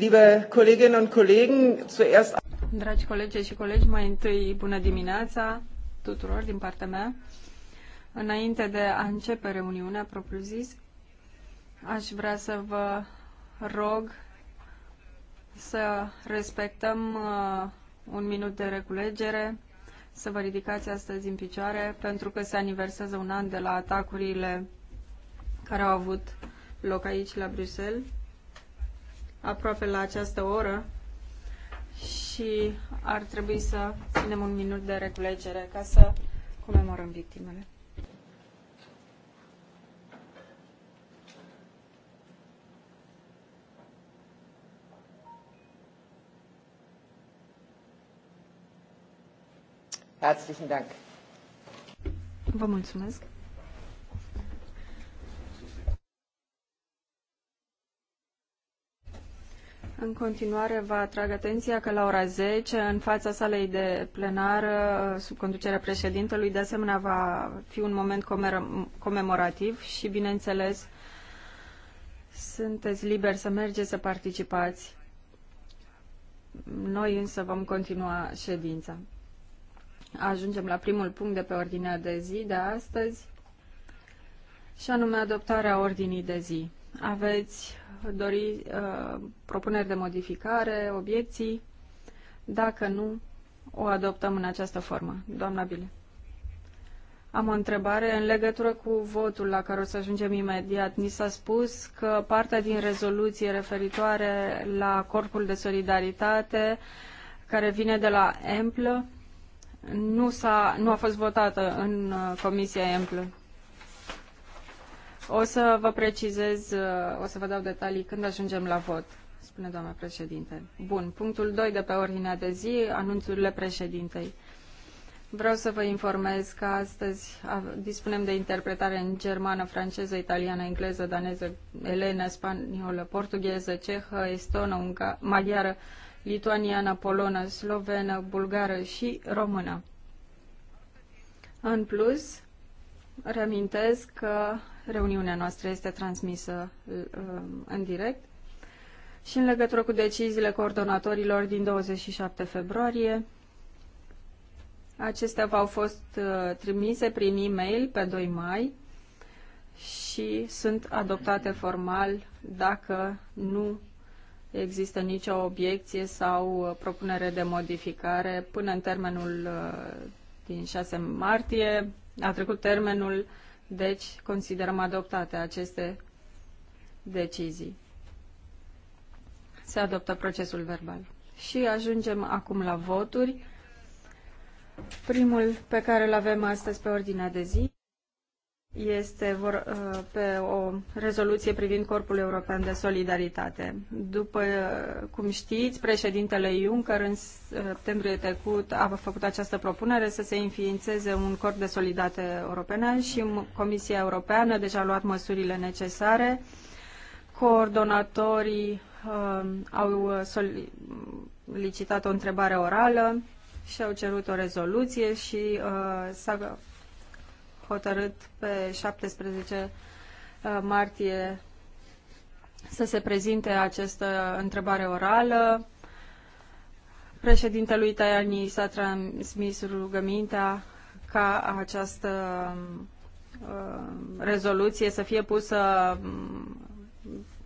liebe Kolleginnen und Kollegen, zuerst... Dragi colegi și colegi, mai întâi bună dimineața tuturor din partea mea. Înainte de a începe reuniunea propriu-zis, aș vrea să vă rog să respectăm uh, un minut de reculegere, să vă ridicați astăzi în picioare, pentru că se aniversează un an de la atacurile care au avut loc aici la Bruxelles aproape la această oră și ar trebui să ținem un minut de reculegere ca să comemorăm victimele. Herzlichen Dank. Vă mulțumesc. În continuare, vă atrag atenția că la ora 10, în fața salei de plenară, sub conducerea președintelui, de asemenea va fi un moment comemorativ și, bineînțeles, sunteți liberi să mergeți să participați. Noi însă vom continua ședința. Ajungem la primul punct de pe ordinea de zi de astăzi, și anume adoptarea ordinii de zi aveți dori uh, propuneri de modificare, obiecții? Dacă nu, o adoptăm în această formă. Doamna Bile. Am o întrebare în legătură cu votul la care o să ajungem imediat. Ni s-a spus că partea din rezoluție referitoare la Corpul de Solidaritate, care vine de la EMPL, nu, a nu a fost votată în uh, Comisia EMPL. O să vă precizez, o să vă dau detalii când ajungem la vot, spune doamna președinte. Bun, punctul 2 de pe ordinea de zi, anunțurile președintei. Vreau să vă informez că astăzi dispunem de interpretare în germană, franceză, italiană, engleză, daneză, elenă, spaniolă, portugheză, cehă, estonă, unga, maghiară, lituaniană, polonă, slovenă, bulgară și română. În plus, reamintesc că reuniunea noastră este transmisă um, în direct și în legătură cu deciziile coordonatorilor din 27 februarie, acestea v-au fost uh, trimise prin e-mail pe 2 mai și sunt adoptate formal dacă nu există nicio obiecție sau uh, propunere de modificare până în termenul uh, din 6 martie a trecut termenul, deci considerăm adoptate aceste decizii. Se adoptă procesul verbal. Și ajungem acum la voturi. Primul pe care îl avem astăzi pe ordinea de zi este vor, uh, pe o rezoluție privind Corpul European de Solidaritate. După uh, cum știți, președintele Juncker în septembrie trecut a făcut această propunere să se înființeze un Corp de Solidaritate Europeană și Comisia Europeană deja a luat măsurile necesare. Coordonatorii uh, au solicitat o întrebare orală și au cerut o rezoluție și uh, s-a hotărât pe 17 uh, martie să se prezinte această întrebare orală. Președintelui Tajani s-a transmis rugămintea ca această uh, rezoluție să fie pusă um,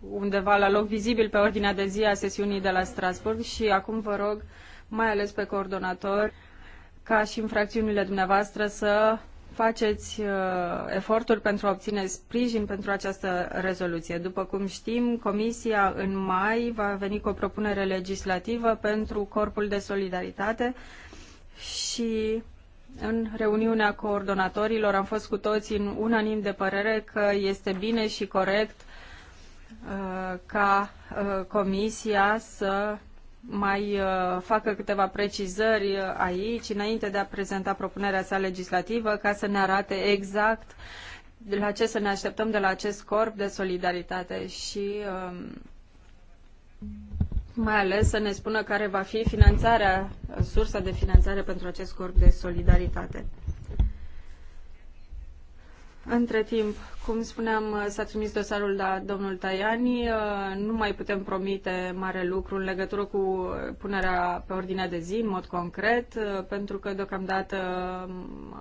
undeva la loc vizibil pe ordinea de zi a sesiunii de la Strasburg și acum vă rog, mai ales pe coordonator, ca și infracțiunile dumneavoastră să faceți uh, eforturi pentru a obține sprijin pentru această rezoluție. După cum știm, Comisia în mai va veni cu o propunere legislativă pentru Corpul de Solidaritate și în reuniunea coordonatorilor am fost cu toții în unanim de părere că este bine și corect uh, ca uh, Comisia să mai uh, facă câteva precizări uh, aici, înainte de a prezenta propunerea sa legislativă, ca să ne arate exact de la ce să ne așteptăm de la acest corp de solidaritate și um, mai ales să ne spună care va fi finanțarea, sursa de finanțare pentru acest corp de solidaritate. Între timp, cum spuneam, s-a trimis dosarul la domnul Tajani. Nu mai putem promite mare lucru în legătură cu punerea pe ordinea de zi, în mod concret, pentru că deocamdată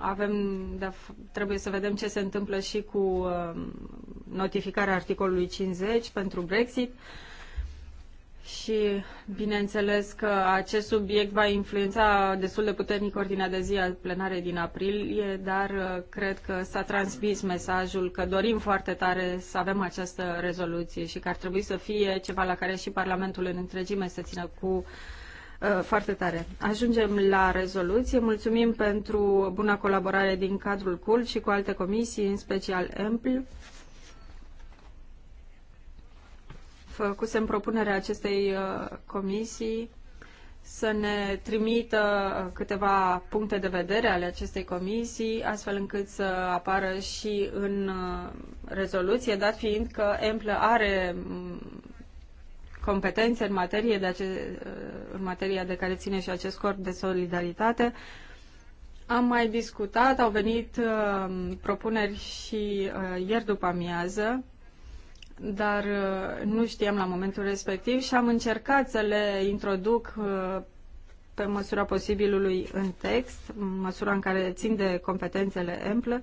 avem, trebuie să vedem ce se întâmplă și cu um, notificarea articolului 50 pentru Brexit. Și bineînțeles că acest subiect va influența destul de puternic ordinea de zi a plenarei din aprilie, dar uh, cred că s-a transmis mesajul că dorim foarte tare să avem această rezoluție și că ar trebui să fie ceva la care și Parlamentul în întregime să țină cu uh, foarte tare. Ajungem la rezoluție. Mulțumim pentru buna colaborare din cadrul CUL și cu alte comisii, în special EMPL. făcusem propunerea acestei uh, comisii să ne trimită uh, câteva puncte de vedere ale acestei comisii, astfel încât să apară și în uh, rezoluție, dat fiind că EMPLă are mm, competențe în materie de ace- în materia de care ține și acest corp de solidaritate. Am mai discutat, au venit uh, propuneri și uh, ieri după amiază dar uh, nu știam la momentul respectiv și am încercat să le introduc uh, pe măsura posibilului în text, măsura în care țin de competențele ample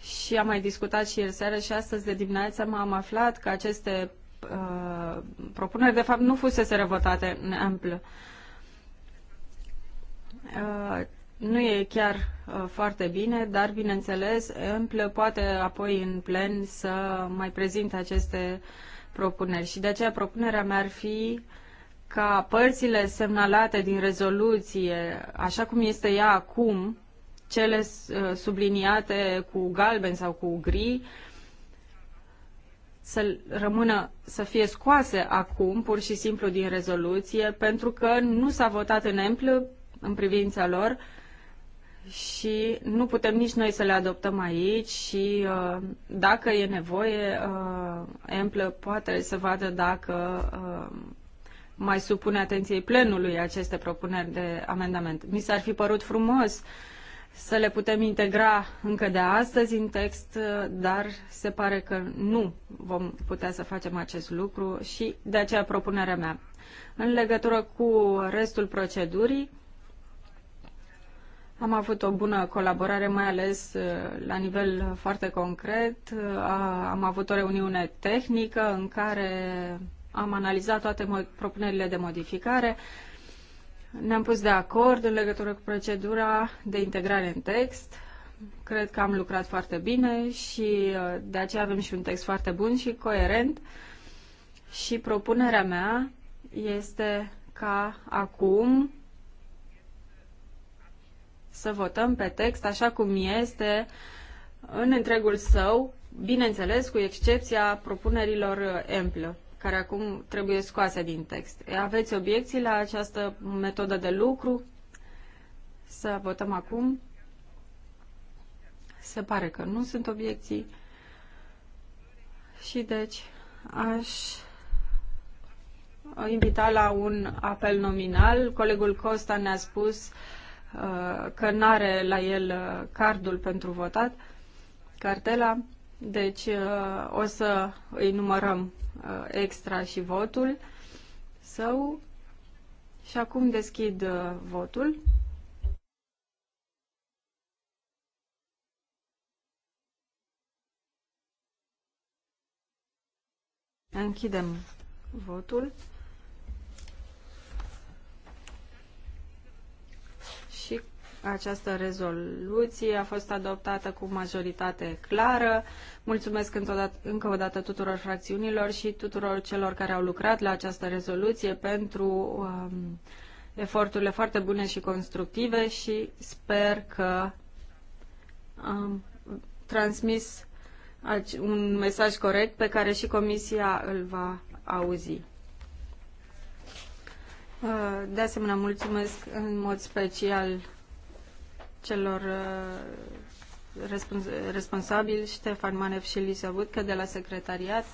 și am mai discutat și ieri seară și astăzi de dimineață m-am aflat că aceste uh, propuneri de fapt nu fusese votate în amplă. Uh, nu e chiar uh, foarte bine, dar bineînțeles, împlă poate apoi în plen să mai prezinte aceste propuneri. Și de aceea propunerea mea ar fi ca părțile semnalate din rezoluție, așa cum este ea acum, cele uh, subliniate cu galben sau cu gri, să rămână, să fie scoase acum, pur și simplu, din rezoluție, pentru că nu s-a votat în amplu în privința lor și nu putem nici noi să le adoptăm aici și uh, dacă e nevoie, Emplă uh, poate să vadă dacă uh, mai supune atenției plenului aceste propuneri de amendament. Mi s-ar fi părut frumos să le putem integra încă de astăzi în text, dar se pare că nu vom putea să facem acest lucru și de aceea propunerea mea. În legătură cu restul procedurii, am avut o bună colaborare, mai ales uh, la nivel foarte concret. Uh, am avut o reuniune tehnică în care am analizat toate propunerile de modificare. Ne-am pus de acord în legătură cu procedura de integrare în text. Cred că am lucrat foarte bine și uh, de aceea avem și un text foarte bun și coerent. Și propunerea mea este ca acum să votăm pe text așa cum este în întregul său, bineînțeles cu excepția propunerilor amplă care acum trebuie scoase din text. Aveți obiecții la această metodă de lucru? Să votăm acum. Se pare că nu sunt obiecții. Și deci aș invita la un apel nominal. Colegul Costa ne-a spus uh, Uh, că nu are la el uh, cardul pentru votat, cartela, deci uh, o să îi numărăm extra și votul său. Și acum deschid votul. Închidem votul. Această rezoluție a fost adoptată cu majoritate clară. Mulțumesc încă o dată tuturor fracțiunilor și tuturor celor care au lucrat la această rezoluție pentru um, eforturile foarte bune și constructive și sper că am transmis un mesaj corect pe care și Comisia îl va auzi. Uh, de asemenea, mulțumesc în mod special celor uh, responsabili, Ștefan Manev și Lisa Vutcă de la secretariat,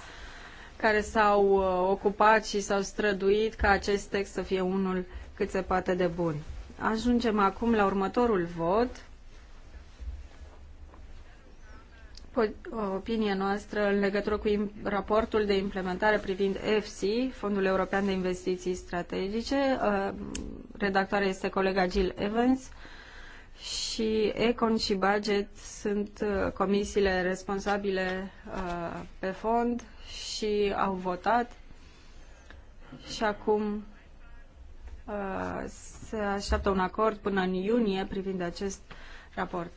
care s-au uh, ocupat și s-au străduit ca acest text să fie unul cât se poate de bun. Ajungem acum la următorul vot. Opinia noastră în legătură cu raportul de implementare privind FC, Fondul European de Investiții Strategice. Uh, redactoarea este colega Jill Evans și Econ și Budget sunt uh, comisiile responsabile uh, pe fond și au votat și acum uh, se așteaptă un acord până în iunie privind acest raport.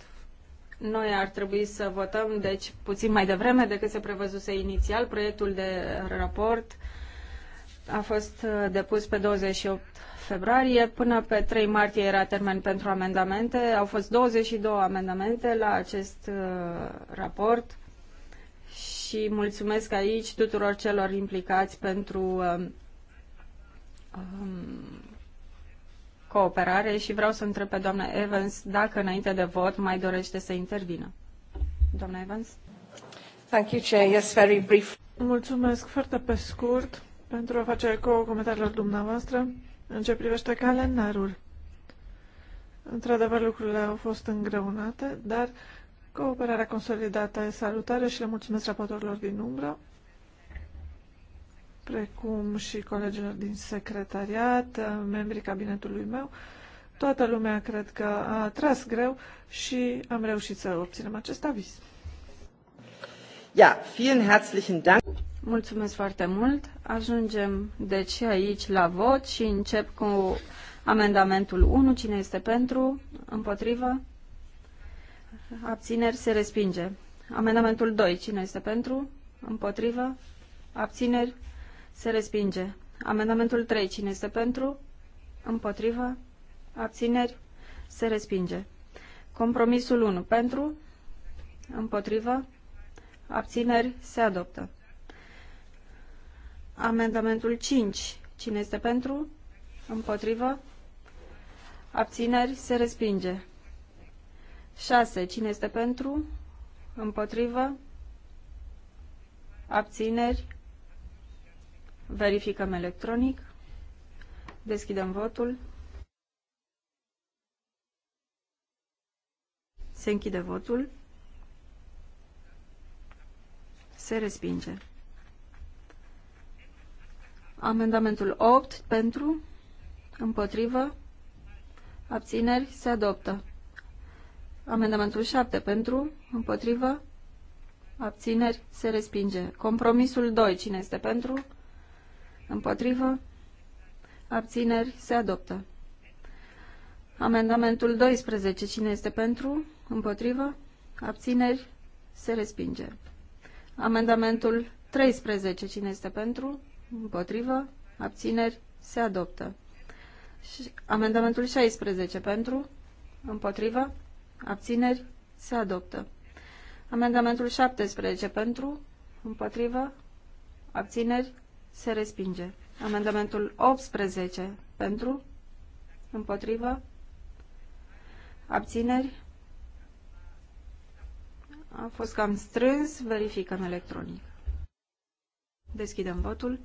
Noi ar trebui să votăm, deci, puțin mai devreme decât se prevăzuse inițial proiectul de raport uh, a fost uh, depus pe 28 februarie. Până pe 3 martie era termen pentru amendamente. Au fost 22 amendamente la acest uh, raport și mulțumesc aici tuturor celor implicați pentru um, um, cooperare și vreau să întreb pe doamna Evans dacă înainte de vot mai dorește să intervină. Doamna Evans? Thank you, Chair. Yes, very brief. Mulțumesc foarte pe scurt pentru a face eco comentariilor dumneavoastră în ce privește calendarul. Într-adevăr, lucrurile au fost îngreunate, dar cooperarea consolidată e salutare și le mulțumesc raportorilor din umbră, precum și colegilor din secretariat, membrii cabinetului meu. Toată lumea cred că a tras greu și am reușit să obținem acest aviz. Ja, vielen herzlichen Dank. Mulțumesc foarte mult. Ajungem deci aici la vot și încep cu amendamentul 1. Cine este pentru? Împotrivă? Abțineri se respinge. Amendamentul 2. Cine este pentru? Împotrivă? Abțineri se respinge. Amendamentul 3. Cine este pentru? Împotrivă? Abțineri se respinge. Compromisul 1. Pentru? Împotrivă? Abțineri se adoptă. Amendamentul 5. Cine este pentru? Împotrivă? Abțineri? Se respinge. 6. Cine este pentru? Împotrivă? Abțineri? Verificăm electronic. Deschidem votul. Se închide votul. Se respinge. Amendamentul 8 pentru, împotrivă, abțineri, se adoptă. Amendamentul 7 pentru, împotrivă, abțineri, se respinge. Compromisul 2, cine este pentru, împotrivă, abțineri, se adoptă. Amendamentul 12, cine este pentru, împotrivă, abțineri, se respinge. Amendamentul 13, cine este pentru, Împotrivă? Abțineri? Se adoptă. Și amendamentul 16 pentru? Împotrivă? Abțineri? Se adoptă. Amendamentul 17 pentru? Împotrivă? Abțineri? Se respinge. Amendamentul 18 pentru? Împotrivă? Abțineri? A fost cam strâns. Verificăm electronic. Deschidem votul.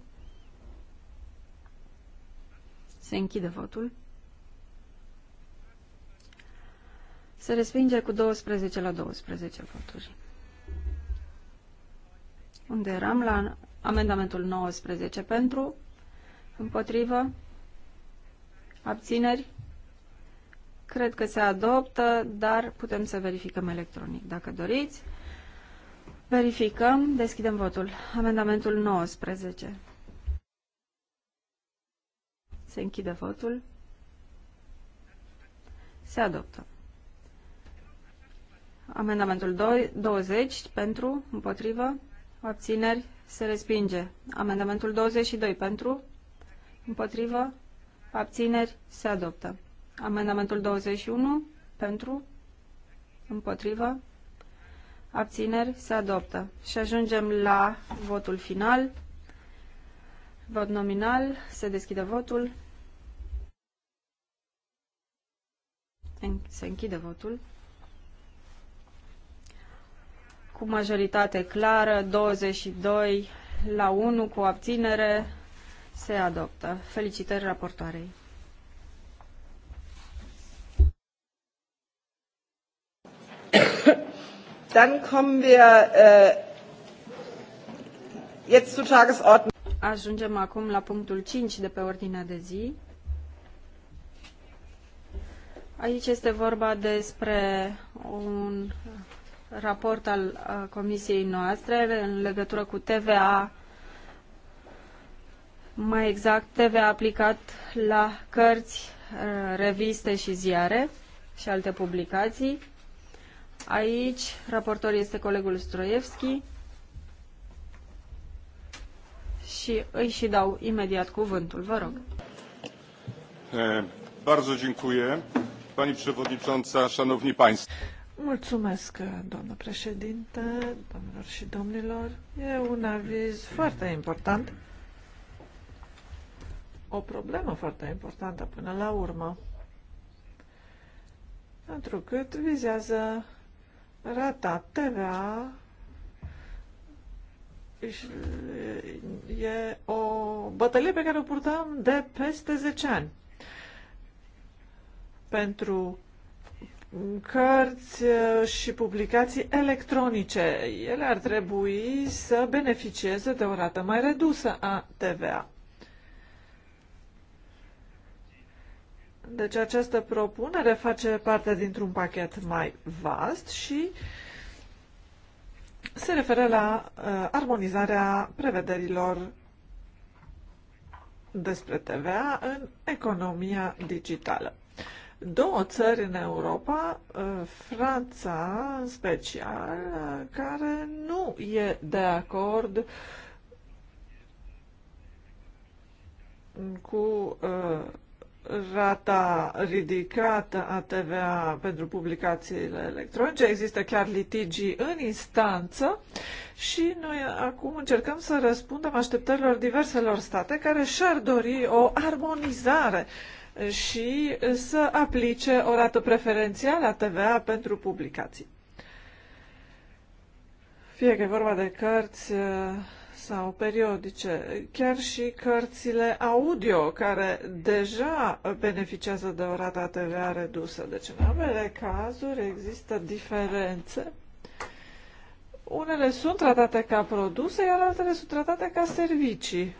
Se închide votul. Se respinge cu 12 la 12 voturi. Unde eram? La amendamentul 19 pentru, împotrivă, abțineri. Cred că se adoptă, dar putem să verificăm electronic, dacă doriți. Verificăm, deschidem votul. Amendamentul 19. Se închide votul. Se adoptă. Amendamentul 2, 20 pentru, împotrivă, abțineri, se respinge. Amendamentul 22 pentru, împotrivă, abțineri, se adoptă. Amendamentul 21 pentru, împotrivă, abțineri, se adoptă. Și ajungem la votul final. Vot nominal, se deschide votul. Se închide votul. Cu majoritate clară, 22 la 1 cu abținere, se adoptă. Felicitări raportoarei. Dann kommen wir äh, jetzt zu Tagesordnung. Ajungem acum la punctul 5 de pe ordinea de zi. Aici este vorba despre un raport al comisiei noastre în legătură cu TVA, mai exact TVA aplicat la cărți, reviste și ziare și alte publicații. Aici raportor este colegul Stroievski și îi și dau imediat cuvântul. Vă rog. E, bardzo dziękuję. Pani Przewodnicząca, Szanowni Państwo. Mulțumesc, doamnă președinte, doamnelor și domnilor. E un aviz foarte important, o problemă foarte importantă până la urmă, Întrucât vizează rata TVA e o bătălie pe care o purtăm de peste 10 ani pentru cărți uh, și publicații electronice. Ele ar trebui să beneficieze de o rată mai redusă a TVA. Deci această propunere face parte dintr-un pachet mai vast și se referă la uh, armonizarea prevederilor despre TVA în economia digitală două țări în Europa, uh, Franța în special, uh, care nu e de acord cu uh, rata ridicată a TVA pentru publicațiile electronice. Există chiar litigii în instanță și noi acum încercăm să răspundem așteptărilor diverselor state care și-ar dori o armonizare uh, și să aplice o rată preferențială a TVA pentru publicații. Fie că e vorba de cărți uh, sau periodice, chiar și cărțile audio, care deja beneficiază de o rată TVA redusă. Deci, în ambele cazuri există diferențe. Unele sunt tratate ca produse, iar altele sunt tratate ca servicii.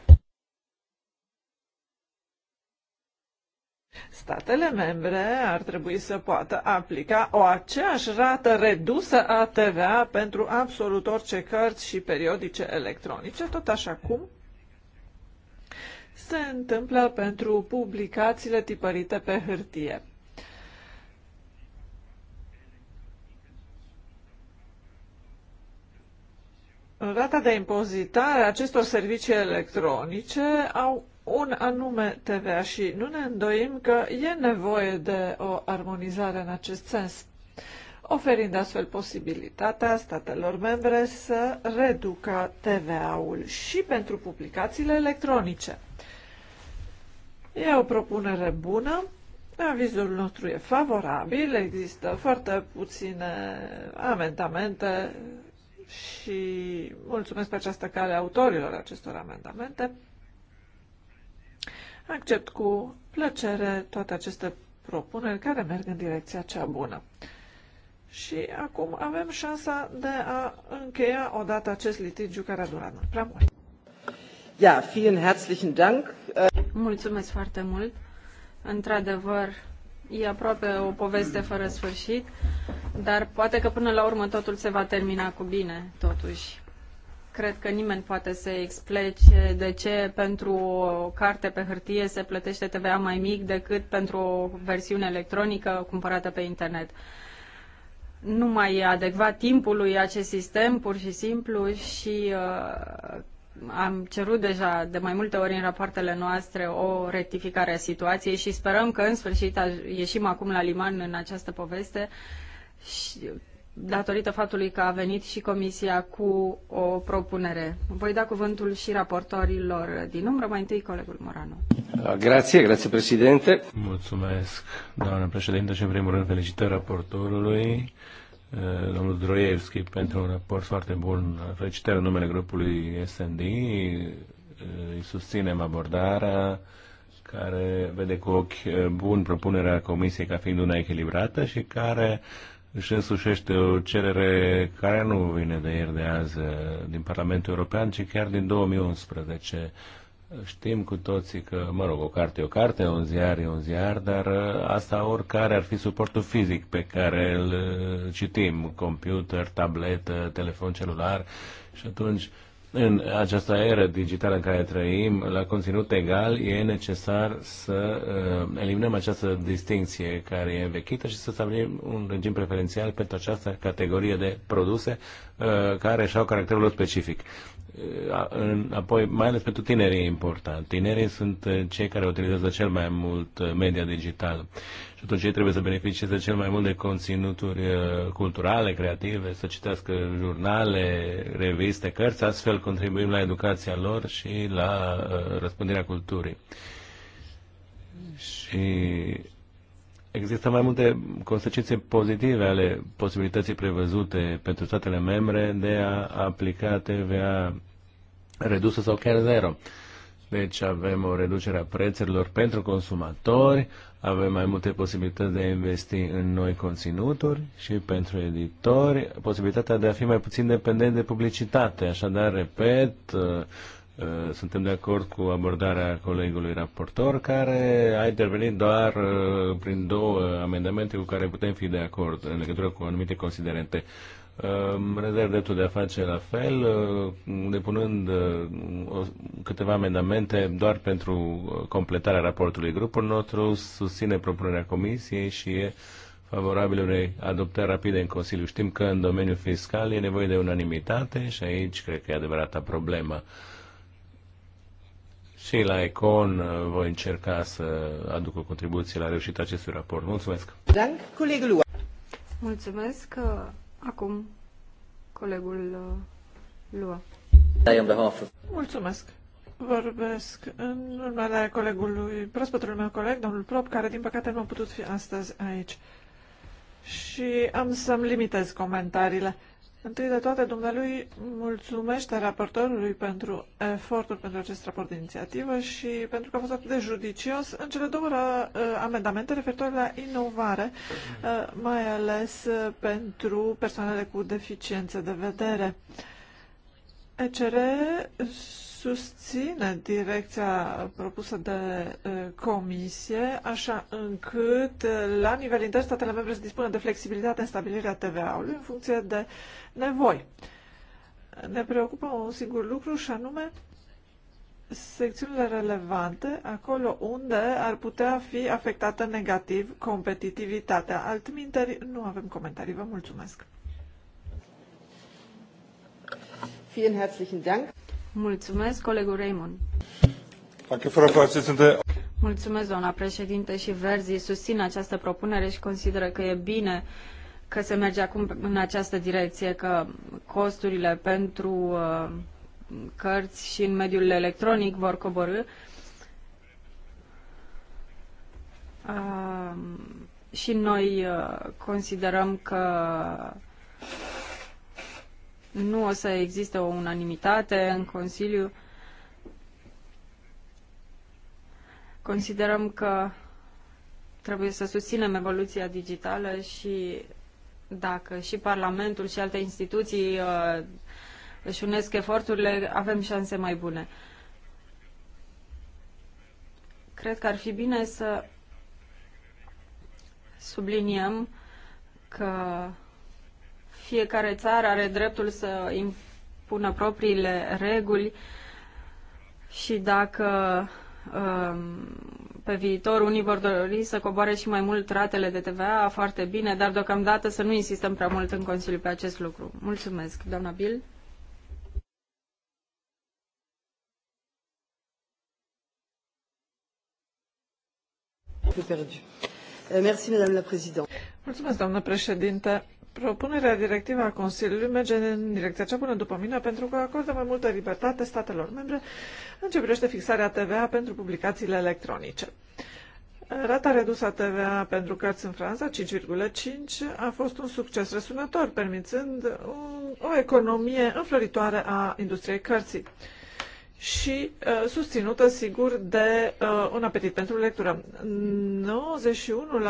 Statele membre ar trebui să poată aplica o aceeași rată redusă a TVA pentru absolut orice cărți și periodice electronice, tot așa cum se întâmplă pentru publicațiile tipărite pe hârtie. Rata de impozitare a acestor servicii electronice au un anume TVA și nu ne îndoim că e nevoie de o armonizare în acest sens, oferind astfel posibilitatea statelor membre să reducă TVA-ul și pentru publicațiile electronice. E o propunere bună, avizul nostru e favorabil, există foarte puține amendamente și mulțumesc pe această cale autorilor acestor amendamente. Accept cu plăcere toate aceste propuneri care merg în direcția cea bună. Și acum avem șansa de a încheia odată acest litigiu care a durat prea mult. Ja, vielen herzlichen Dank. Mulțumesc foarte mult. Într-adevăr, e aproape o poveste fără sfârșit, dar poate că până la urmă totul se va termina cu bine, totuși cred că nimeni poate să explice de ce pentru o carte pe hârtie se plătește TVA mai mic decât pentru o versiune electronică cumpărată pe internet. Nu mai e adecvat timpului acest sistem, pur și simplu, și uh, am cerut deja de mai multe ori în rapoartele noastre o rectificare a situației și sperăm că în sfârșit ieșim acum la liman în această poveste și da. datorită faptului că a venit și Comisia cu o propunere. Voi da cuvântul și raportorilor din umbră, mai întâi colegul Morano. Da, grație, grație președinte. Mulțumesc, doamnă președinte, și în primul rând felicitări raportorului eh, domnul Droievski pentru un raport foarte bun. Felicitări în numele grupului SND. Eh, îi susținem abordarea care vede cu ochi eh, bun propunerea Comisiei ca fiind una echilibrată și care își însușește o cerere care nu vine de ieri de azi uh, din Parlamentul European, ci chiar din 2011. Știm cu toții că, mă rog, o carte e o carte, un ziar e un ziar, dar uh, asta oricare ar fi suportul fizic pe care îl uh, citim, computer, tabletă, telefon celular și atunci uh, în această eră digitală în care trăim, la conținut egal, e necesar să uh, eliminăm această distinție care e învechită și să stabilim un regim preferențial pentru această categorie de produse uh, care și-au caracterul lor specific apoi mai ales pentru tineri e important. Tinerii sunt uh, cei care utilizează cel mai mult uh, media digitală și atunci ei trebuie să beneficieze cel mai mult de conținuturi uh, culturale, creative, să citească jurnale, reviste, cărți, astfel contribuim la educația lor și la răspândirea culturii. Și Există mai multe consecințe pozitive ale posibilității prevăzute pentru statele membre de a aplica TVA redusă sau chiar zero. Deci avem o reducere a prețurilor pentru consumatori, avem mai multe posibilități de a investi în noi conținuturi și pentru editori, posibilitatea de a fi mai puțin dependent de publicitate. Așadar, repet, uh, uh, suntem de acord cu abordarea colegului raportor, care a intervenit doar uh, prin două amendamente cu care putem fi de acord în legătură cu anumite considerente rezerv dreptul de a face la fel, uh, depunând uh, câteva amendamente doar pentru uh, completarea raportului. Grupul nostru susține propunerea Comisiei și e favorabil unei adoptări rapide în Consiliu. Știm că în domeniul fiscal e nevoie de unanimitate și aici cred că e adevărata problemă. Și la Econ voi încerca să aduc o contribuție la reușita acestui raport. Mulțumesc! Mulțumesc! Acum, colegul uh, Lua. Mulțumesc. Vorbesc în urmarea colegului, prospătul meu coleg, domnul Prop, care din păcate nu a putut fi astăzi aici. Și am să-mi limitez comentariile. Întâi de toate, dumnealui mulțumește raportorului pentru efortul pentru acest raport de inițiativă și pentru că a fost atât de judicios în cele două uh, amendamente referitoare la inovare, uh, mai ales uh, pentru persoanele cu deficiențe de vedere. ECR susține direcția propusă de comisie, așa încât la nivel intern statele membre să dispună de flexibilitate în stabilirea TVA-ului în funcție de nevoi. Ne preocupă un singur lucru și anume secțiunile relevante, acolo unde ar putea fi afectată negativ competitivitatea. Altminteri, nu avem comentarii. Vă mulțumesc! Vielen herzlichen Dank! Mulțumesc, colegul Raymond. Mulțumesc, doamna președinte, și Verzi susțin această propunere și consideră că e bine că se merge acum în această direcție, că costurile pentru uh, cărți și în mediul electronic vor coborî. Uh, și noi uh, considerăm că nu o să existe o unanimitate în Consiliu. Considerăm că trebuie să susținem evoluția digitală și dacă și Parlamentul și alte instituții uh, își unesc eforturile, avem șanse mai bune. Cred că ar fi bine să subliniem că fiecare țară are dreptul să impună propriile reguli și dacă um, pe viitor unii vor dori să coboare și mai mult ratele de TVA, foarte bine, dar deocamdată să nu insistăm prea mult în Consiliu pe acest lucru. Mulțumesc, doamna Bill. Euh, Mulțumesc, doamnă președinte. Propunerea directivă a Consiliului merge în direcția cea bună după mine pentru că acordă mai multă libertate statelor membre în ce privește fixarea TVA pentru publicațiile electronice. Rata redusă a TVA pentru cărți în Franța, 5,5, a fost un succes răsunător, permițând o economie înfloritoare a industriei cărții și uh, susținută, sigur, de uh, un apetit pentru lectură.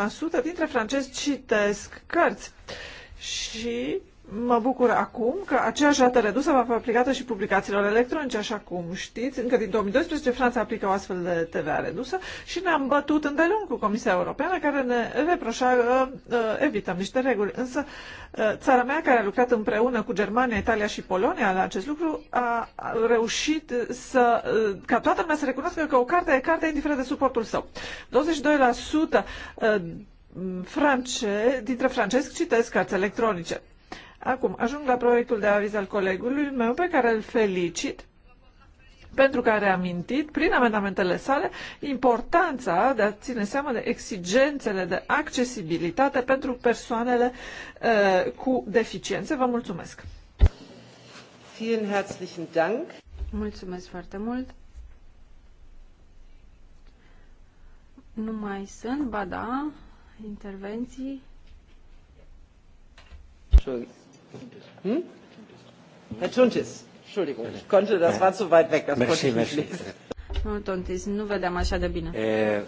91% dintre francezi citesc cărți. Uh, și mă bucur acum că aceeași dată redusă va fi aplicată și publicațiilor electronice, așa cum știți. Încă din 2012 Franța aplică o astfel de TVA redusă și ne-am bătut îndelung cu Comisia Europeană care ne reproșa uh, uh, evităm niște reguli. Însă uh, țara mea, care a lucrat împreună cu Germania, Italia și Polonia la acest lucru, a reușit să, uh, ca toată lumea să recunoască că o carte e carte indiferent de suportul său. 22% uh, france, dintre francesc citesc cărți electronice. Acum, ajung la proiectul de aviz al colegului meu pe care îl felicit pentru că a reamintit, prin amendamentele sale, importanța de a ține seama de exigențele de accesibilitate pentru persoanele uh, cu deficiențe. Vă mulțumesc! Vielen herzlichen Dank! Mulțumesc foarte mult! Nu mai sunt, ba da, intervenții. Hm? Herr Tuntis, Entschuldigung, konnte, das war zu weit weg, das merci, konnte ich nicht lesen. nu vedeam așa de bine. E,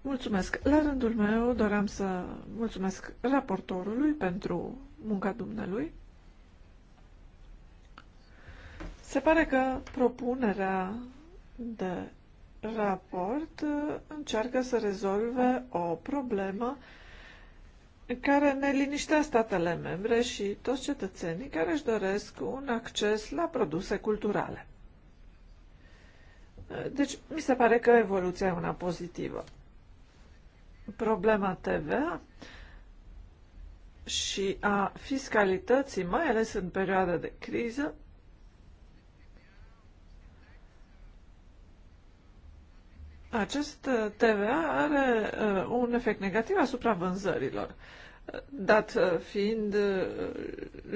Mulțumesc. La rândul meu doream să mulțumesc raportorului pentru munca dumnealui. Se pare că propunerea de raport uh, încearcă să rezolve o problemă care ne liniștea statele membre și toți cetățenii care își doresc un acces la produse culturale. Uh, deci, mi se pare că evoluția e una pozitivă. Problema TVA și a fiscalității, mai ales în perioada de criză, Acest uh, TVA are uh, un efect negativ asupra vânzărilor, uh, dat fiind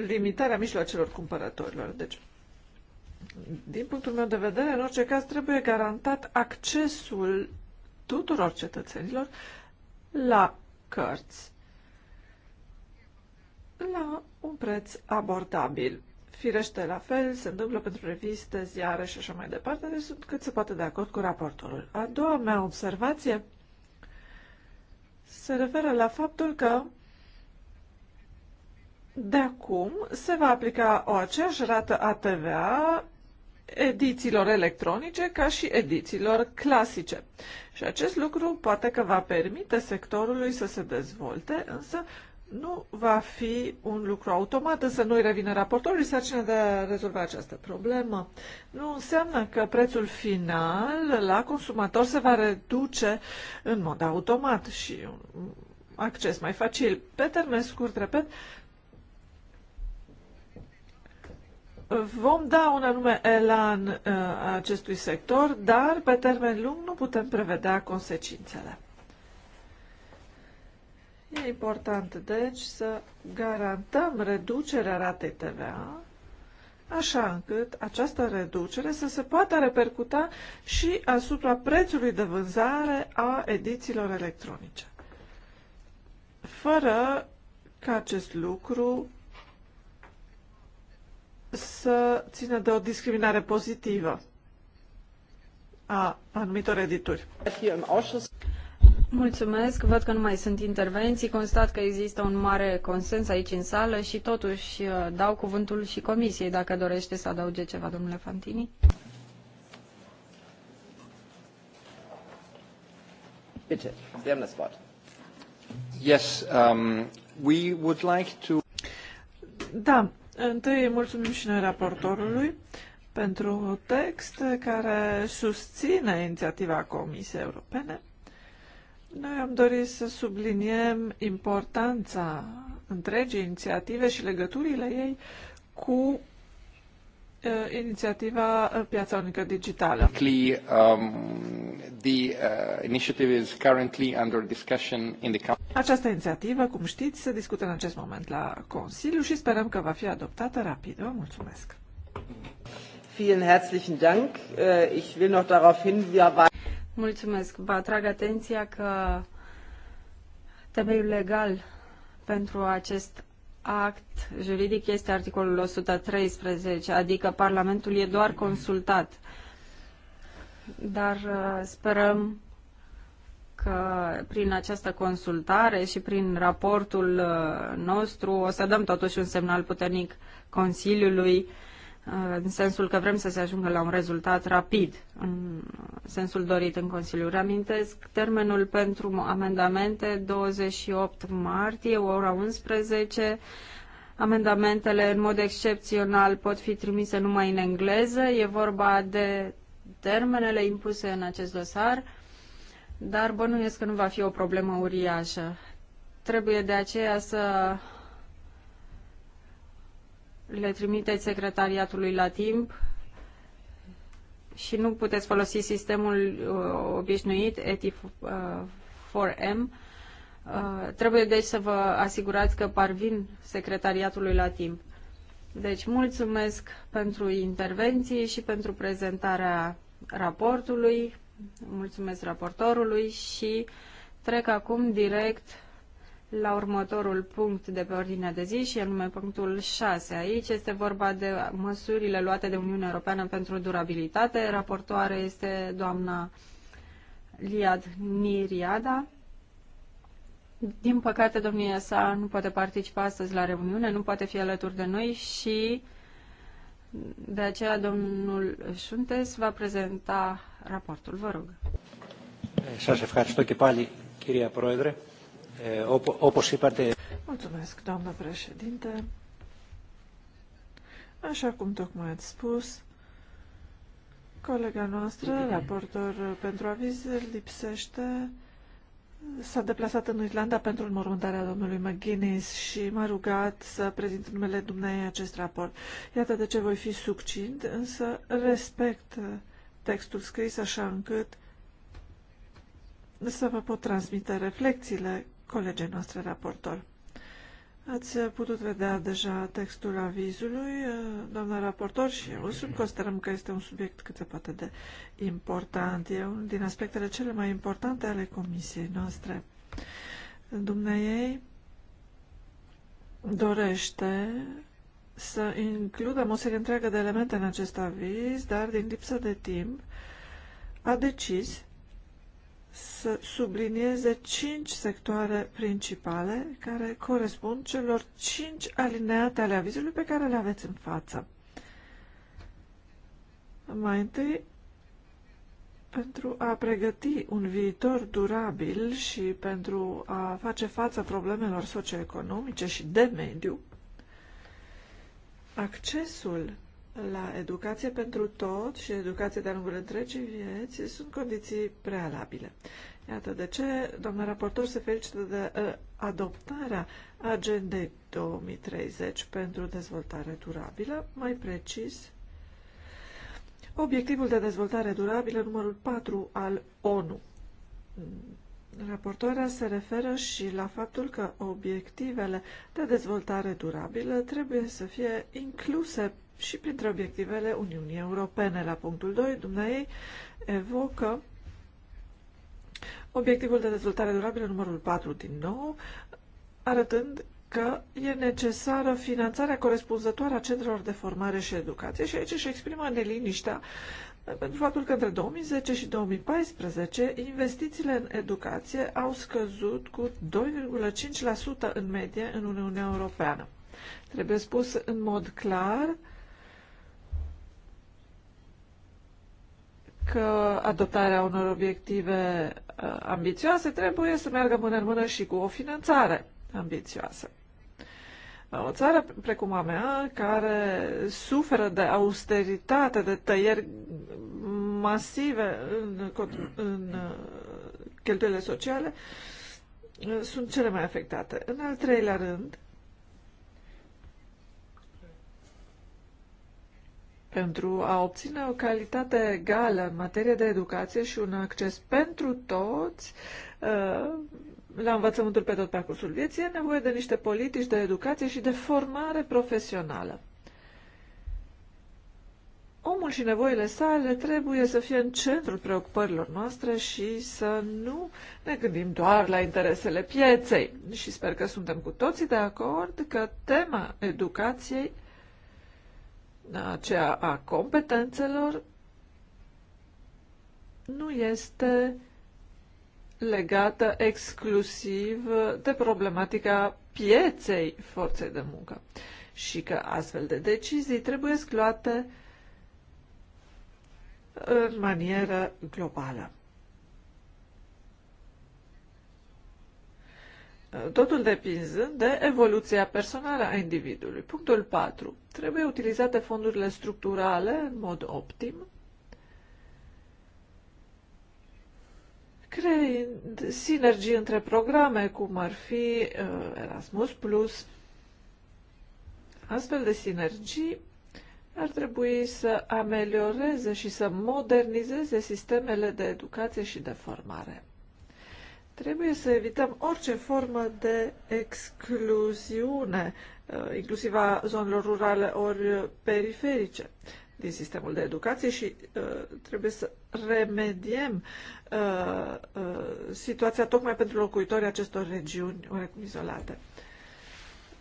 limitarea mijloacelor cumpărătorilor. Deci, din punctul meu de vedere, în orice caz, trebuie garantat accesul tuturor cetățenilor la cărți la un preț abordabil. Firește, la fel, se întâmplă pentru reviste, ziare și așa mai departe, deci sunt cât se poate de acord cu raportorul. A doua mea observație se referă la faptul că de acum se va aplica o aceeași rată a TVA edițiilor electronice ca și edițiilor clasice. Și acest lucru poate că va permite sectorului să se dezvolte, însă nu va fi un lucru automat, însă noi revine raportorului sarcina de a rezolva această problemă. Nu înseamnă că prețul final la consumator se va reduce în mod automat și acces mai facil. Pe termen scurt, repet, vom da un anume elan uh, acestui sector, dar pe termen lung nu putem prevedea consecințele. E important, deci, să garantăm reducerea ratei TVA, așa încât această reducere să se poată repercuta și asupra prețului de vânzare a edițiilor electronice. Fără ca acest lucru să țină de o discriminare pozitivă a anumitor edituri. Mulțumesc, văd că nu mai sunt intervenții, constat că există un mare consens aici în sală și totuși uh, dau cuvântul și comisiei dacă dorește să adauge ceva, domnule Fantini. Bitte, Sie haben das Wort. Yes, um, we would like to... Da, întâi mulțumim și noi raportorului pentru text care susține inițiativa Comisiei Europene noi am dorit să subliniem importanța întregii inițiative și legăturile ei cu inițiativa Piața Unică Digitală. Această inițiativă, cum știți, se discută în acest moment la Consiliu și sperăm că va fi adoptată rapid. Vă mulțumesc! Vielen herzlichen Dank. Äh, ich will noch darauf hinweisen, Mulțumesc. Vă atrag atenția că temeiul legal pentru acest act juridic este articolul 113, adică Parlamentul e doar consultat. Dar uh, sperăm că prin această consultare și prin raportul uh, nostru o să dăm totuși un semnal puternic Consiliului în sensul că vrem să se ajungă la un rezultat rapid, în sensul dorit în Consiliu. Reamintesc termenul pentru amendamente 28 martie, ora 11. Amendamentele în mod excepțional pot fi trimise numai în engleză. E vorba de termenele impuse în acest dosar, dar bănuiesc că nu va fi o problemă uriașă. Trebuie de aceea să le trimiteți secretariatului la timp și nu puteți folosi sistemul uh, obișnuit, ETI4M. Uh, uh, trebuie deci să vă asigurați că parvin secretariatului la timp. Deci mulțumesc pentru intervenții și pentru prezentarea raportului, mulțumesc raportorului și trec acum direct la următorul punct de pe ordinea de zi și anume punctul 6. Aici este vorba de măsurile luate de Uniunea Europeană pentru durabilitate. Raportoare este doamna Liad Niriada. Din păcate, domnia sa nu poate participa astăzi la reuniune, nu poate fi alături de noi și de aceea domnul Șuntes va prezenta raportul. Vă rog. Să se facă și Chiria Proedre. Eh, Mulțumesc, doamnă președinte. Așa cum tocmai ați spus, colega noastră, raportor pentru aviz, lipsește. S-a deplasat în Irlanda pentru înmormântarea domnului McGuinness și m-a rugat să prezint numele dumneai acest raport. Iată de ce voi fi succint, însă respect textul scris așa încât să vă pot transmite reflexiile colegei noastre raportor. Ați putut vedea deja textul avizului, eh, doamna raportor, și eu sunt considerăm că este un subiect cât se poate de important. E unul din aspectele cele mai importante ale comisiei noastre. ei dorește să includem o serie întreagă de elemente în acest aviz, dar din lipsă de timp a decis să sublinieze cinci sectoare principale care corespund celor cinci alineate ale avizului pe care le aveți în față. Mai întâi, pentru a pregăti un viitor durabil și pentru a face față problemelor socioeconomice și de mediu, accesul la educație pentru tot și educație de-a lungul întregii vieți sunt condiții prealabile. Iată de ce, doamna raportor, se felicită de uh, adoptarea agendei 2030 pentru dezvoltare durabilă, mai precis obiectivul de dezvoltare durabilă numărul 4 al ONU. Raportoarea se referă și la faptul că obiectivele de dezvoltare durabilă trebuie să fie incluse și printre obiectivele Uniunii Europene. La punctul 2, dumneai evocă obiectivul de dezvoltare durabilă numărul 4 din nou, arătând că e necesară finanțarea corespunzătoare a centrelor de formare și educație și aici își exprimă neliniștea pentru faptul că între 2010 și 2014 investițiile în educație au scăzut cu 2,5% în medie în Uniunea Europeană. Trebuie spus în mod clar că adoptarea unor obiective uh, ambițioase trebuie să meargă mână în mână și cu o finanțare ambițioasă. Uh, o țară precum a mea, care suferă de austeritate, de tăieri masive în, în uh, cheltuielile sociale, sunt cele mai afectate. În al treilea rând, pentru a obține o calitate egală în materie de educație și un acces pentru toți uh, la învățământul pe tot parcursul vieții, e nevoie de niște politici de educație și de formare profesională. Omul și nevoile sale trebuie să fie în centrul preocupărilor noastre și să nu ne gândim doar la interesele pieței. Și sper că suntem cu toții de acord că tema educației aceea a competențelor nu este legată exclusiv de problematica pieței forței de muncă și că astfel de decizii trebuie luate în manieră globală. totul depinzând de evoluția personală a individului. Punctul 4. Trebuie utilizate fondurile structurale în mod optim, creând sinergii între programe, cum ar fi uh, Erasmus+, Plus. astfel de sinergii ar trebui să amelioreze și să modernizeze sistemele de educație și de formare. Trebuie să evităm orice formă de excluziune, uh, inclusiv a zonelor rurale ori periferice din sistemul de educație și uh, trebuie să remediem uh, situația tocmai pentru locuitorii acestor regiuni oarecum izolate.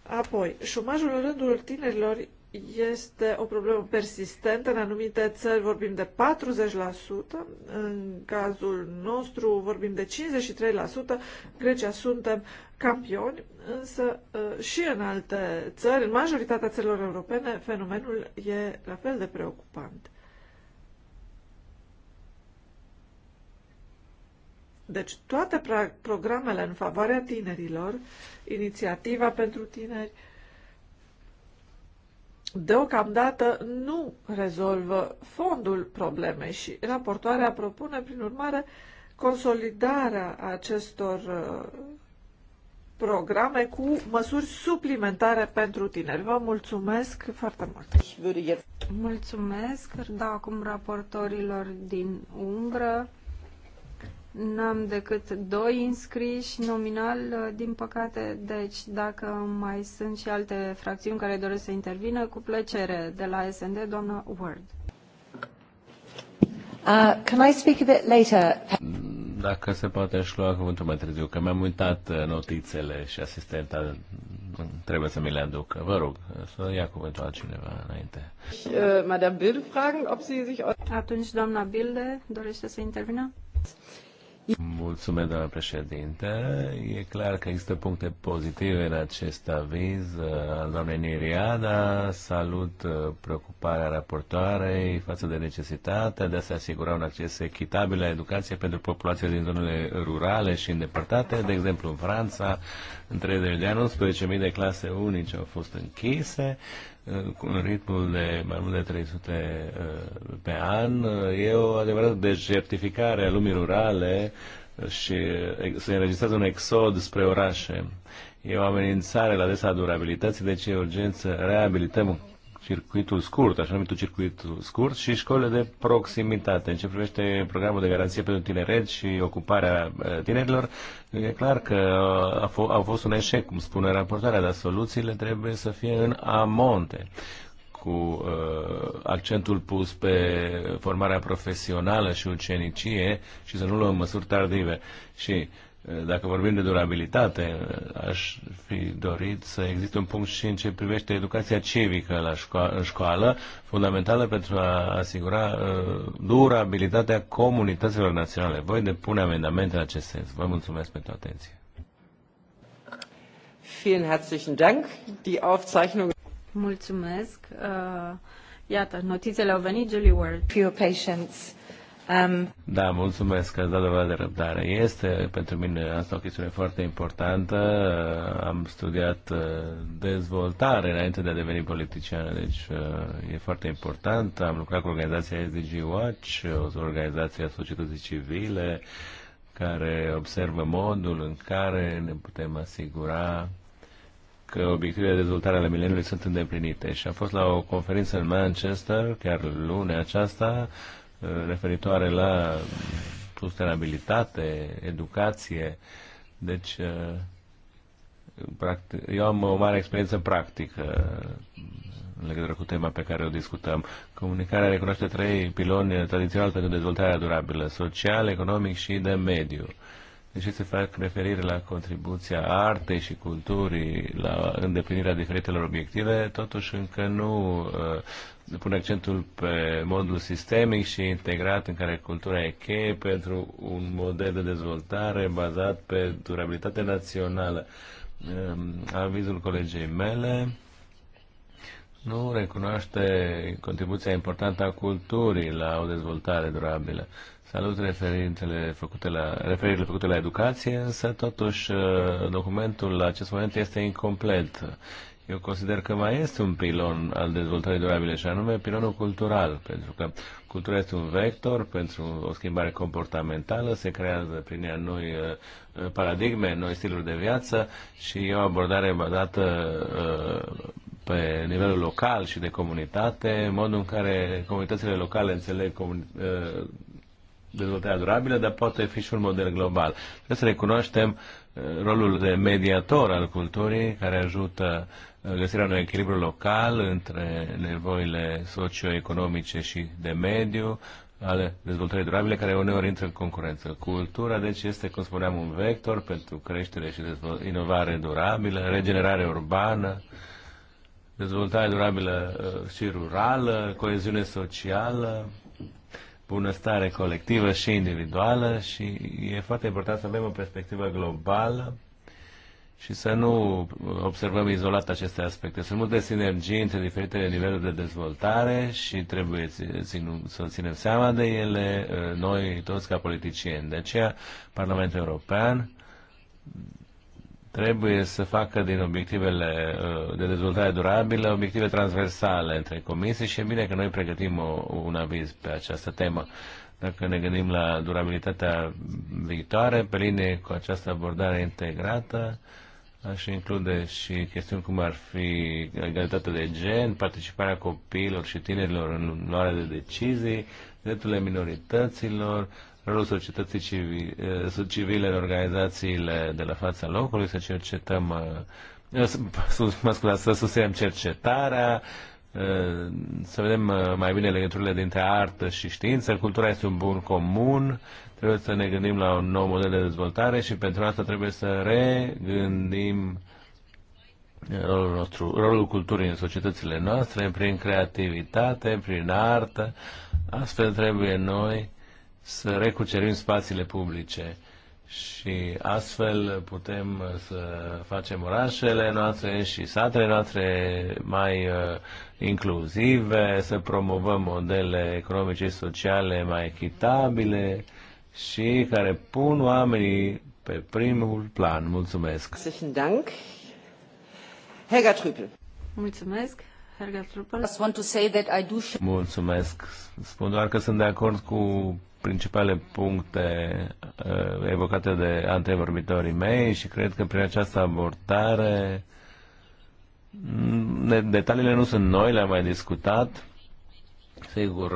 Apoi, șumajul în rândul tinerilor este o problemă persistentă. În anumite țări vorbim de 40%, în cazul nostru vorbim de 53%. Grecia suntem campioni, însă ă, și în alte țări, în majoritatea țărilor europene, fenomenul e la fel de preocupant. Deci toate programele în favoarea tinerilor, inițiativa pentru tineri, deocamdată nu rezolvă fondul problemei și raportoarea propune, prin urmare, consolidarea acestor uh, programe cu măsuri suplimentare pentru tineri. Vă mulțumesc foarte mult! Mulțumesc! Dau acum raportorilor din umbră. N-am decât doi înscriși nominal, uh, din păcate, deci dacă mai sunt și alte fracțiuni care doresc să intervină, cu plăcere, de la SND, doamna Ward. Uh, can I speak a bit later? Dacă se poate, aș lua cuvântul mai târziu, că mi-am uitat uh, notițele și asistenta uh, trebuie să mi le aducă. Vă rog, să ia cuvântul altcineva înainte. Madame Bill, fragen, ob sie sich... Atunci, doamna Bilde, dorește să intervină? Mulțumesc, doamnă președinte. E clar că există puncte pozitive în acest aviz uh, al doamnei Niriada. Salut uh, preocuparea raportoarei față de necesitatea de a se asigura un acces echitabil la educație pentru populația din zonele rurale și îndepărtate. De exemplu, în Franța, în 30 de ani, 11.000 de clase unice au fost închise cu un ritmul de mai mult de 300 uh, pe an, e o adevărată desertificare a lumii rurale și uh, se înregistrează un exod spre orașe. E o amenințare la adresa durabilității, deci e urgent să reabilităm circuitul scurt, așa numitul circuit scurt și școlile de proximitate. În ce privește programul de garanție pentru tineret și ocuparea eh, tinerilor, e clar că eh, au fost un eșec, cum spune raportarea, dar soluțiile trebuie să fie în amonte cu uh, accentul pus pe formarea profesională și ucenicie și să nu luăm măsuri tardive. Și uh, dacă vorbim de durabilitate, aș fi dorit să existe un punct și în ce privește educația civică la școală, școală fundamentală pentru a asigura uh, durabilitatea comunităților naționale. Voi depune amendamente în acest sens. Vă mulțumesc pentru atenție. Mulțumesc. Uh, iată, notițele au venit, Julie Ward. patience. Um... Da, mulțumesc că ați dat dovadă de răbdare. Este pentru mine asta o chestiune foarte importantă. Uh, am studiat uh, dezvoltare înainte de a deveni politician, deci uh, e foarte important. Am lucrat cu organizația SDG Watch, o organizație a societății civile, care observă modul în care ne putem asigura că obiectivele de dezvoltare ale mileniului sunt îndeplinite. Și am fost la o conferință în Manchester, chiar lunea aceasta, referitoare la sustenabilitate, educație. Deci, uh, practic, eu am o mare experiență practică în legătură cu tema pe care o discutăm. Comunicarea recunoaște trei piloni tradiționali pentru dezvoltarea durabilă, social, economic și de mediu. Deci se fac referire la contribuția artei și culturii la îndeplinirea diferitelor obiective, totuși încă nu uh, pune accentul pe modul sistemic și integrat în care cultura e cheie pentru un model de dezvoltare bazat pe durabilitate națională. Uh, avizul colegei mele nu recunoaște contribuția importantă a culturii la o dezvoltare durabilă. Uh, Salut referințele făcute la, referirile făcute la educație, însă totuși uh, documentul la acest moment este incomplet. Eu consider că mai este un pilon al dezvoltării durabile și anume pilonul cultural, pentru că cultura este un vector pentru o schimbare comportamentală, se creează prin ea noi uh, paradigme, noi stiluri de viață și e o abordare bazată uh, pe nivelul local și de comunitate, modul în care comunitățile locale înțeleg dezvoltarea durabilă, dar poate fi și un model global. Trebuie să recunoaștem uh, rolul de mediator al culturii care ajută uh, găsirea unui echilibru local între nevoile socioeconomice și de mediu, ale dezvoltării durabile, care uneori intră în concurență. Cultura, deci, este, cum spuneam, un vector pentru creștere și inovare durabilă, regenerare urbană, dezvoltare durabilă uh, și rurală, coeziune socială, bunăstare colectivă și individuală și e foarte important să avem o perspectivă globală și să nu observăm izolat aceste aspecte. Sunt multe sinergii între diferitele niveluri de dezvoltare și trebuie să ținem seama de ele ă, noi toți ca politicieni. De aceea Parlamentul European trebuie să facă din obiectivele uh, de dezvoltare durabilă obiective transversale între comisii și e bine că noi pregătim o, un aviz pe această temă. Dacă ne gândim la durabilitatea viitoare, pe linie cu această abordare integrată, aș include și chestiuni cum ar fi egalitatea de gen, participarea copiilor și tinerilor în luarea de decizii, drepturile minorităților, rolul societății civile, eh, civile în organizațiile de la fața locului, să cercetăm, eh, mă scuzați, să susținem cercetarea, eh, să vedem mai bine legăturile dintre artă și știință. Cultura este un bun comun, trebuie să ne gândim la un nou model de dezvoltare și pentru asta trebuie să regândim rolul, nostru, rolul culturii în societățile noastre, prin creativitate, prin artă. Astfel trebuie noi să recucerim spațiile publice și astfel putem să facem orașele noastre și satele noastre mai uh, inclusive, să promovăm modele economice și sociale mai echitabile și care pun oamenii pe primul plan. Mulțumesc! Helga Trüppel. Mulțumesc! Helga Trüppel. Mulțumesc! Spun doar că sunt de acord cu principale puncte uh, evocate de antevorbitorii mei și cred că prin această abordare mm, detaliile nu sunt noi, le-am mai discutat. Sigur,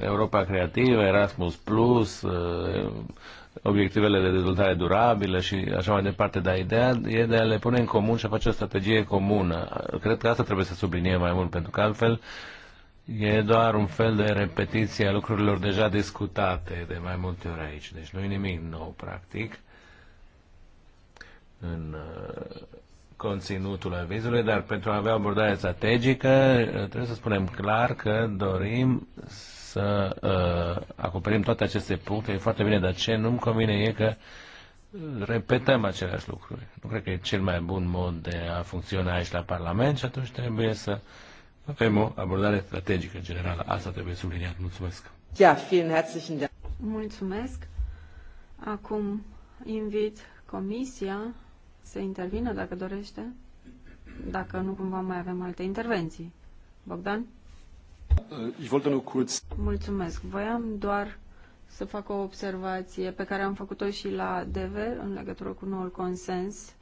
Europa Creativă, Erasmus Plus, uh, obiectivele de dezvoltare durabilă și așa mai departe, dar ideea e de a le pune în comun și a face o strategie comună. Cred că asta trebuie să subliniem mai mult, pentru că altfel uh, E doar un fel de repetiție a lucrurilor deja discutate de mai multe ori aici. Deci nu e nimic nou, practic, în uh, conținutul avizului, dar pentru a avea o abordare strategică uh, trebuie să spunem clar că dorim să uh, acoperim toate aceste puncte. E foarte bine, dar ce nu-mi convine e că repetăm aceleași lucruri. Nu cred că e cel mai bun mod de a funcționa aici la Parlament și atunci trebuie să uh, avem o abordare strategică generală. Asta trebuie subliniat. Mulțumesc. Ja, vielen herzlichen Dank. Mulțumesc. Acum invit Comisia să intervină dacă dorește, dacă nu cumva mai avem alte intervenții. Bogdan? Eh, Mulțumesc. Voiam doar să fac o observație pe care am făcut-o și la DV în legătură cu noul consens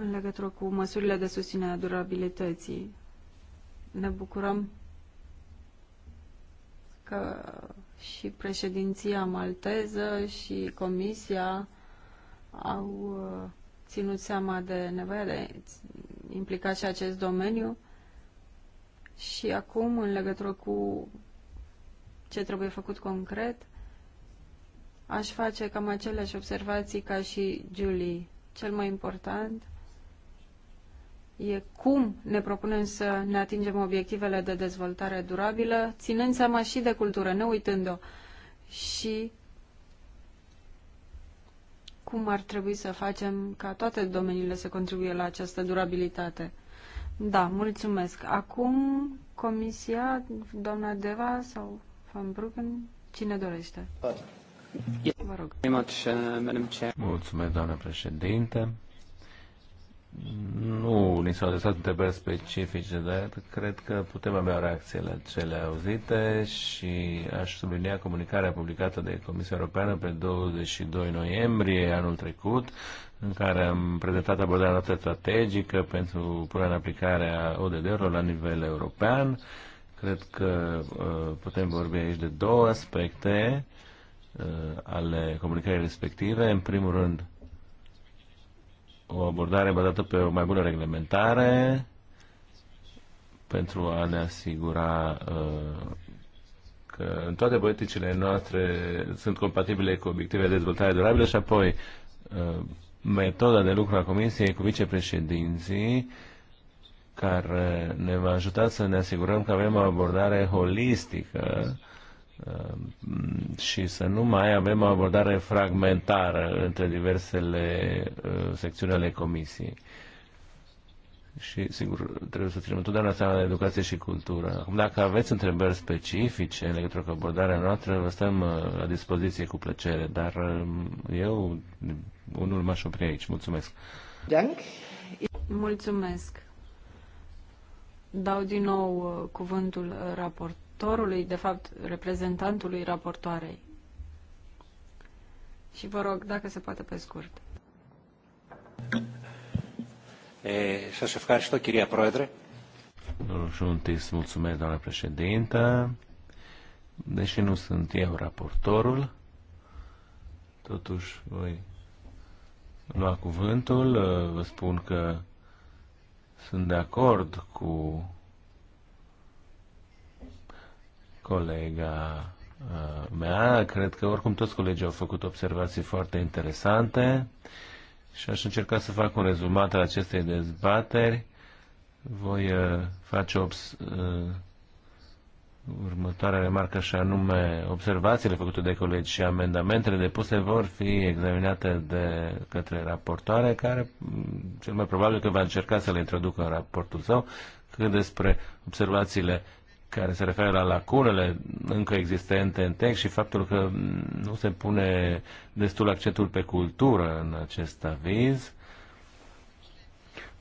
în legătură cu măsurile de susținere a durabilității. Ne bucurăm că și președinția malteză și comisia au uh, ținut seama de nevoia de implica și acest domeniu și acum în legătură cu ce trebuie făcut concret aș face cam aceleași observații ca și Julie. Cel mai important e cum ne propunem să ne atingem obiectivele de dezvoltare durabilă, ținând seama și de cultură, ne uitând-o. Și cum ar trebui să facem ca toate domeniile să contribuie la această durabilitate. Da, mulțumesc. Acum, Comisia, doamna Deva sau Van Bruggen, cine dorește? Vă rog. Mulțumesc, doamna președinte s-au adresat întrebări specifice, dar cred că putem avea reacție la cele auzite și aș sublinia comunicarea publicată de Comisia Europeană pe 22 noiembrie anul trecut, în care am prezentat abordarea noastră strategică pentru punerea în aplicare a ODD-urilor la nivel european. Cred că uh, putem vorbi aici de două aspecte uh, ale comunicării respective. În primul rând, o abordare bazată pe o mai bună reglementare pentru a ne asigura uh, că în toate politicile noastre sunt compatibile cu obiectivele de dezvoltare durabilă și apoi uh, metoda de lucru a Comisiei cu vicepreședinții care ne va ajuta să ne asigurăm că avem o abordare holistică Ehm, și să nu mai avem o abordare fragmentară între diversele eh, secțiuni ale comisiei. Și, sigur, trebuie să ținem întotdeauna seama de educație și cultură. Acum, dacă aveți întrebări specifice în legătură cu abordarea noastră, vă stăm eh, la dispoziție cu plăcere, dar eh, eu unul m-aș opri aici. Mulțumesc! Dank. Mulțumesc! Dau din nou cuvântul raport raportorului, de fapt reprezentantului raportoarei. Și vă rog, dacă se poate pe scurt. Să-și se chiria proedre. Πρόεδρε. Juntis, mulțumesc, doamnă președintă. Deși nu sunt eu raportorul, totuși voi lua cuvântul. Vă spun că sunt de acord cu colega uh, mea. Cred că oricum toți colegii au făcut observații foarte interesante și aș încerca să fac un rezumat al acestei dezbateri. Voi uh, face obs- uh, următoarea remarcă și anume observațiile făcute de colegi și amendamentele depuse vor fi examinate de către raportoare care mm, cel mai probabil că va încerca să le introducă în raportul său cât despre observațiile care se referă la lacunele încă existente în text și faptul că nu se pune destul accentul pe cultură în acest aviz.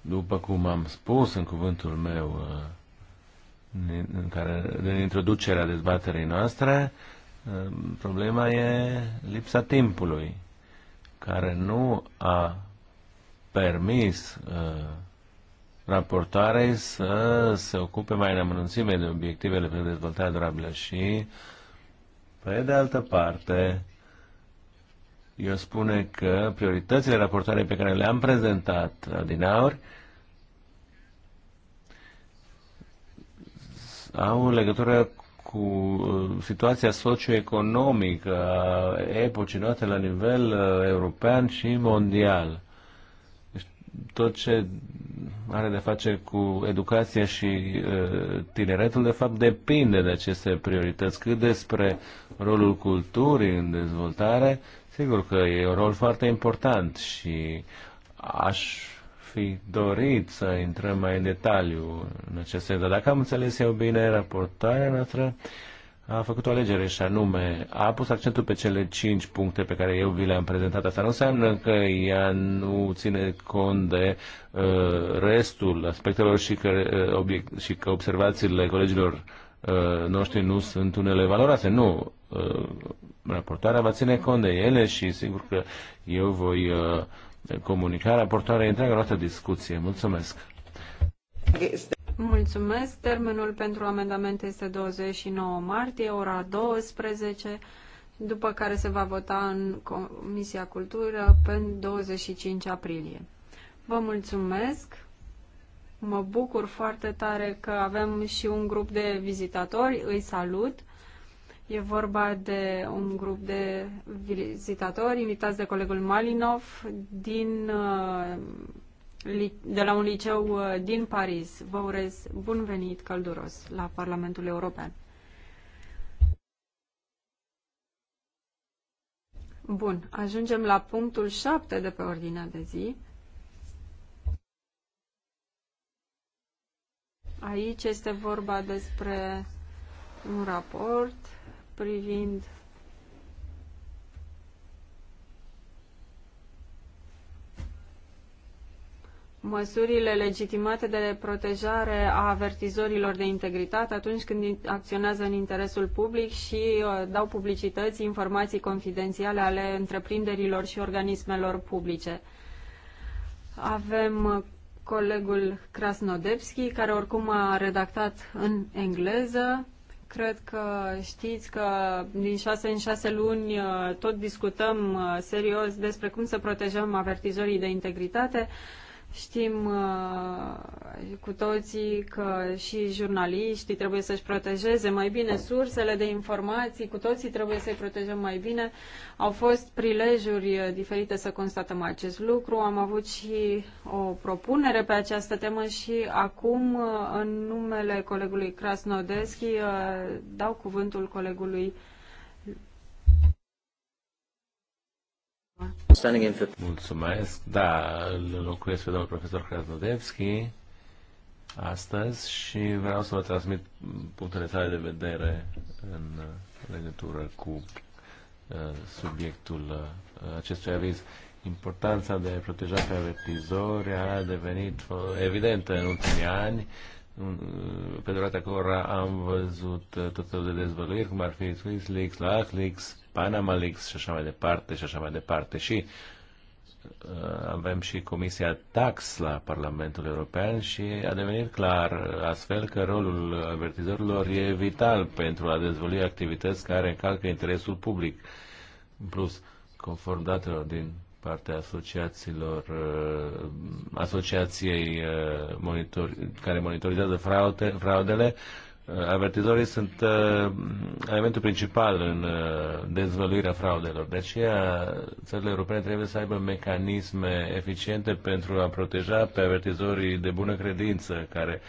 După cum am spus în cuvântul meu în care, din introducerea dezbaterii noastre, problema e lipsa timpului, care nu a permis uh, raportoare să se ocupe mai în amănunțime de obiectivele pentru dezvoltarea durabilă și, pe de altă parte, eu spune că prioritățile raportoare pe care le-am prezentat din aur au legătură cu uh, situația socioeconomică a epocii noastre la nivel uh, european și mondial. Deci tot ce are de face cu educația și tineretul, de fapt, depinde de aceste priorități. Cât despre rolul culturii în dezvoltare, sigur că e un rol foarte important și aș fi dorit să intrăm mai în detaliu în acest sens. Dar dacă am înțeles eu bine raportarea noastră, uh, a făcut o alegere și anume a pus accentul pe cele cinci puncte pe care eu vi le-am prezentat. Asta nu înseamnă că ea nu ține cont de uh, restul aspectelor și că, uh, obiect, și că observațiile colegilor uh, noștri nu sunt unele valoroase. Nu. Uh, raportarea va ține cont de ele și sigur că eu voi uh, comunica raportarea întreaga noastră discuție. Mulțumesc! Mulțumesc. Termenul pentru amendamente este 29 martie, ora 12, după care se va vota în Comisia Cultură pe 25 aprilie. Vă mulțumesc. Mă bucur foarte tare că avem și un grup de vizitatori. Îi salut. E vorba de un grup de vizitatori invitați de colegul Malinov din uh, de la un liceu uh, din Paris. Vă urez bun venit călduros la Parlamentul European. Bun, ajungem la punctul 7 de pe ordinea de zi. Aici este vorba despre un raport privind măsurile legitimate de protejare a avertizorilor de integritate atunci când acționează în interesul public și uh, dau publicității informații confidențiale ale întreprinderilor și organismelor publice. Avem uh, colegul Krasnodebski, care oricum a redactat în engleză. Cred că știți că din șase în șase luni uh, tot discutăm serios despre cum să protejăm avertizorii de integritate. Știm uh, cu toții că și jurnaliștii trebuie să-și protejeze mai bine sursele de informații, cu toții trebuie să-i protejăm mai bine. Au fost prilejuri uh, diferite să constatăm acest lucru. Am avut și o propunere pe această temă și acum, uh, în numele colegului Krasnodeschi, dau cuvântul colegului Mulțumesc, da, îl locuiesc pe domnul profesor Krasnodevski astăzi și vreau să vă transmit punctele sale de vedere în legătură cu uh, subiectul uh, acestui aviz. Importanța de a proteja pe avertizori a devenit uh, evidentă în ultimii ani Uh, pe durata cărora am văzut uh, tot felul de dezvăluiri, cum ar fi SwissLeaks, LaxLeaks, PanamaLeaks și așa mai departe și așa mai departe. Și uh, avem și Comisia Tax la Parlamentul European și a devenit clar astfel că rolul avertizorilor e vital pentru a dezvălui activități care încalcă interesul public. În plus, conform datelor din partea asociațiilor, uh, asociației uh, monitor, care monitorizează fraude, fraudele. Uh, avertizorii sunt elementul principal în dezvăluirea fraudelor. De aceea, țările europene trebuie să aibă mecanisme eficiente pentru a proteja pe avertizorii de bună credință care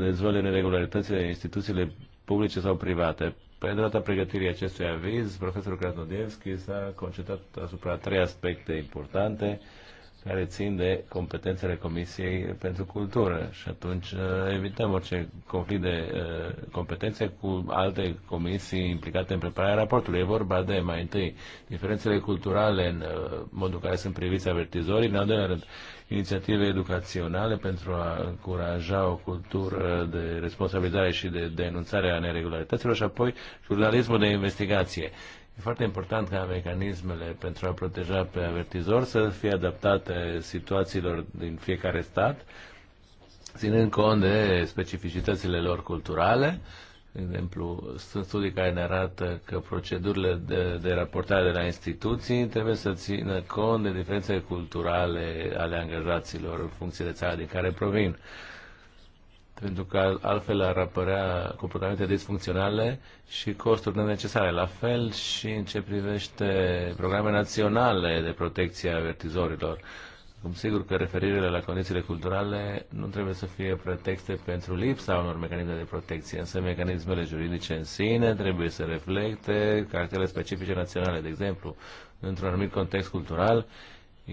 dezvăluie neregularitățile instituțiile publice sau private. Pe data pregătirii acestui aviz, profesorul Krasnodevski s-a concentrat asupra trei aspecte importante care țin de competențele Comisiei pentru Cultură și atunci uh, evităm orice conflict de uh, competențe cu alte comisii implicate în prepararea raportului. E vorba de, mai întâi, diferențele culturale în uh, modul în care sunt priviți avertizorii, în al doilea rând, inițiative educaționale pentru a încuraja o cultură de responsabilizare și de denunțare a neregularităților și apoi jurnalismul de investigație. E foarte important ca mecanismele pentru a proteja pe avertizor să fie adaptate situațiilor din fiecare stat, ținând cont de specificitățile lor culturale. De exemplu, sunt studii care ne arată că procedurile de, de raportare de la instituții trebuie să țină cont de diferențele culturale ale angajaților în funcție de țara din care provin. Uh, pentru că altfel ar apărea comportamente disfuncționale și costuri nenecesare. La fel și în ce privește programe naționale de protecție a avertizorilor. Cum sigur că referirile la condițiile culturale nu trebuie să fie pretexte pentru lipsa unor mecanisme de protecție, însă mecanismele juridice în sine trebuie să reflecte caracterele specifice naționale, de exemplu, într-un anumit context cultural,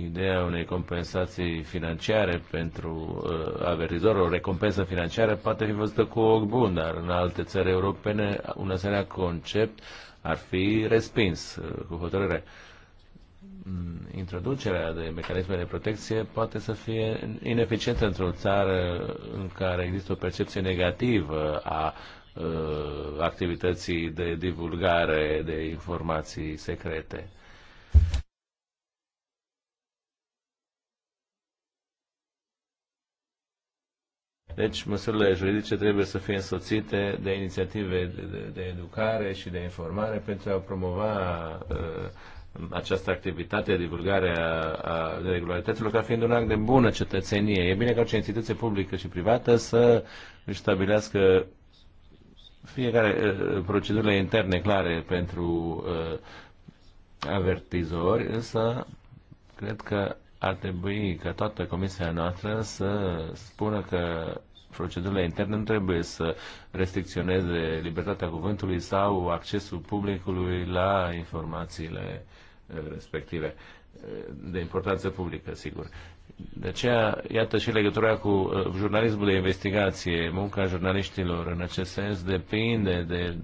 ideea unei compensații financiare pentru uh, averizor, o recompensă financiară, poate fi văzută cu ochi bun, dar în alte țări europene un asemenea concept ar fi respins uh, cu hotărâre. Mm, introducerea de mecanisme de protecție poate să fie ineficientă într-o țară în care există o percepție negativă a uh, activității de divulgare de informații secrete. Deci măsurile juridice trebuie să fie însoțite de inițiative de, de, de educare și de informare pentru a promova uh, această activitate, divulgarea a regularităților, ca fiind un act de bună cetățenie. E bine ca orice instituție publică și privată să își stabilească fiecare uh, procedurile interne clare pentru uh, avertizori, însă cred că ar trebui ca toată comisia noastră să spună că procedurile interne nu trebuie să restricționeze libertatea cuvântului sau accesul publicului la informațiile eh, respective eh, de importanță publică, sigur. De aceea, iată și legătura cu eh, jurnalismul de investigație, munca jurnaliștilor în acest sens depinde de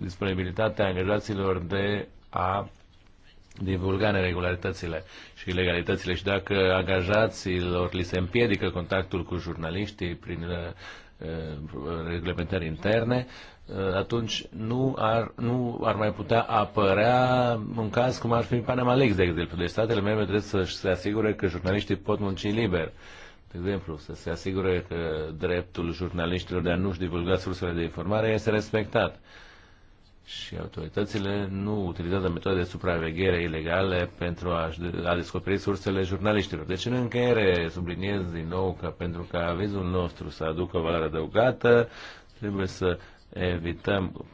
disponibilitatea angajaților de a divulga neregularitățile și ilegalitățile și dacă angajaților li se împiedică contactul cu jurnaliștii prin uh, uh, reglementări interne, uh, atunci nu ar, nu ar mai putea apărea un caz cum ar fi Panama Leaks, de exemplu. Deci statele membre trebuie să se asigure că jurnaliștii pot munci liber. De exemplu, să se asigure că dreptul jurnaliștilor de a nu-și divulga sursele de informare este respectat și autoritățile nu utilizează metode de supraveghere ilegale pentru a, a descoperi sursele jurnaliștilor. Deci, în încheiere, subliniez din nou că pentru ca avizul nostru să aducă valoare adăugată, trebuie să evităm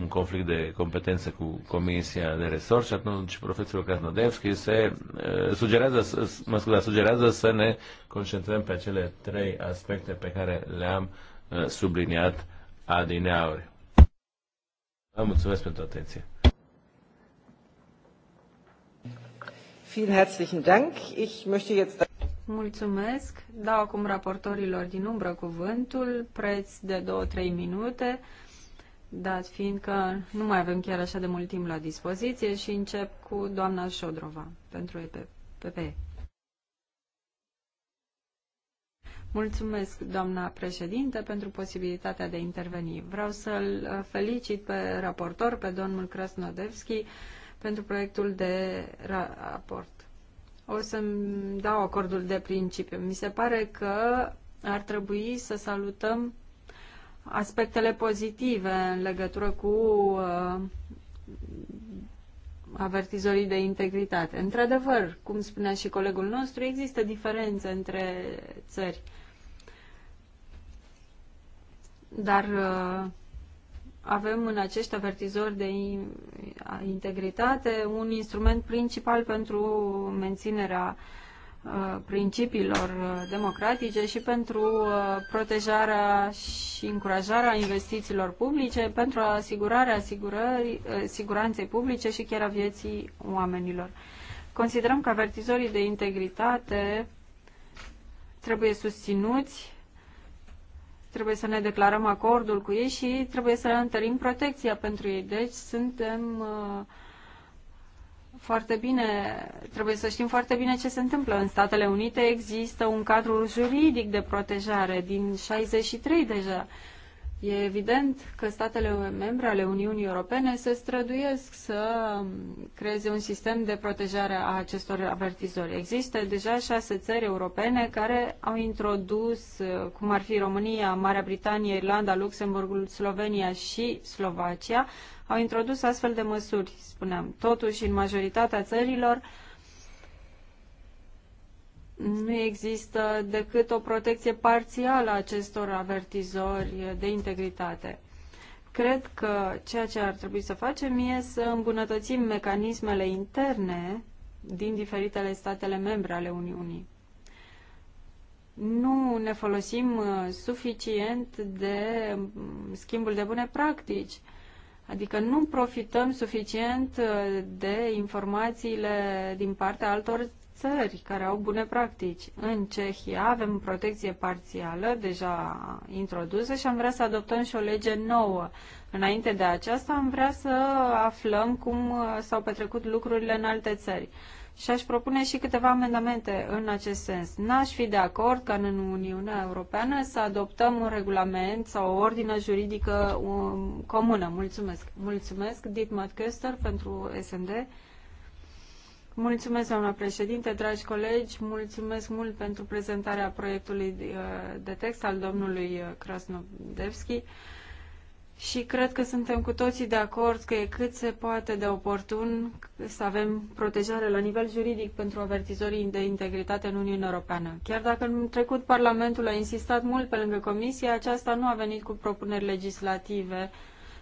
un conflict de competență cu Comisia de Resort și atunci profesorul Krasnodevski se sugerează, mă scuza, sugerează să ne concentrăm pe cele trei aspecte pe care le-am subliniat adineauri. Vă da, mulțumesc pentru atenție. Vielen herzlichen Dank. Ich möchte jetzt Mulțumesc. Dau acum raportorilor din umbră cuvântul, preț de 2-3 minute, dat fiindcă nu mai avem chiar așa de mult timp la dispoziție și încep cu doamna Șodrova pentru EPP. Mulțumesc, doamna președinte, pentru posibilitatea de a interveni. Vreau să-l uh, felicit pe raportor, pe domnul Krasnodevski, pentru proiectul de raport. O să-mi dau acordul de principiu. Mi se pare că ar trebui să salutăm aspectele pozitive în legătură cu uh, avertizorii de integritate. Într-adevăr, cum spunea și colegul nostru, există diferențe între țări. Dar uh, avem în acești avertizori de integritate un instrument principal pentru menținerea uh, principiilor uh, democratice și pentru protejarea și încurajarea investițiilor publice, pentru asigurarea siguranței publice și chiar a vieții oamenilor. Considerăm că avertizorii de integritate trebuie susținuți trebuie să ne declarăm acordul cu ei și trebuie să întărim protecția pentru ei. Deci suntem uh, foarte bine, trebuie să știm foarte bine ce se întâmplă. În Statele Unite există un cadru juridic de protejare din 63 deja. E evident că statele membre ale Uniunii Europene se străduiesc să creeze un sistem de protejare a acestor avertizori. Există deja șase țări europene care au introdus, cum ar fi România, Marea Britanie, Irlanda, Luxemburgul, Slovenia și Slovacia, au introdus astfel de măsuri, spuneam. Totuși, în majoritatea țărilor, uh, nu există decât o protecție parțială a acestor avertizori de integritate. Cred că ceea ce ar trebui să facem e să îmbunătățim mecanismele interne din diferitele statele membre ale Uniunii. Nu ne folosim uh, suficient de mm, schimbul de bune practici. Adică nu profităm suficient uh, de informațiile din partea altor țări care au bune practici. În Cehia avem protecție parțială deja introdusă și am vrea să adoptăm și o lege nouă. Înainte de aceasta am vrea să aflăm cum uh, s-au petrecut lucrurile în alte țări. Și aș propune și câteva amendamente în acest sens. N-aș fi de acord ca în Uniunea Europeană să adoptăm un regulament sau o ordină juridică um, comună. Mulțumesc. Mulțumesc, Dietmar Köster, pentru SND. Mulțumesc, doamna președinte, dragi colegi, mulțumesc mult pentru prezentarea proiectului uh, de text al domnului uh, Krasnodevski și cred că suntem cu toții de acord că e cât se poate de oportun să avem protejare la nivel juridic pentru avertizorii de integritate în Uniunea Europeană. Chiar dacă în trecut Parlamentul a insistat mult pe lângă Comisie, aceasta nu a venit cu propuneri legislative,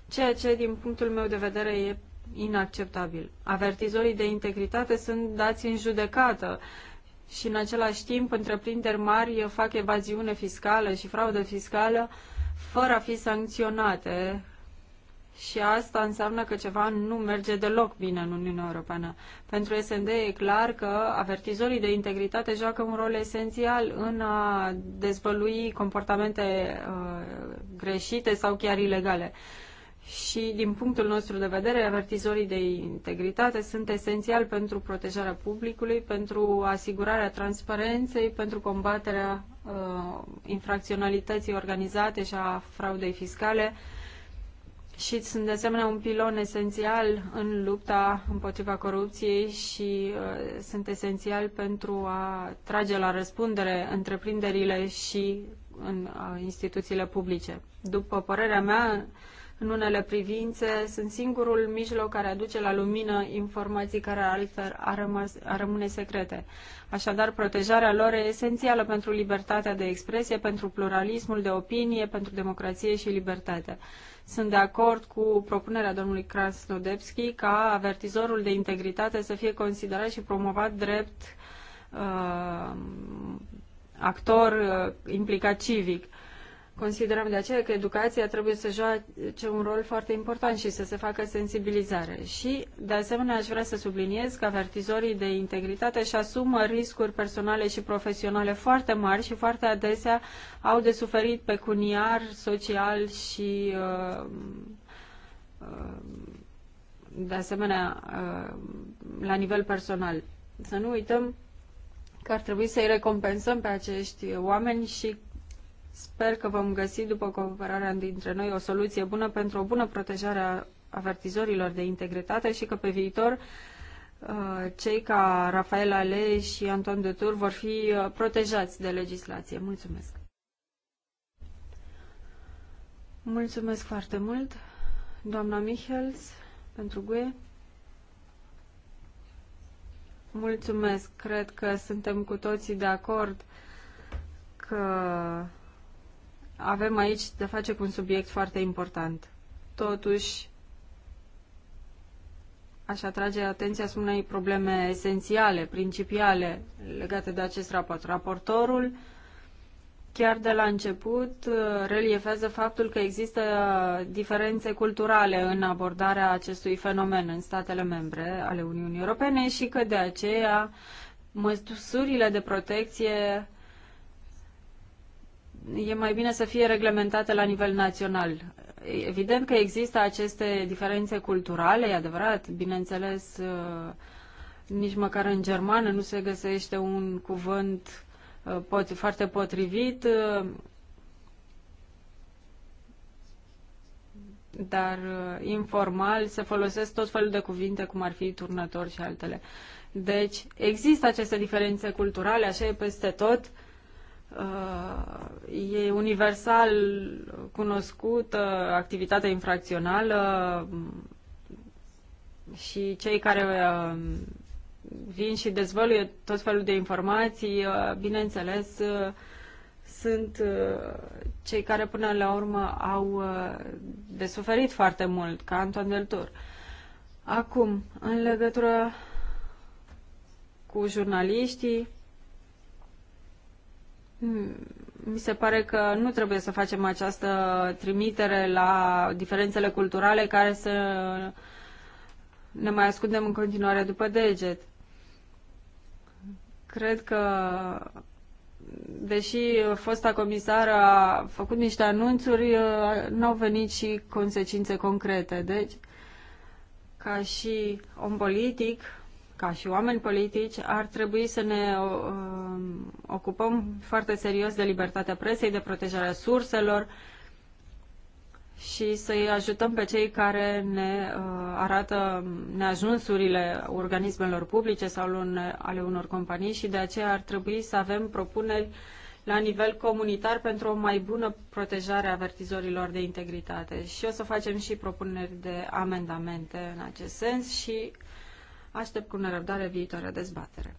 ceea ce, din punctul meu de vedere, e inacceptabil. Avertizorii de integritate sunt dați în judecată și în același timp întreprinderi mari fac evaziune fiscală și fraudă fiscală fără a fi sancționate și asta înseamnă că ceva nu merge deloc bine în Uniunea Europeană. Pentru SND e clar că avertizorii de integritate joacă un rol esențial în a dezvălui comportamente uh, greșite sau chiar ilegale. Uh, și, din punctul nostru de vedere, avertizorii de integritate sunt esențiali pentru protejarea publicului, pentru asigurarea transparenței, pentru combaterea uh, infracționalității organizate și a fraudei fiscale și sunt, de asemenea, un pilon esențial în lupta împotriva corupției și uh, sunt esențial pentru a trage la răspundere întreprinderile și în uh, instituțiile publice. După părerea mea, uh, în unele privințe sunt singurul mijloc care aduce la lumină informații care altfel ar, rămas, ar rămâne secrete. Așadar, protejarea lor e esențială pentru libertatea de expresie, pentru pluralismul de opinie, pentru democrație și libertate. Sunt de acord cu propunerea domnului Krasnodebski ca avertizorul de integritate să fie considerat și promovat drept uh, actor uh, implicat civic Considerăm de aceea că educația trebuie să joace un rol foarte important și să se facă sensibilizare. Și, de asemenea, aș vrea să subliniez că avertizorii de integritate își asumă riscuri personale și profesionale foarte mari și foarte adesea au de suferit pecuniar, social și, uh, uh, de asemenea, uh, la nivel personal. Să nu uităm că ar trebui să-i recompensăm pe acești oameni și Sper că vom găsi, după cooperarea dintre noi, o soluție bună pentru o bună protejare a avertizorilor de integritate și că pe viitor uh, cei ca Rafael Ale și Anton de Tur vor fi uh, protejați de legislație. Mulțumesc! Mulțumesc foarte mult, doamna Michels, pentru GUE. Mulțumesc, cred că suntem cu toții de acord că avem aici de face cu un subiect foarte important. Totuși, aș atrage atenția asupra unei probleme esențiale, principiale, legate de acest raport. Raportorul, chiar de la început, reliefează faptul că există diferențe culturale în abordarea acestui fenomen în statele membre ale Uniunii Europene și că de aceea măsurile de protecție e mai bine să fie reglementate la nivel național. Evident că există aceste diferențe culturale, e adevărat, bineînțeles, uh, nici măcar în germană nu se găsește un cuvânt uh, pot, foarte potrivit, uh, dar informal se folosesc tot felul de cuvinte, cum ar fi turnător și altele. Deci există aceste diferențe culturale, așa e peste tot, Uh, e universal cunoscută activitatea infracțională și cei care uh, vin și dezvăluie tot felul de informații, uh, bineînțeles, sunt cei care până la urmă au de suferit foarte mult, ca Anton Deltur. Acum, în legătură cu jurnaliștii, Mm, mi se pare că nu trebuie să facem această trimitere la diferențele culturale care să ne mai ascundem în continuare după deget. Cred că, deși fosta comisară a făcut niște anunțuri, nu au venit și consecințe concrete. Deci, ca și om politic, ca și oameni politici, ar trebui să ne uh, ocupăm foarte serios de libertatea presei, de protejarea surselor și să-i ajutăm pe cei care ne uh, arată neajunsurile organismelor publice sau ale unor companii și de aceea ar trebui să avem propuneri la nivel comunitar pentru o mai bună protejare a avertizorilor de integritate. Și o să facem și propuneri de amendamente în acest sens și Aștept cu nerăbdare viitoarea dezbatere.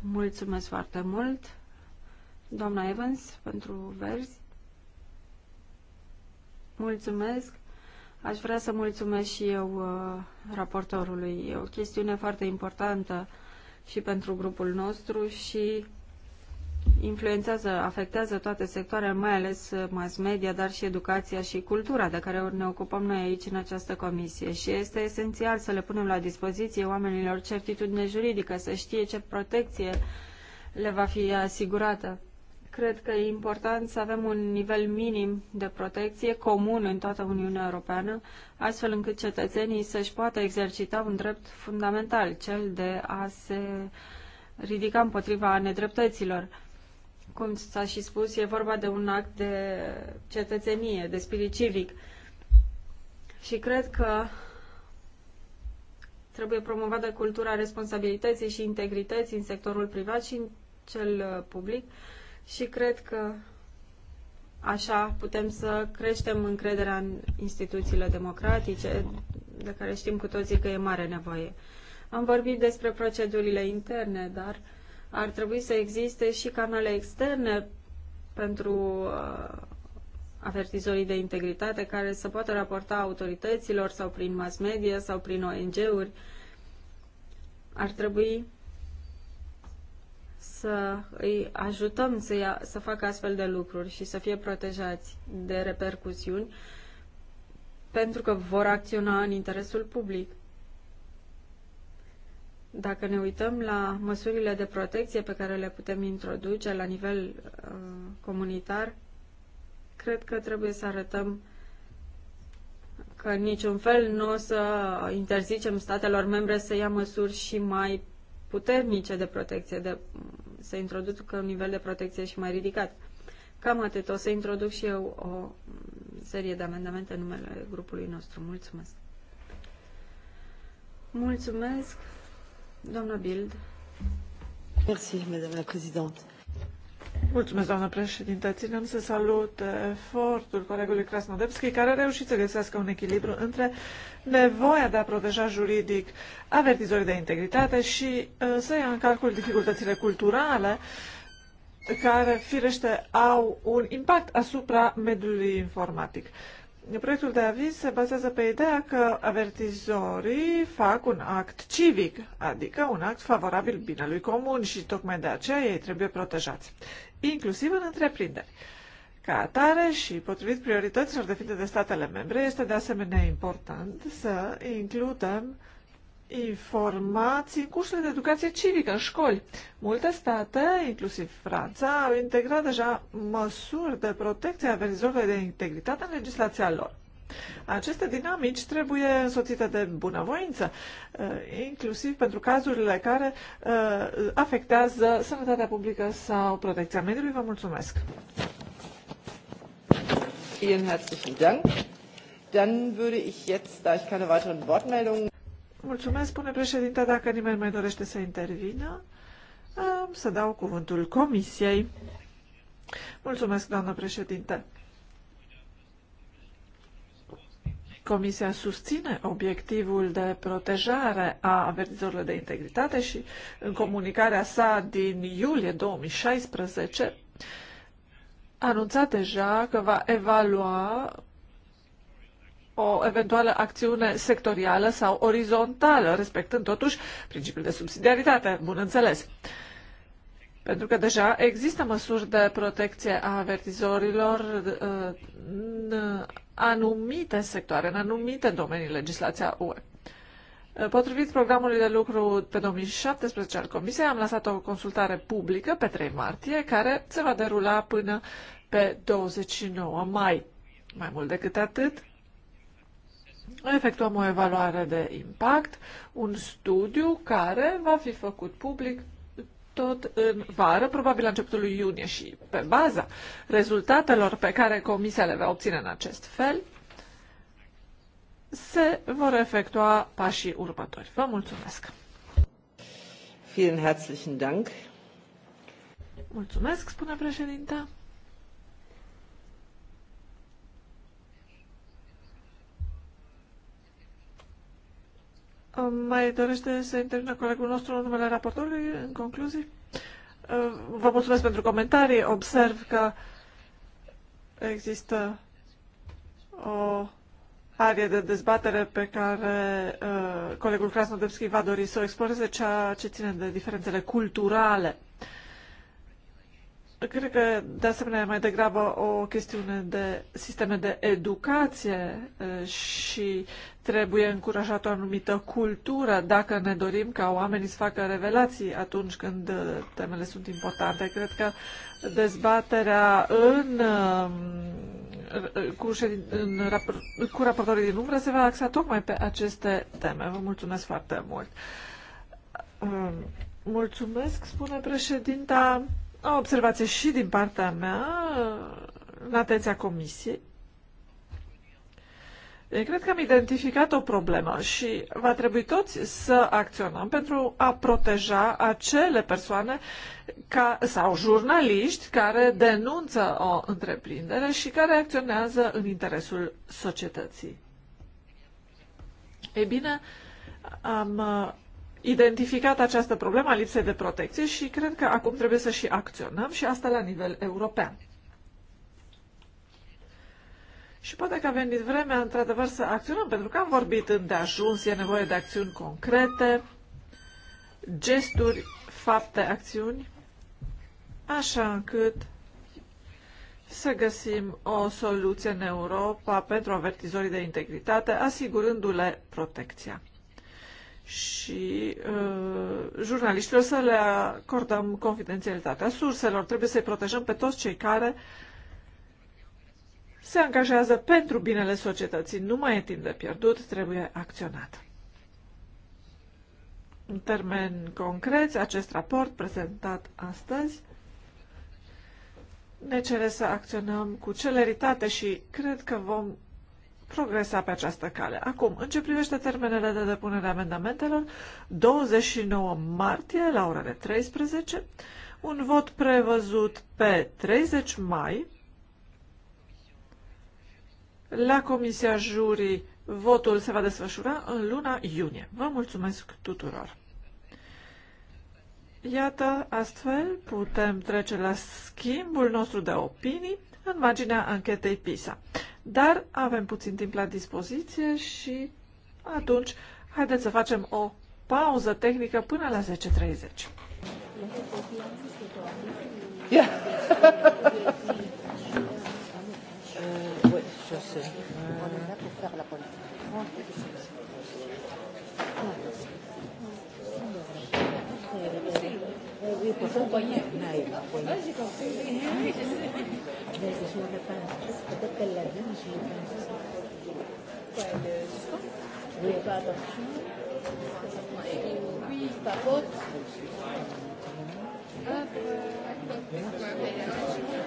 Mulțumesc foarte mult, doamna Evans, pentru verzi. Mulțumesc. Aș vrea să mulțumesc și eu uh, raportorului. E o chestiune foarte importantă și pentru grupul nostru și influențează, afectează toate sectoarele, mai ales uh, mass media, dar și educația și cultura de care ne ocupăm noi aici în această comisie. Și este esențial să le punem la dispoziție oamenilor certitudine juridică, să știe ce protecție le va fi asigurată. Cred că e important să avem un nivel minim de protecție comun în toată Uniunea Europeană, astfel încât cetățenii să-și poată exercita un drept fundamental, cel de a se ridica împotriva nedreptăților cum s-a și spus, e vorba de un act de cetățenie, de spirit civic. Și cred că trebuie promovată cultura responsabilității și integrității în sectorul privat și în cel uh, public și cred că așa putem să creștem încrederea în instituțiile democratice, de care știm cu toții că e mare nevoie. Am vorbit despre procedurile interne, dar uh, ar trebui să existe și canale externe pentru uh, avertizorii de integritate care să poată raporta autorităților sau prin mass media sau prin ONG-uri. Ar trebui să îi ajutăm să, ia, să facă astfel de lucruri și să fie protejați de repercusiuni pentru că vor acționa în interesul public. Dacă ne uităm la măsurile de protecție pe care le putem introduce la nivel uh, comunitar, cred că trebuie să arătăm că în niciun fel nu o să interzicem statelor membre să ia măsuri și mai puternice de protecție, de, să introducă un nivel de protecție și mai ridicat. Cam atât. O să introduc și eu o serie de amendamente în numele grupului nostru. Mulțumesc! Mulțumesc! Doamna Bild. Merci, la Mulțumesc, doamnă președinte. Ținem să salut efortul colegului Krasnodebski, care a reușit să găsească un echilibru între nevoia de a proteja juridic avertizorii de integritate și uh, să ia în calcul dificultățile culturale care, firește, au un impact asupra mediului informatic. Proiectul de aviz se bazează pe ideea că avertizorii fac un act civic, adică un act favorabil binelui comun și tocmai de aceea ei trebuie protejați, inclusiv în întreprinderi. Ca atare și potrivit priorităților definite de statele membre, este de asemenea important să includem informații în cursurile de educație civică în școli. Multe state, inclusiv Franța, au integrat deja măsuri de protecție a verzilor de integritate în legislația lor. Aceste dinamici trebuie însoțite de bunăvoință, eh, inclusiv pentru cazurile care eh, afectează sănătatea publică sau protecția mediului. Vă mulțumesc! Vielen herzlichen Dank. Dann würde ich jetzt, da ich keine weiteren Wortmeldungen Mulțumesc, spune președinte, dacă nimeni mai dorește să intervină, să dau cuvântul comisiei. Mulțumesc, doamnă președinte. Comisia susține obiectivul de protejare a avertizorilor de integritate și în comunicarea sa din iulie 2016 anunța deja că va evalua o eventuală acțiune sectorială sau orizontală, respectând totuși principiul de subsidiaritate, bun înțeles. Pentru că deja există măsuri de protecție a avertizorilor uh, în anumite sectoare, în anumite domenii legislația UE. Uh, potrivit programului de lucru pe 2017 al Comisiei, am lansat o consultare publică pe 3 martie, care se va derula până pe 29 mai. Mai mult decât atât, efectuăm o evaluare de impact, un studiu care va fi făcut public tot în vară, probabil la începutul lui iunie și pe baza rezultatelor pe care comisia le va obține în acest fel, se vor efectua pașii următori. Vă mulțumesc! Vielen herzlichen Dank! Mulțumesc, spune președinta. Mai dorește să intervină colegul nostru în numele raportorului în concluzii? Uh, vă mulțumesc pentru comentarii. Observ că există o arie de dezbatere pe care uh, colegul Krasnodebski va dori să o exploreze, ceea ce ține de diferențele culturale Cred că, de asemenea, mai degrabă o chestiune de sisteme de educație și trebuie încurajată o anumită cultură dacă ne dorim ca oamenii să facă revelații atunci când temele sunt importante. Cred că dezbaterea în, cu, în, cu raportorii din umbră se va axa tocmai pe aceste teme. Vă mulțumesc foarte mult! Mulțumesc, spune președinta o observație și din partea mea în atenția comisiei. Eu cred că am identificat o problemă și va trebui toți să acționăm pentru a proteja acele persoane ca, sau jurnaliști care denunță o întreprindere și care acționează în interesul societății. Ei bine, am identificat această problemă a lipsei de protecție și cred că acum trebuie să și acționăm și asta la nivel european. Și poate că a venit vremea, într-adevăr, să acționăm, pentru că am vorbit îndeajuns, e nevoie de acțiuni concrete, gesturi, fapte, acțiuni, așa încât să găsim o soluție în Europa pentru avertizorii de integritate, asigurându-le protecția și uh, jurnaliștilor să le acordăm confidențialitatea surselor. Trebuie să-i protejăm pe toți cei care se angajează pentru binele societății. Nu mai e timp de pierdut, trebuie acționat. În termen concret, acest raport prezentat astăzi ne cere să acționăm cu celeritate și cred că vom progresa pe această cale. Acum, în ce privește termenele de depunere a amendamentelor, 29 martie la orele 13, un vot prevăzut pe 30 mai, la Comisia Jurii votul se va desfășura în luna iunie. Vă mulțumesc tuturor! Iată, astfel putem trece la schimbul nostru de opinii în marginea anchetei PISA. Dar avem puțin timp la dispoziție și atunci haideți să facem o pauză tehnică până la 10.30. Yeah. euh, pour faire la politique. Oui, pour ça, on Oui, j'ai compris. Mais je n'aurais pas la presse. Peut-être qu'elle l'a dit, mais je n'ai pas la presse. Quoi, le soir Oui, pas adoption. Oui, pas vote.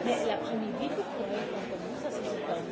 Mais l'après-midi, pourquoi on commence à se séparer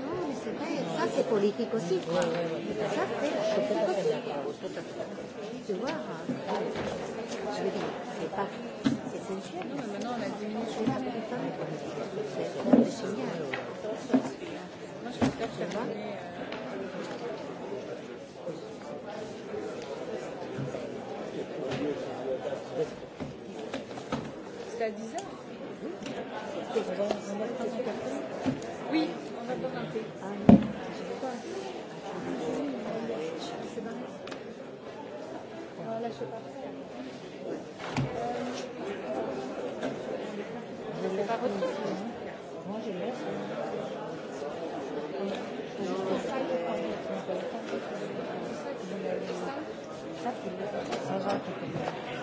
Ah, mais c'est vrai, ça c'est politique aussi. Quoi. Ça c'est politique aussi. Tu vois, je veux dire, c'est pas essentiel. Non, mais maintenant on a diminué. C'est la plupart. C'est génial. Moi je préfère que ça va. C'est à 10 heures. Je ne l'ai pas reçu. Moi, je l'ai. Ça, tu l'as. Ça, tu l'as.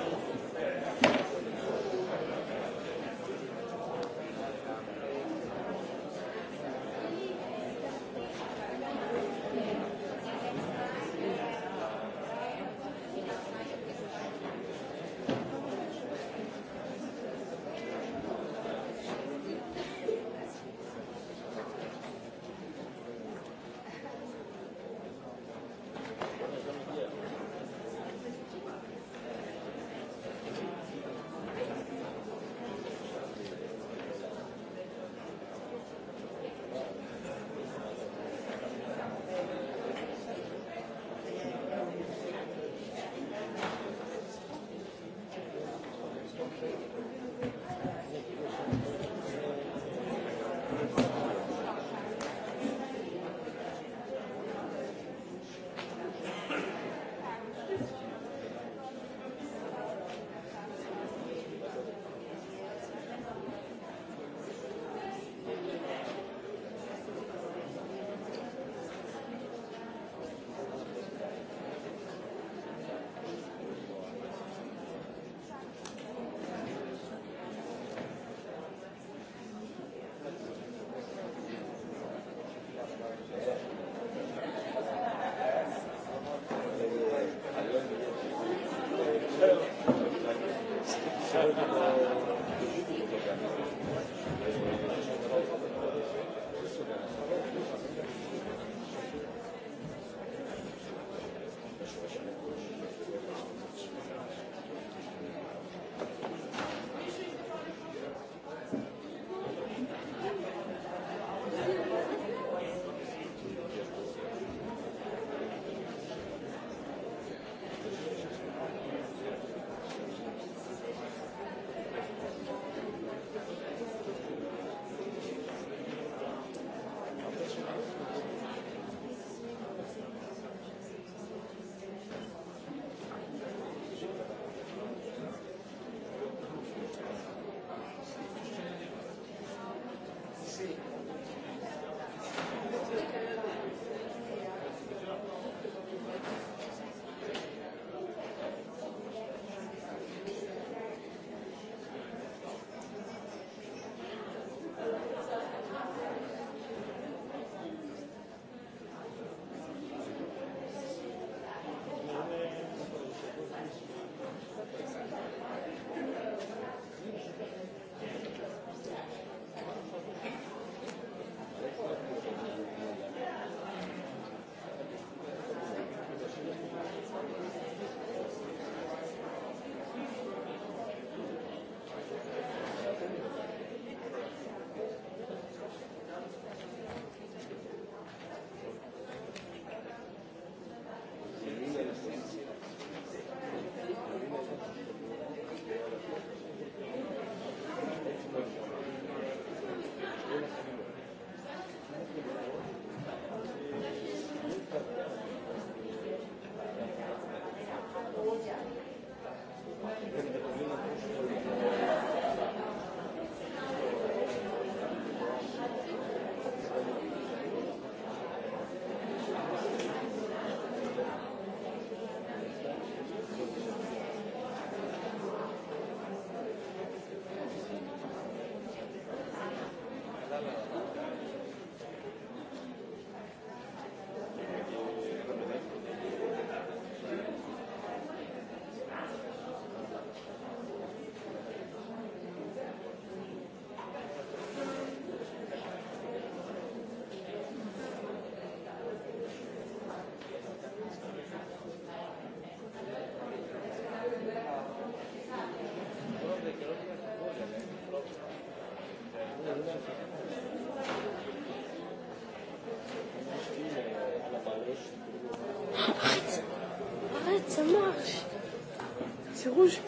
rouge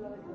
Thank you.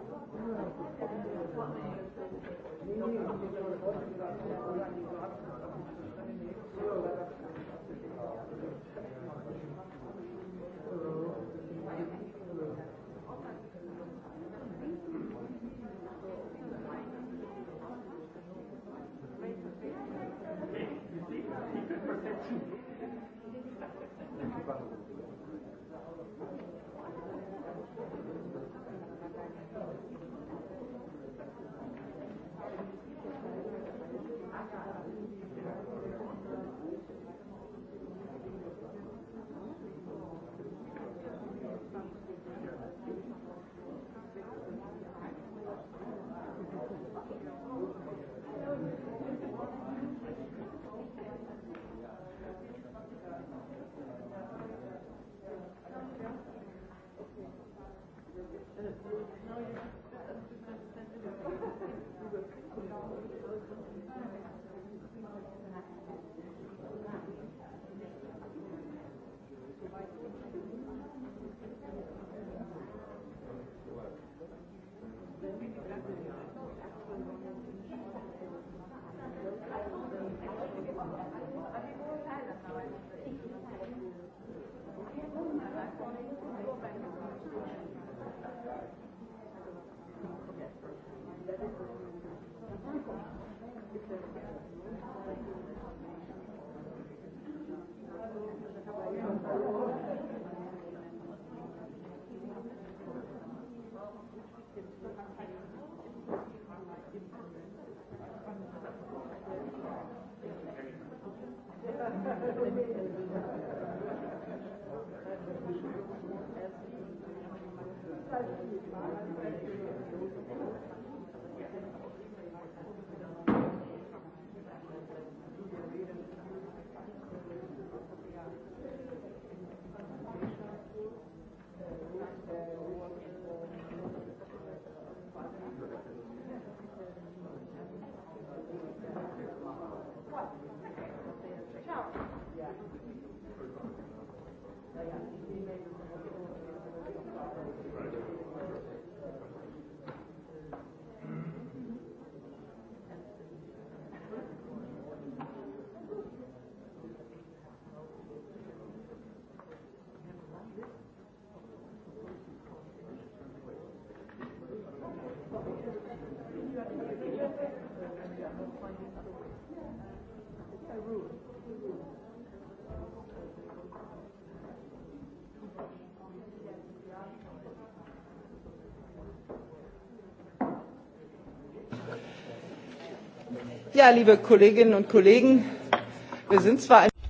Thank you. Thank you.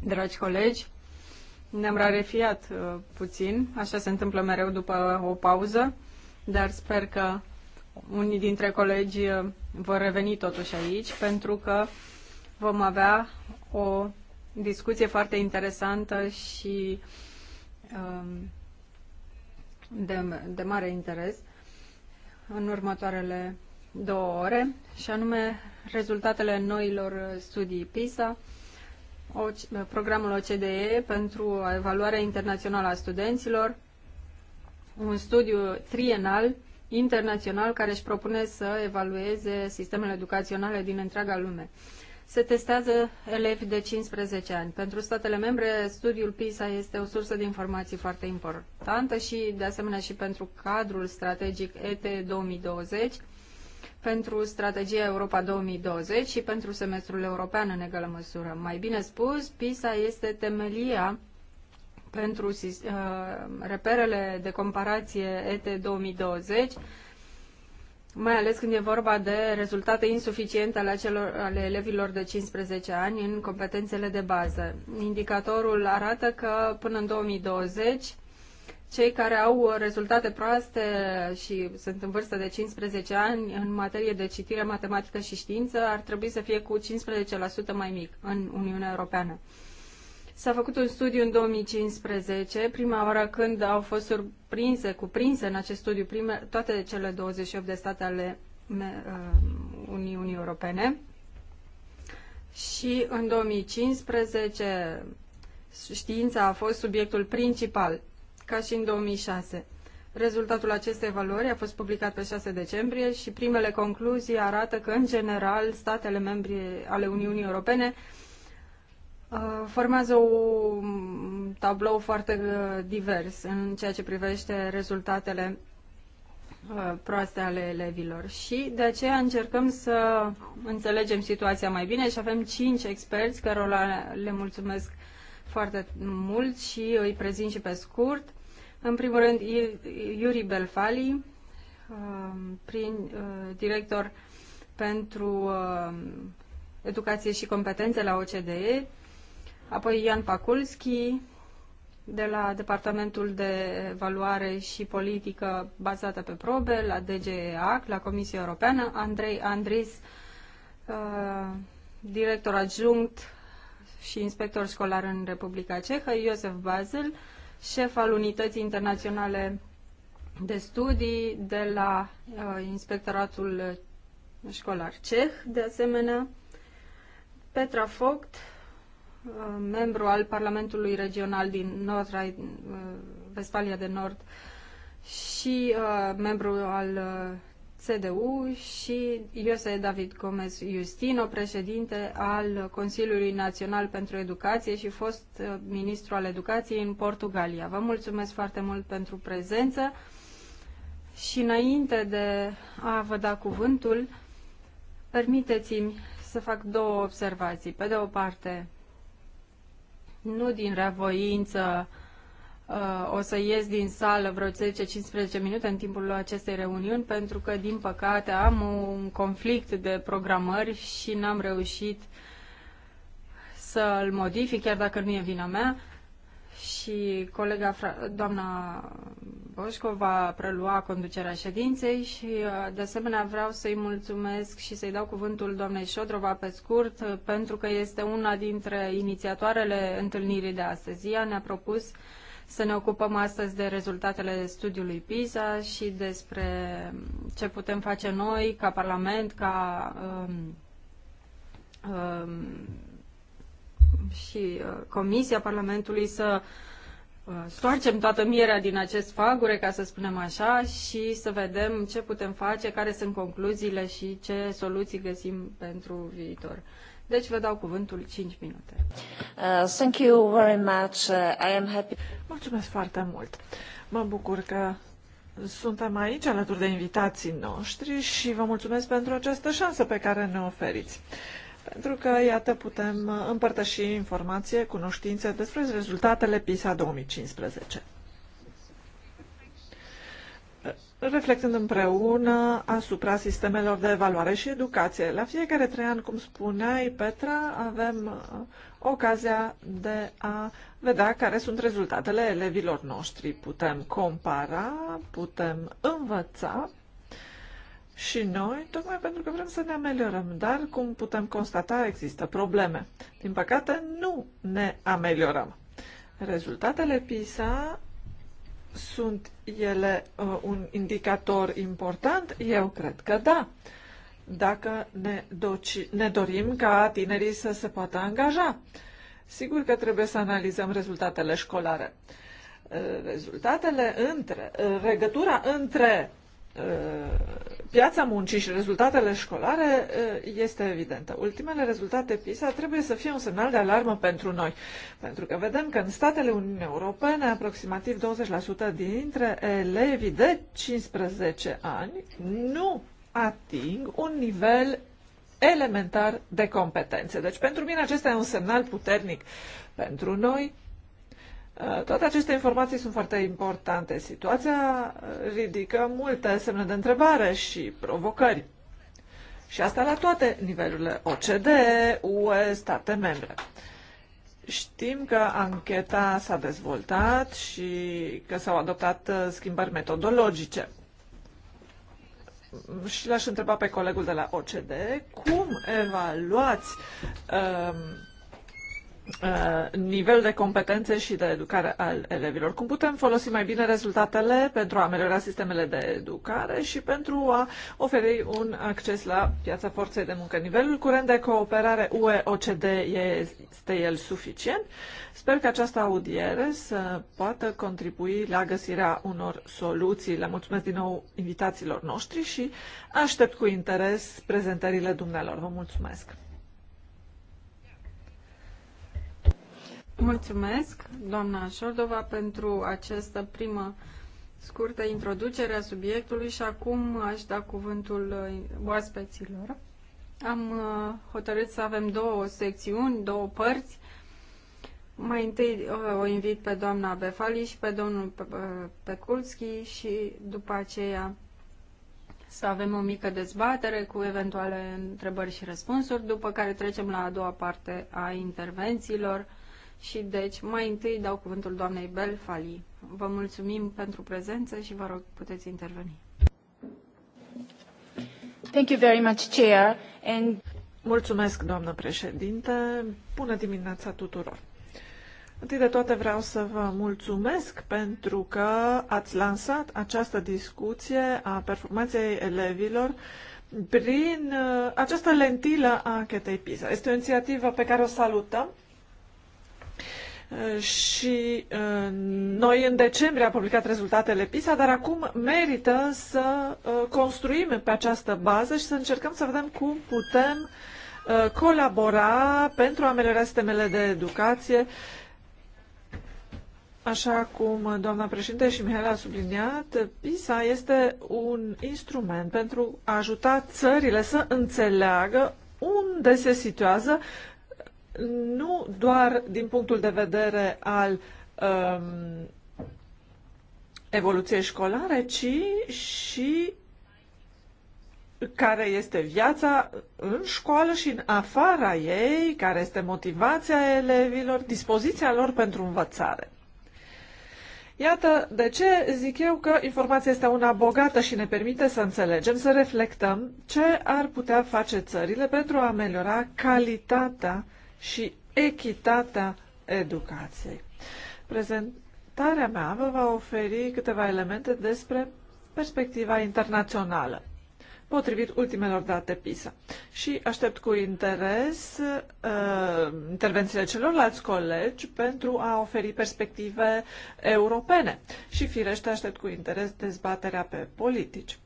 Dragi colegi, ne-am rarefiat uh, puțin, așa se întâmplă mereu după o pauză, dar sper că unii dintre colegi uh, vor reveni totuși aici, pentru că vom avea o discuție foarte interesantă și um, de, de mare interes în următoarele două ore, și anume rezultatele noilor studii PISA, programul OCDE pentru evaluarea internațională a studenților, un studiu trienal internațional care își propune să evalueze sistemele educaționale din întreaga lume. Se testează elevi de 15 ani. Pentru statele membre, studiul PISA este o sursă de informații foarte importantă și, de asemenea, și pentru cadrul strategic ET 2020, pentru strategia Europa 2020 și pentru semestrul european în egală măsură. Mai bine spus, PISA este temelia pentru uh, reperele de comparație ET 2020 mai ales când e vorba de rezultate insuficiente ale, acelor, ale elevilor de 15 ani în competențele de bază. Indicatorul arată că până în 2020 cei care au rezultate proaste și sunt în vârstă de 15 ani în materie de citire, matematică și știință ar trebui să fie cu 15% mai mic în Uniunea Europeană. S-a făcut un studiu în 2015, prima oară când au fost surprinse, cuprinse în acest studiu prime, toate cele 28 de state ale uh, Uniunii Europene. Și în 2015 știința a fost subiectul principal ca și în 2006. Rezultatul acestei evaluări a fost publicat pe 6 decembrie și primele concluzii arată că, în general, statele membre ale Uniunii Europene uh, formează un tablou foarte uh, divers în ceea ce privește rezultatele uh, proaste ale elevilor și de aceea încercăm să înțelegem situația mai bine și avem cinci experți cărora le mulțumesc foarte mult și îi prezint și pe scurt. În primul rând, Yuri Belfali, um, prin uh, director pentru um, educație și competențe la OCDE, apoi Ian Pakulski, de la Departamentul de Evaluare și Politică bazată pe probe, la DGEAC, la Comisia Europeană, Andrei Andris, uh, director adjunct și inspector școlar în Republica Cehă, Iosef Bazel, șef al Unității Internaționale de Studii de la uh, Inspectoratul Școlar Ceh, de asemenea, Petra Focht, uh, membru al Parlamentului Regional din North uh, Vestfalia de Nord și uh, membru al uh, CDU și Iose David Gomez Justino, președinte al Consiliului Național pentru Educație și fost uh, ministru al educației în Portugalia. Vă mulțumesc foarte mult pentru prezență și înainte de a vă da cuvântul, permiteți-mi să fac două observații. Pe de o parte, nu din revoință uh, o să ies din sală vreo 10-15 minute în timpul acestei reuniuni pentru că, din păcate, am un conflict de programări și n-am reușit să-l modific, chiar dacă nu e vina mea. Și colega, doamna Boșco, va prelua conducerea ședinței și, uh, de asemenea, vreau să-i mulțumesc și să-i dau cuvântul doamnei Șodrova pe scurt, pentru că este una dintre inițiatoarele întâlnirii de astăzi. Ea ne-a propus uh, să ne ocupăm astăzi de rezultatele studiului PISA și despre ce putem face noi ca Parlament, ca um, um, și uh, Comisia Parlamentului să uh, stoarcem toată mierea din acest fagure, ca să spunem așa, și să vedem ce putem face, care sunt concluziile și ce soluții găsim pentru viitor. Deci vă dau cuvântul 5 minute. Uh, thank you very much. Uh, I am happy. Mulțumesc foarte mult. Mă bucur că suntem aici alături de invitații noștri și vă mulțumesc pentru această șansă pe care ne oferiți. Pentru că, iată, putem împărtăși informație, cunoștințe despre rezultatele PISA 2015 reflectând împreună asupra sistemelor de evaluare și educație. La fiecare trei ani, cum spuneai, Petra, avem uh, ocazia de a vedea care sunt rezultatele elevilor noștri. Putem compara, putem învăța și noi, tocmai pentru că vrem să ne ameliorăm, dar cum putem constata, există probleme. Din păcate, nu ne ameliorăm. Rezultatele PISA sunt ele uh, un indicator important? Eu cred că da. Dacă ne, doci, ne dorim ca tinerii să se poată angaja, sigur că trebuie să analizăm rezultatele școlare. Uh, rezultatele între, uh, regătura între Uh, piața muncii și rezultatele școlare uh, este evidentă. Ultimele rezultate PISA trebuie să fie un semnal de alarmă pentru noi, pentru că vedem că în statele Uniunii Europene aproximativ 20% dintre elevii de 15 ani nu ating un nivel elementar de competențe. Deci pentru mine acesta e un semnal puternic pentru noi Eh, toate aceste informații sunt foarte importante. Situația eh, ridică multe semne de întrebare și provocări. Și asta la toate nivelurile OCD, UE, state membre. Știm că ancheta s-a dezvoltat și că s-au adoptat eh, schimbări metodologice. Și l-aș întreba pe colegul de la OCD, cum evaluați uh, Uh, nivel de competențe și de educare al elevilor. Cum putem folosi mai bine rezultatele pentru a ameliora sistemele de educare și pentru a oferi un acces la piața forței de muncă. Nivelul curent de cooperare UE-OCD este el suficient? Sper că această audiere să poată contribui la găsirea unor soluții. Le mulțumesc din nou invitațiilor noștri și aștept cu interes prezentările dumnealor. Vă mulțumesc! Mulțumesc, doamna Șordova, pentru această primă scurtă introducere a subiectului și acum aș da cuvântul uh, oaspeților. Am uh, hotărât să avem două secțiuni, două părți. Mai întâi uh, o invit pe doamna Befali și pe domnul Peculski și după aceea să avem o mică dezbatere cu eventuale întrebări și răspunsuri, după care trecem la a doua parte a intervențiilor și deci, mai întâi dau cuvântul doamnei Belfali. Vă mulțumim pentru prezență și vă rog, puteți interveni. Thank you very much, Chair. And... Mulțumesc, doamnă președinte. Bună dimineața tuturor. Întâi de toate vreau să vă mulțumesc pentru că ați lansat această discuție a performanței elevilor prin uh, această lentilă a chetei PISA. Este o inițiativă pe care o salutăm și uh, noi în decembrie am publicat rezultatele PISA, dar acum merită să uh, construim pe această bază și să încercăm să vedem cum putem uh, colabora pentru a ameliora sistemele de educație, Așa cum doamna președinte și Mihail a subliniat, PISA este un instrument pentru a ajuta țările să înțeleagă unde se situează nu doar din punctul de vedere al um, evoluției școlare, ci și care este viața în școală și în afara ei, care este motivația elevilor, dispoziția lor pentru învățare. Iată de ce zic eu că informația este una bogată și ne permite să înțelegem, să reflectăm ce ar putea face țările pentru a ameliora calitatea și echitatea educației. Prezentarea mea vă va oferi câteva elemente despre perspectiva internațională, potrivit ultimelor date PISA. Și aștept cu interes uh, intervențiile celorlalți colegi pentru a oferi perspective europene. Și firește aștept cu interes dezbaterea pe politici.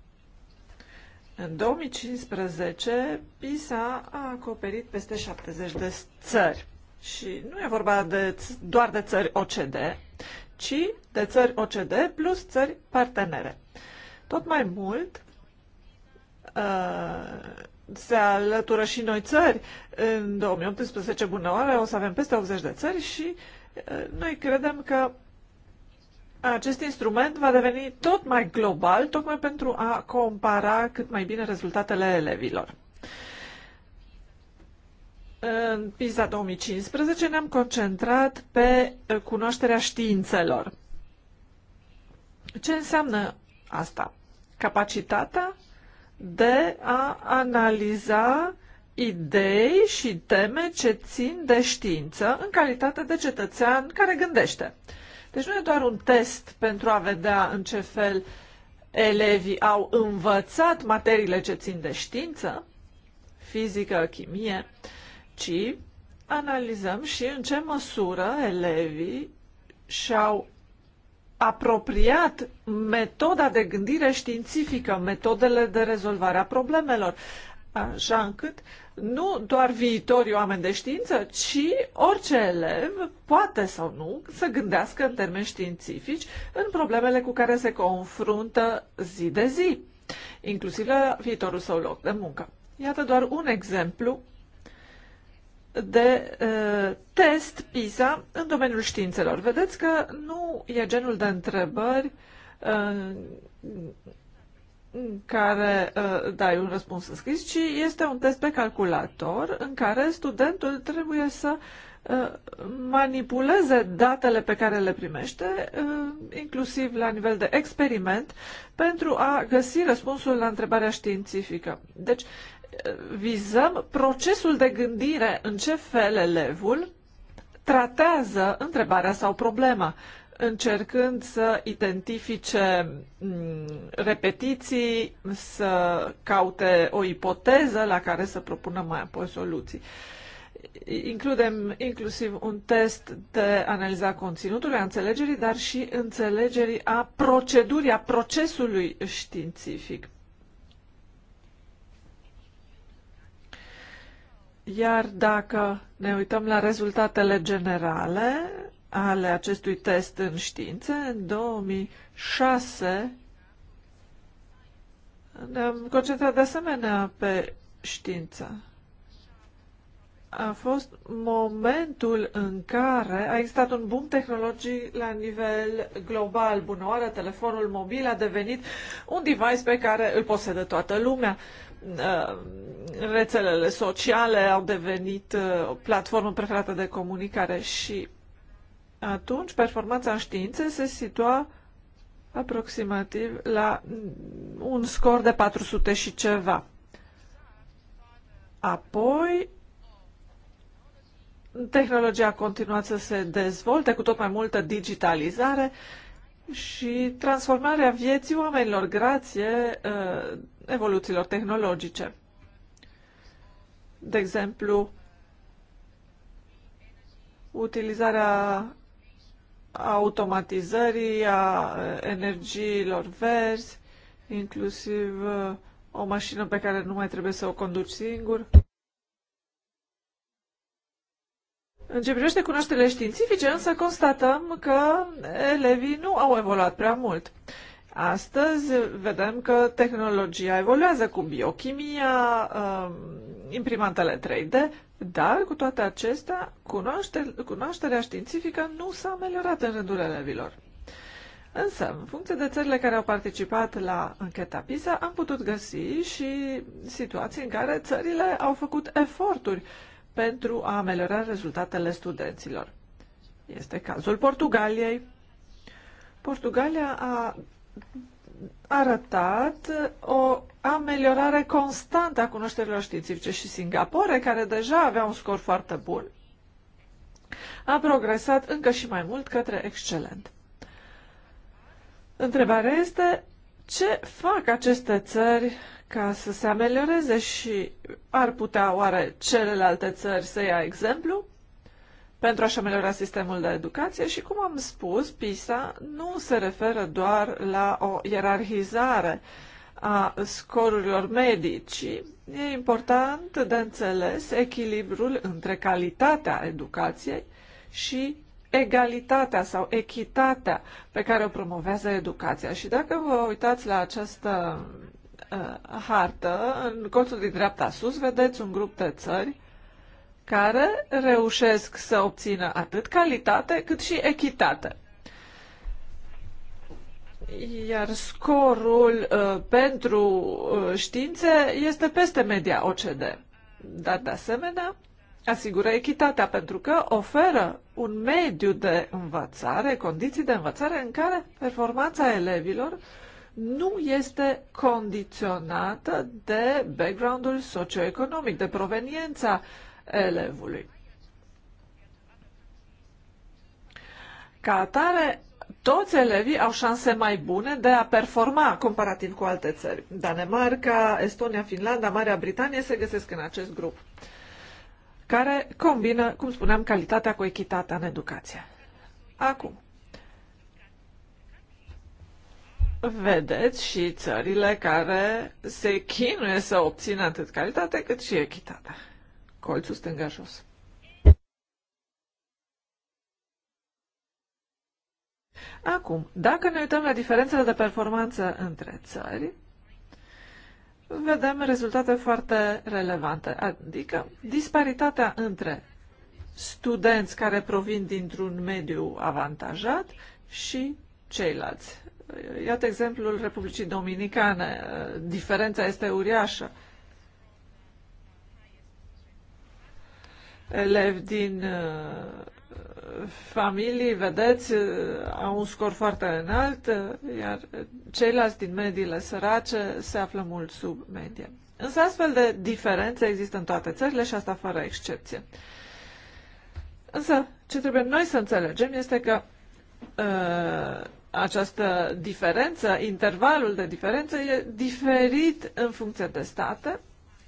În 2015, PISA a acoperit peste 70 de țări. Și nu e vorba de, doar de țări OCD, ci de țări OCD plus țări partenere. Tot mai mult uh, se alătură și noi țări. În 2018, bună oară, o să avem peste 80 de țări și uh, noi credem că acest instrument va deveni tot mai global, tocmai pentru a compara cât mai bine rezultatele elevilor. În PISA 2015 ne-am concentrat pe eh, cunoașterea științelor. Ce înseamnă asta? Capacitatea de a analiza idei și teme ce țin de știință în calitate de cetățean care gândește. Deci nu e doar un test pentru a vedea în ce fel elevii au învățat materiile ce țin de știință, fizică, chimie, ci analizăm și în ce măsură elevii și-au apropiat metoda de gândire științifică, metodele de rezolvare a problemelor așa încât nu doar viitorii oameni de știință, ci orice elev poate sau nu să gândească în termeni științifici în problemele cu care se confruntă zi de zi, inclusiv la viitorul său loc de muncă. Iată doar un exemplu de uh, test PISA în domeniul științelor. Vedeți că nu e genul de întrebări uh, care uh, dai un răspuns scris, ci este un test pe calculator în care studentul trebuie să uh, manipuleze datele pe care le primește, uh, inclusiv la nivel de experiment, pentru a găsi răspunsul la întrebarea științifică. Deci, uh, vizăm procesul de gândire în ce fel elevul tratează întrebarea sau problema încercând să identifice repetiții, să caute o ipoteză la care să propună mai apoi soluții. Includem inclusiv un test de analiza conținutului, a înțelegerii, dar și înțelegerii a procedurii, a procesului științific. Iar dacă ne uităm la rezultatele generale, ale acestui test în științe. În 2006 ne-am concentrat de asemenea pe știință. A fost momentul în care a existat un boom tehnologic la nivel global. Bună oară, telefonul mobil a devenit un device pe care îl posedă toată lumea uh, rețelele sociale au devenit uh, o platformă preferată de comunicare și atunci performanța în științe se situa aproximativ la un scor de 400 și ceva. Apoi, tehnologia a continuat să se dezvolte cu tot mai multă digitalizare și transformarea vieții oamenilor grație uh, evoluțiilor tehnologice. De exemplu, utilizarea automatizării, a energiilor verzi, inclusiv o mașină pe care nu mai trebuie să o conduci singur. În ce privește cunoașterile științifice, însă constatăm că elevii nu au evoluat prea mult. Astăzi vedem că tehnologia evoluează cu biochimia, imprimantele 3D, dar, cu toate acestea, cunoaște, cunoașterea științifică nu s-a ameliorat în rândul elevilor. Însă, în funcție de țările care au participat la încheta PISA, am putut găsi și situații în care țările au făcut eforturi pentru a ameliora rezultatele studenților. Este cazul Portugaliei. Portugalia a arătat o ameliorare constantă a cunoșterilor științifice și Singapore, care deja avea un scor foarte bun, a progresat încă și mai mult către excelent. Întrebarea este ce fac aceste țări ca să se amelioreze și ar putea oare celelalte țări să ia exemplu? pentru a-și ameliora sistemul de educație și, cum am spus, PISA nu se referă doar la o ierarhizare a scorurilor medii, ci e important de înțeles echilibrul între calitatea educației și egalitatea sau echitatea pe care o promovează educația. Și dacă vă uitați la această uh, hartă, în colțul din dreapta sus vedeți un grup de țări care reușesc să obțină atât calitate cât și echitate. Iar scorul uh, pentru uh, științe este peste media OCD. Dar, de asemenea, asigură echitatea pentru că oferă un mediu de învățare, condiții de învățare în care performanța elevilor nu este condiționată de background-ul socioeconomic, de proveniența uh, elevului. Ca atare, toți elevii au șanse mai bune de a performa comparativ cu alte țări. Danemarca, Estonia, Finlanda, Marea Britanie se găsesc în acest grup, care combină, cum spuneam, calitatea cu echitatea în educație. Acum, vedeți și țările care se chinuie să obțină atât calitate cât și echitatea colțul stânga jos. Acum, dacă ne uităm la diferențele de performanță între țări, vedem rezultate foarte relevante, adică disparitatea între studenți care provin dintr-un mediu avantajat și ceilalți. Iată exemplul Republicii Dominicane. Diferența este uriașă. elevi din uh, familii, vedeți, uh, au un scor foarte înalt, uh, iar ceilalți din mediile sărace se află mult sub medie. Însă astfel de diferențe există în toate țările și asta fără excepție. Însă, ce trebuie noi să înțelegem este că uh, această diferență, intervalul de diferență e diferit în funcție de state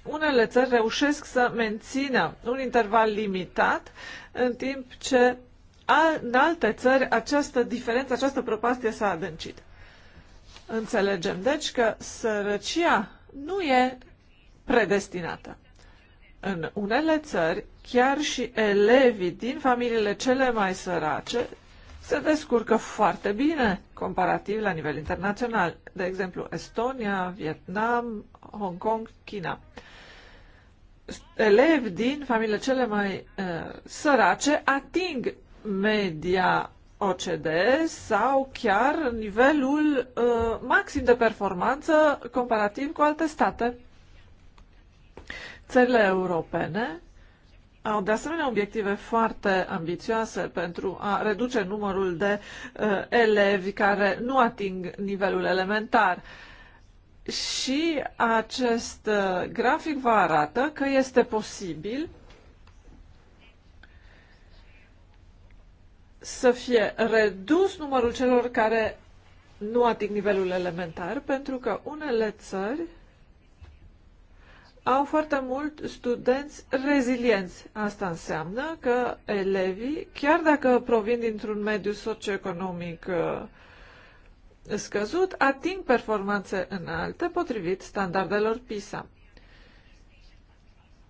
unele țări reușesc să mențină un interval limitat, în timp ce în alte țări această diferență, această propastie s-a adâncit. Înțelegem, deci, că sărăcia nu e predestinată. În unele țări, chiar și elevii din familiile cele mai sărace se descurcă foarte bine comparativ la nivel internațional, de exemplu Estonia, Vietnam, Hong Kong, China. Elevi din familiile cele mai uh, sărace ating media OCD sau chiar nivelul uh, maxim de performanță comparativ cu alte state. Țările europene au de asemenea obiective foarte ambițioase pentru a reduce numărul de uh, elevi care nu ating nivelul elementar. Și acest uh, grafic vă arată că este posibil să fie redus numărul celor care nu ating nivelul elementar, pentru că unele țări au foarte mult studenți rezilienți. Asta înseamnă că elevii, chiar dacă provin dintr-un mediu socioeconomic uh, scăzut, ating performanțe înalte potrivit standardelor PISA.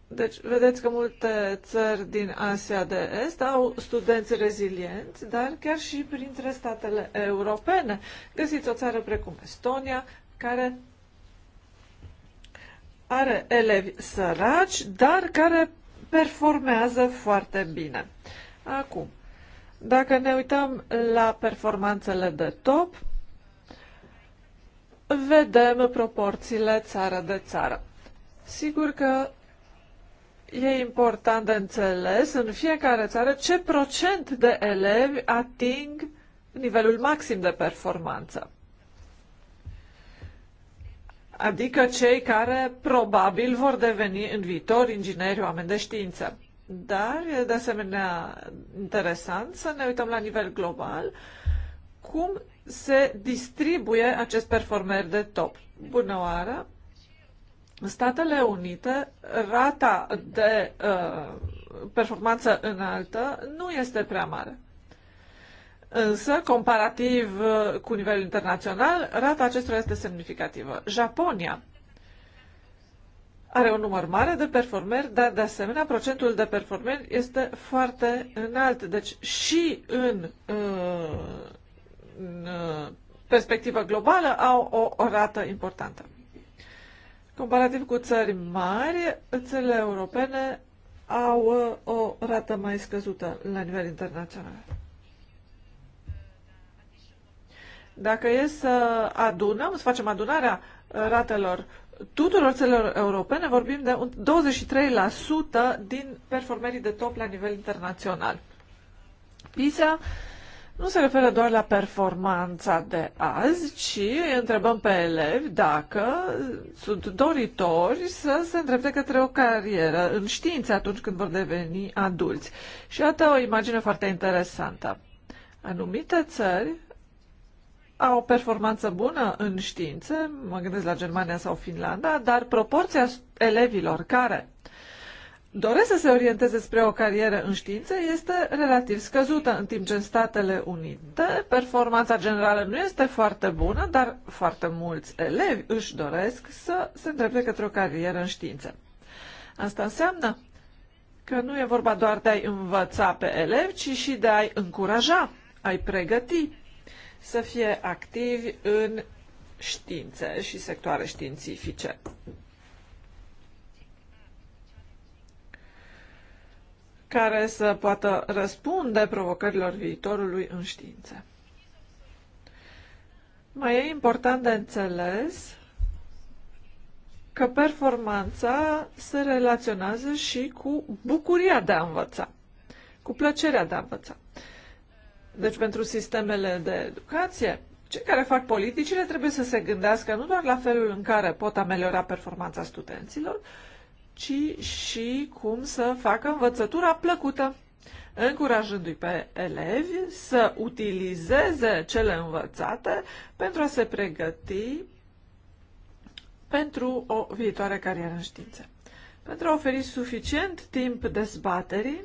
Deci, vedeți că multe țări din Asia de Est au studenți rezilienți, dar chiar și printre statele europene. Găsiți o țară precum Estonia, care are elevi săraci, dar care performează foarte bine. Acum, dacă ne uităm la performanțele de top, vedem proporțiile țară de țară. Sigur că e important de înțeles în fiecare țară ce procent de elevi ating nivelul maxim de performanță adică cei care probabil vor deveni în viitor ingineri, oameni de știință. Dar e de asemenea interesant să ne uităm la nivel global cum se distribuie acest performer de top. Bună oară! În Statele Unite, rata de uh, performanță înaltă nu este prea mare. Însă, comparativ uh, cu nivelul internațional, rata acestora este semnificativă. Japonia are un număr mare de performeri, dar de asemenea procentul de performeri este foarte înalt. Deci și în, uh, în uh, perspectivă globală au o, o rată importantă. Comparativ cu țări mari, țările europene au o rată mai scăzută la nivel internațional. Dacă e să adunăm, să facem adunarea uh, ratelor tuturor țelor europene, vorbim de 23% din performerii de top la nivel internațional. PISA nu se referă doar la performanța de azi, ci îi întrebăm pe elevi dacă sunt doritori să se îndrepte către o carieră în știință atunci când vor deveni adulți. Și iată o imagine foarte interesantă. Anumite țări au o performanță bună în științe, mă gândesc la Germania sau Finlanda, dar proporția elevilor care doresc să se orienteze spre o carieră în științe este relativ scăzută, în timp ce în Statele Unite performanța generală nu este foarte bună, dar foarte mulți elevi își doresc să se îndrepte către o carieră în științe. Asta înseamnă că nu e vorba doar de a-i învăța pe elevi, ci și de a-i încuraja, a-i pregăti să fie activi în științe și sectoare științifice. care să poată răspunde provocărilor viitorului în științe. Mai e important de înțeles că performanța se relaționează și cu bucuria de a învăța, cu plăcerea de a învăța. Deci pentru sistemele de educație, cei care fac politicile trebuie să se gândească nu doar la felul în care pot ameliora performanța studenților, ci și cum să facă învățătura plăcută, încurajându-i pe elevi să utilizeze cele învățate pentru a se pregăti pentru o viitoare carieră în științe. Pentru a oferi suficient timp dezbaterii,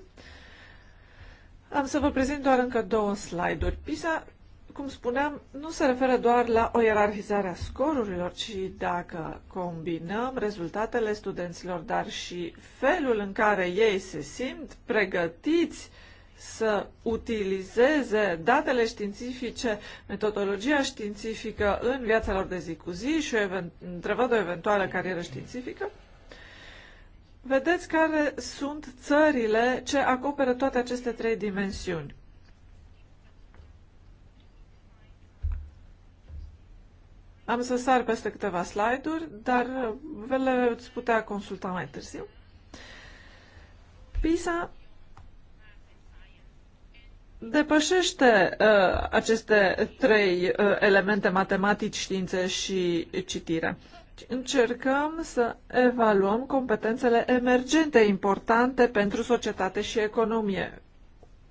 am să vă prezint doar încă două slide-uri. PISA, cum spuneam, nu se referă doar la o ierarhizare a scorurilor, ci dacă combinăm rezultatele studenților, dar și felul în care ei se simt pregătiți să utilizeze datele științifice, metodologia științifică în viața lor de zi cu zi și o event- o eventuală carieră științifică, Vedeți care sunt țările ce acoperă toate aceste trei dimensiuni. Am să sar peste câteva slide-uri, dar uh, le putea consulta mai târziu. PISA depășește uh, aceste trei uh, elemente matematici, științe și citire. Deci încercăm să evaluăm competențele emergente importante pentru societate și economie.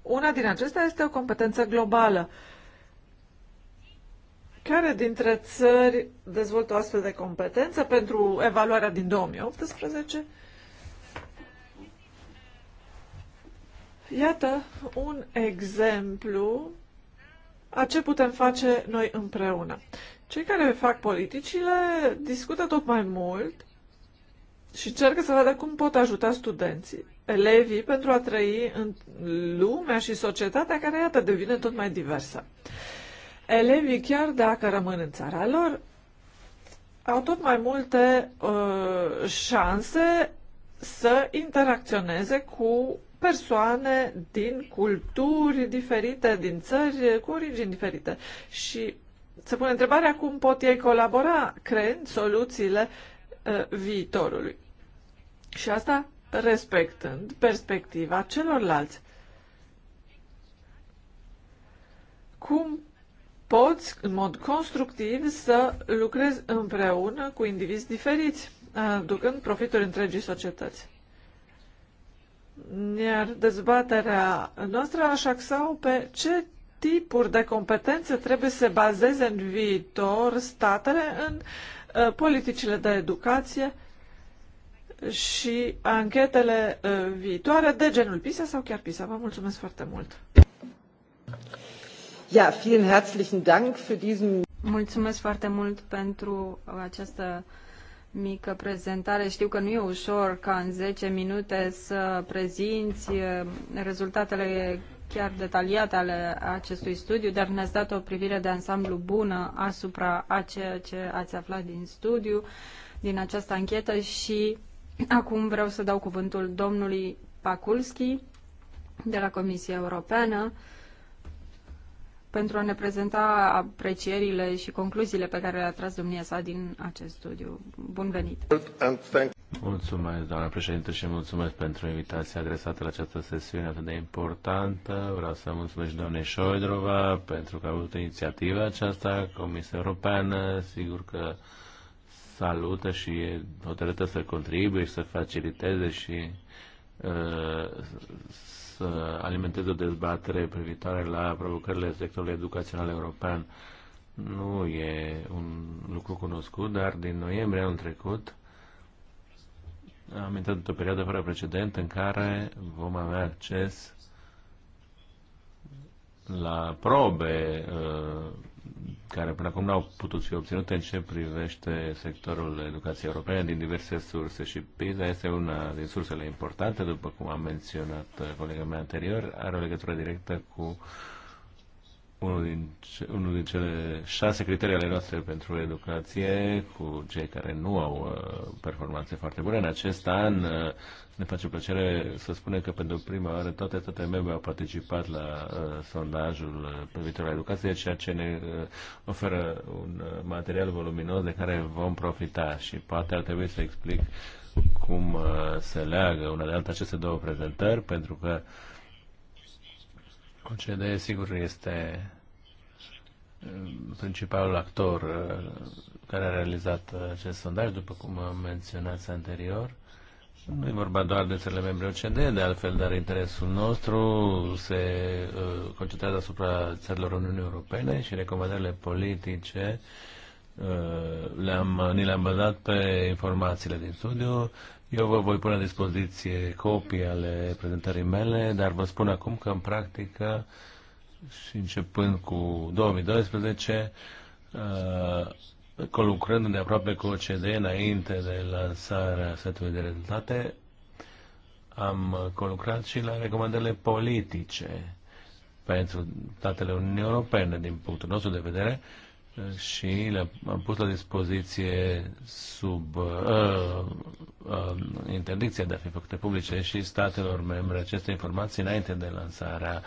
Una din acestea este o competență globală. Care dintre țări dezvoltă o astfel de competență pentru evaluarea din 2018? Iată un exemplu a ce putem face noi împreună. Cei care fac politicile discută tot mai mult și cercă să vadă cum pot ajuta studenții, elevii, pentru a trăi în lumea și societatea care, iată, devine tot mai diversă. Elevii, chiar dacă rămân în țara lor, au tot mai multe uh, șanse să interacționeze cu persoane din culturi diferite, din țări cu origini diferite. Și se pune întrebarea cum pot ei colabora creând soluțiile uh, viitorului. Și asta respectând perspectiva celorlalți. Cum poți, în mod constructiv, să lucrezi împreună cu indivizi diferiți, ducând profituri întregii societăți? Iar dezbaterea noastră aș axa pe ce tipuri de competențe trebuie să se bazeze în viitor statele în uh, politicile de educație și anchetele uh, viitoare de genul PISA sau chiar PISA. Vă mulțumesc foarte mult! Ja, vielen herzlichen Dank für diesen... Mulțumesc foarte mult pentru această mică prezentare. Știu că nu e ușor ca în 10 minute să prezinți uh, rezultatele chiar detaliate ale acestui studiu, dar ne-ați dat o privire de ansamblu bună asupra a ceea ce ați aflat din studiu, din această anchetă și acum vreau să dau cuvântul domnului Pakulski de la Comisia Europeană pentru a ne prezenta aprecierile și concluziile pe care le-a tras domnia sa din acest studiu. Bun venit! Mulțumesc, doamna președinte, și mulțumesc pentru invitația adresată la această sesiune atât de importantă. Vreau să mulțumesc doamnei Șoidrova pentru că a avut inițiativa aceasta. Comisia Europeană, sigur că salută și e hotărâtă să contribuie și să faciliteze și uh, să alimenteze o dezbatere privitoare la provocările sectorului educațional european. Nu e un lucru cunoscut, dar din noiembrie anul trecut am intrat într-o perioadă fără precedent în care vom avea acces la probe uh, care până acum n-au putut fi obținute în ce privește sectorul educației europene din diverse surse și PISA este una din sursele importante, după cum am menționat colega mea anterior, are o legătură directă cu uh, unul din, unul din cele șase criterii ale noastre pentru educație cu cei care nu au uh, performanțe foarte bune. În acest an uh, ne face plăcere să spunem că pentru prima oară toate toate membre au participat la uh, sondajul uh, privitor la educație, ceea ce ne uh, oferă un uh, material voluminos de care vom profita și poate ar trebui să explic cum uh, se leagă una de alta aceste două prezentări, pentru că uh, OCD, sigur, este uh, principalul actor uh, care a realizat uh, acest sondaj, după cum am menționat anterior. Nu e vorba doar de țările membre OCD, de altfel, dar interesul nostru se concentrează asupra țărilor Uniunii Europene și recomandările politice le-am, ni le-am bazat pe informațiile din studiu, eu vă voi pune la dispoziție copii ale prezentării mele, dar vă spun acum că în practică și începând cu 2012, colucrând de aproape cu OCD înainte de lansarea setului de rezultate, am colucrat și la recomandările politice pentru statele Uniunii Europene, din punctul nostru de vedere, uh, și le-a pus la dispoziție sub uh, uh, interdicția de a fi făcute publice și statelor membre aceste informații înainte de lansarea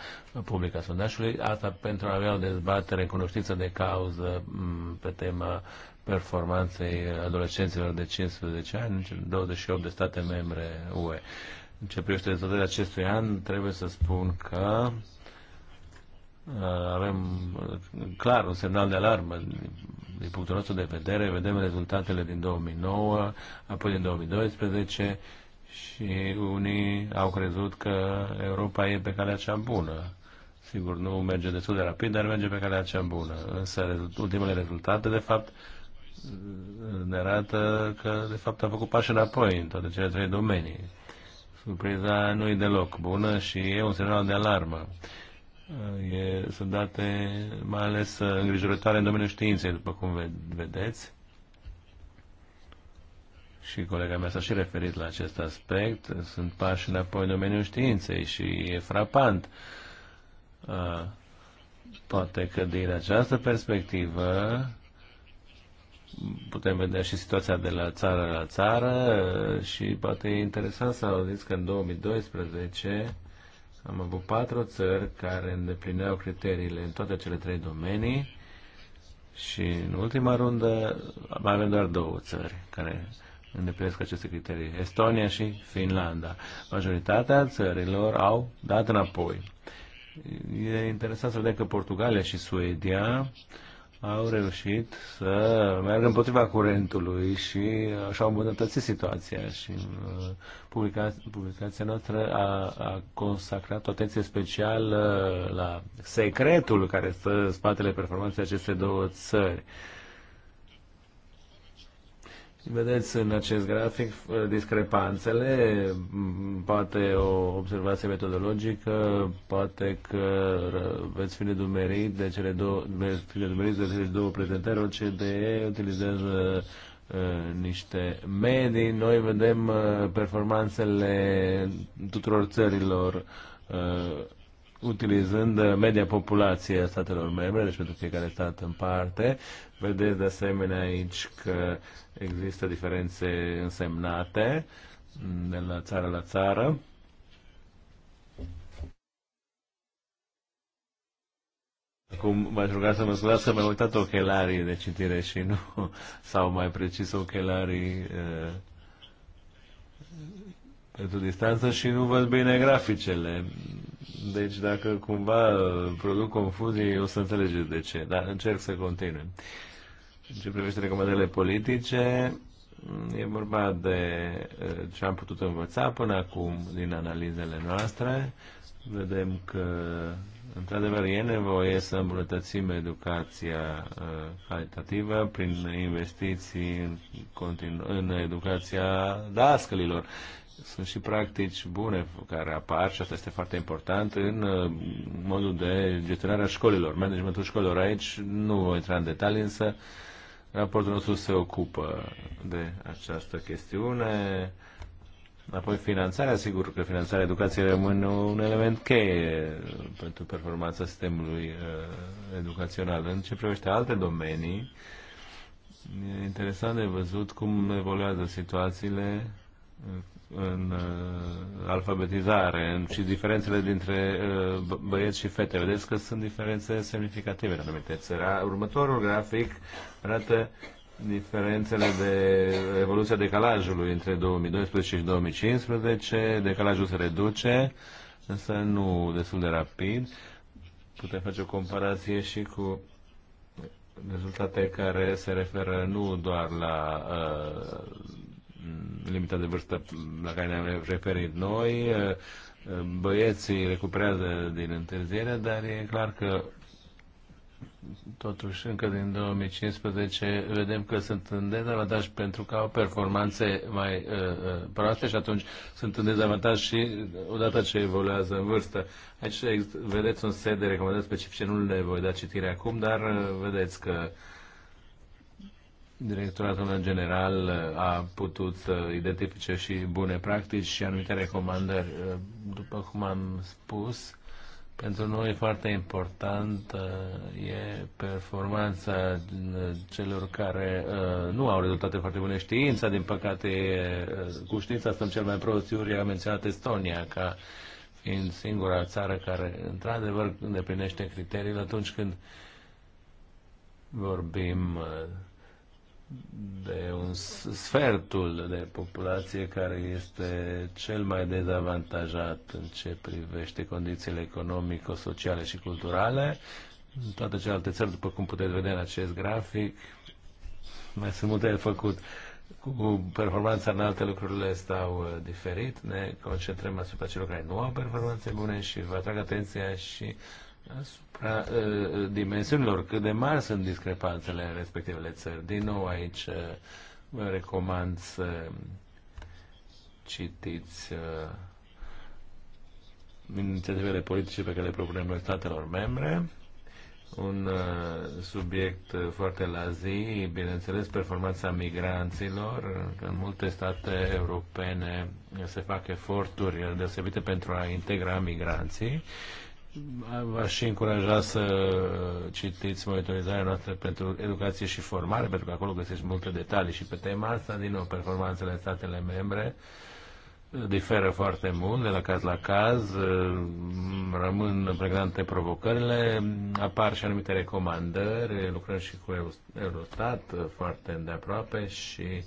publică a sondajului, asta pentru a avea o dezbatere în cunoștință de cauză um, pe tema performanței adolescenților de 15 ani în 28 de state membre UE. În ce privește rezultatele acestui an, trebuie să spun că avem uh, clar un semnal de alarmă din punctul nostru de vedere. Vedem rezultatele din 2009, apoi din 2012 și unii au crezut că Europa e pe calea cea bună. Sigur, nu merge destul de rapid, dar merge pe calea cea bună. Însă ultimele rezultate, de fapt, ne arată că, de fapt, am făcut pași înapoi în toate cele trei domenii. Surpriza nu e deloc bună și e un semnal de alarmă e, sunt date mai ales uh, îngrijorătoare în domeniul științei, după cum vedeți. Și colega mea s-a și referit la acest aspect. Sunt pași înapoi în domeniul științei și e frapant. Uh, poate că din această perspectivă putem vedea și situația de la țară la țară uh, și poate e interesant să auziți că în 2012 am avut patru țări care îndeplineau criteriile în toate cele trei domenii și în ultima rundă mai avem doar două țări care îndeplinesc aceste criterii, Estonia și Finlanda. Majoritatea țărilor au dat înapoi. E interesant să vedem că Portugalia și Suedia au reușit să meargă împotriva curentului și așa au îmbunătățit situația și uh, publica, publicația noastră a, a consacrat o atenție specială la secretul care stă în spatele performanței acestei două țări. Vedeți în acest grafic discrepanțele, mm, poate o observație metodologică, poate că veți fi nedumerit de cele două, veți fi de cele două prezentări, OCDE utilizează uh, niște medii, noi vedem uh, performanțele tuturor țărilor uh, utilizând media populației a statelor membre, deci pentru fiecare stat în parte, Vedeți de asemenea aici că există diferențe însemnate de la țară la țară. Acum m-aș ruga să mă scuzați să mi-am uitat ochelarii de citire și nu, sau mai precis ochelarii eh, pentru distanță și nu văd bine graficele. Deci dacă cumva produc confuzii, o să înțelegeți de ce, dar încerc să continui. Uh, în ce privește recomandările politice, e vorba de eh, ce am putut învăța până acum din analizele noastre. Vedem că, într-adevăr, e nevoie să îmbunătățim educația eh, calitativă prin investiții în, continu- în educația dascălilor sunt și practici bune care apar și asta este foarte important în eh, modul de gestionare a școlilor, managementul școlilor. Aici nu voi intra în detalii, însă Raportul nostru se ocupă de această chestiune. Apoi finanțarea, sigur că finanțarea educației rămâne un element cheie pentru performanța sistemului uh, educațional. În ce privește alte domenii, e interesant de văzut cum evoluează situațiile în uh, alfabetizare în, și diferențele dintre uh, băieți și fete. Vedeți că sunt diferențe semnificative în anumite țări. Următorul grafic arată diferențele de evoluția decalajului între 2012 și 2015. Decalajul se reduce, însă nu destul de rapid. Putem face o comparație și cu rezultate care se referă nu doar la uh, Mm, limita de vârstă la care ne-am referit noi. Eh, eh, băieții recuperează din întârziere, dar e clar că Totuși, încă din 2015 vedem că sunt în dezavantaj pentru că au performanțe mai uh, proaste și atunci sunt în dezavantaj și odată ce evoluează în vârstă. Aici vedeți un set de recomandări specifice, nu le voi da citire acum, dar uh, vedeți că uh, Directoratul General uh, a putut să uh, identifice și bune practici și anumite recomandări. Uh, după cum am spus, pentru noi foarte important e performanța celor care nu au rezultate foarte bune. Știința, din păcate, cu știința stăm cel mai prost. a menționat Estonia ca fiind singura țară care, într-adevăr, îndeplinește criteriile atunci când vorbim de un sfertul de populație care este cel mai dezavantajat în ce privește condițiile economico-sociale și culturale. În toate celelalte țări, după cum puteți vedea în acest grafic, mai sunt multe de făcut. Cu performanța în alte lucrurile stau uh, diferit. Ne concentrăm asupra celor care nu au performanțe bune și vă atrag atenția și asupra uh, dimensiunilor, cât de mari sunt discrepanțele în respectivele țări. Din nou aici uh, vă recomand să citiți uh, inițiativele politice pe care le propunem noi statelor membre un subiect foarte la zi, bineînțeles performanța migranților. În multe state europene se fac eforturi deosebite pentru a integra migranții V-aș încuraja să citiți monitorizarea noastră pentru educație și formare, pentru că acolo găsești multe detalii și pe tema asta, din nou, performanțele statele membre diferă foarte mult de la caz la caz, rămân pregnante provocările, apar și anumite recomandări, lucrăm și cu Eurostat foarte îndeaproape și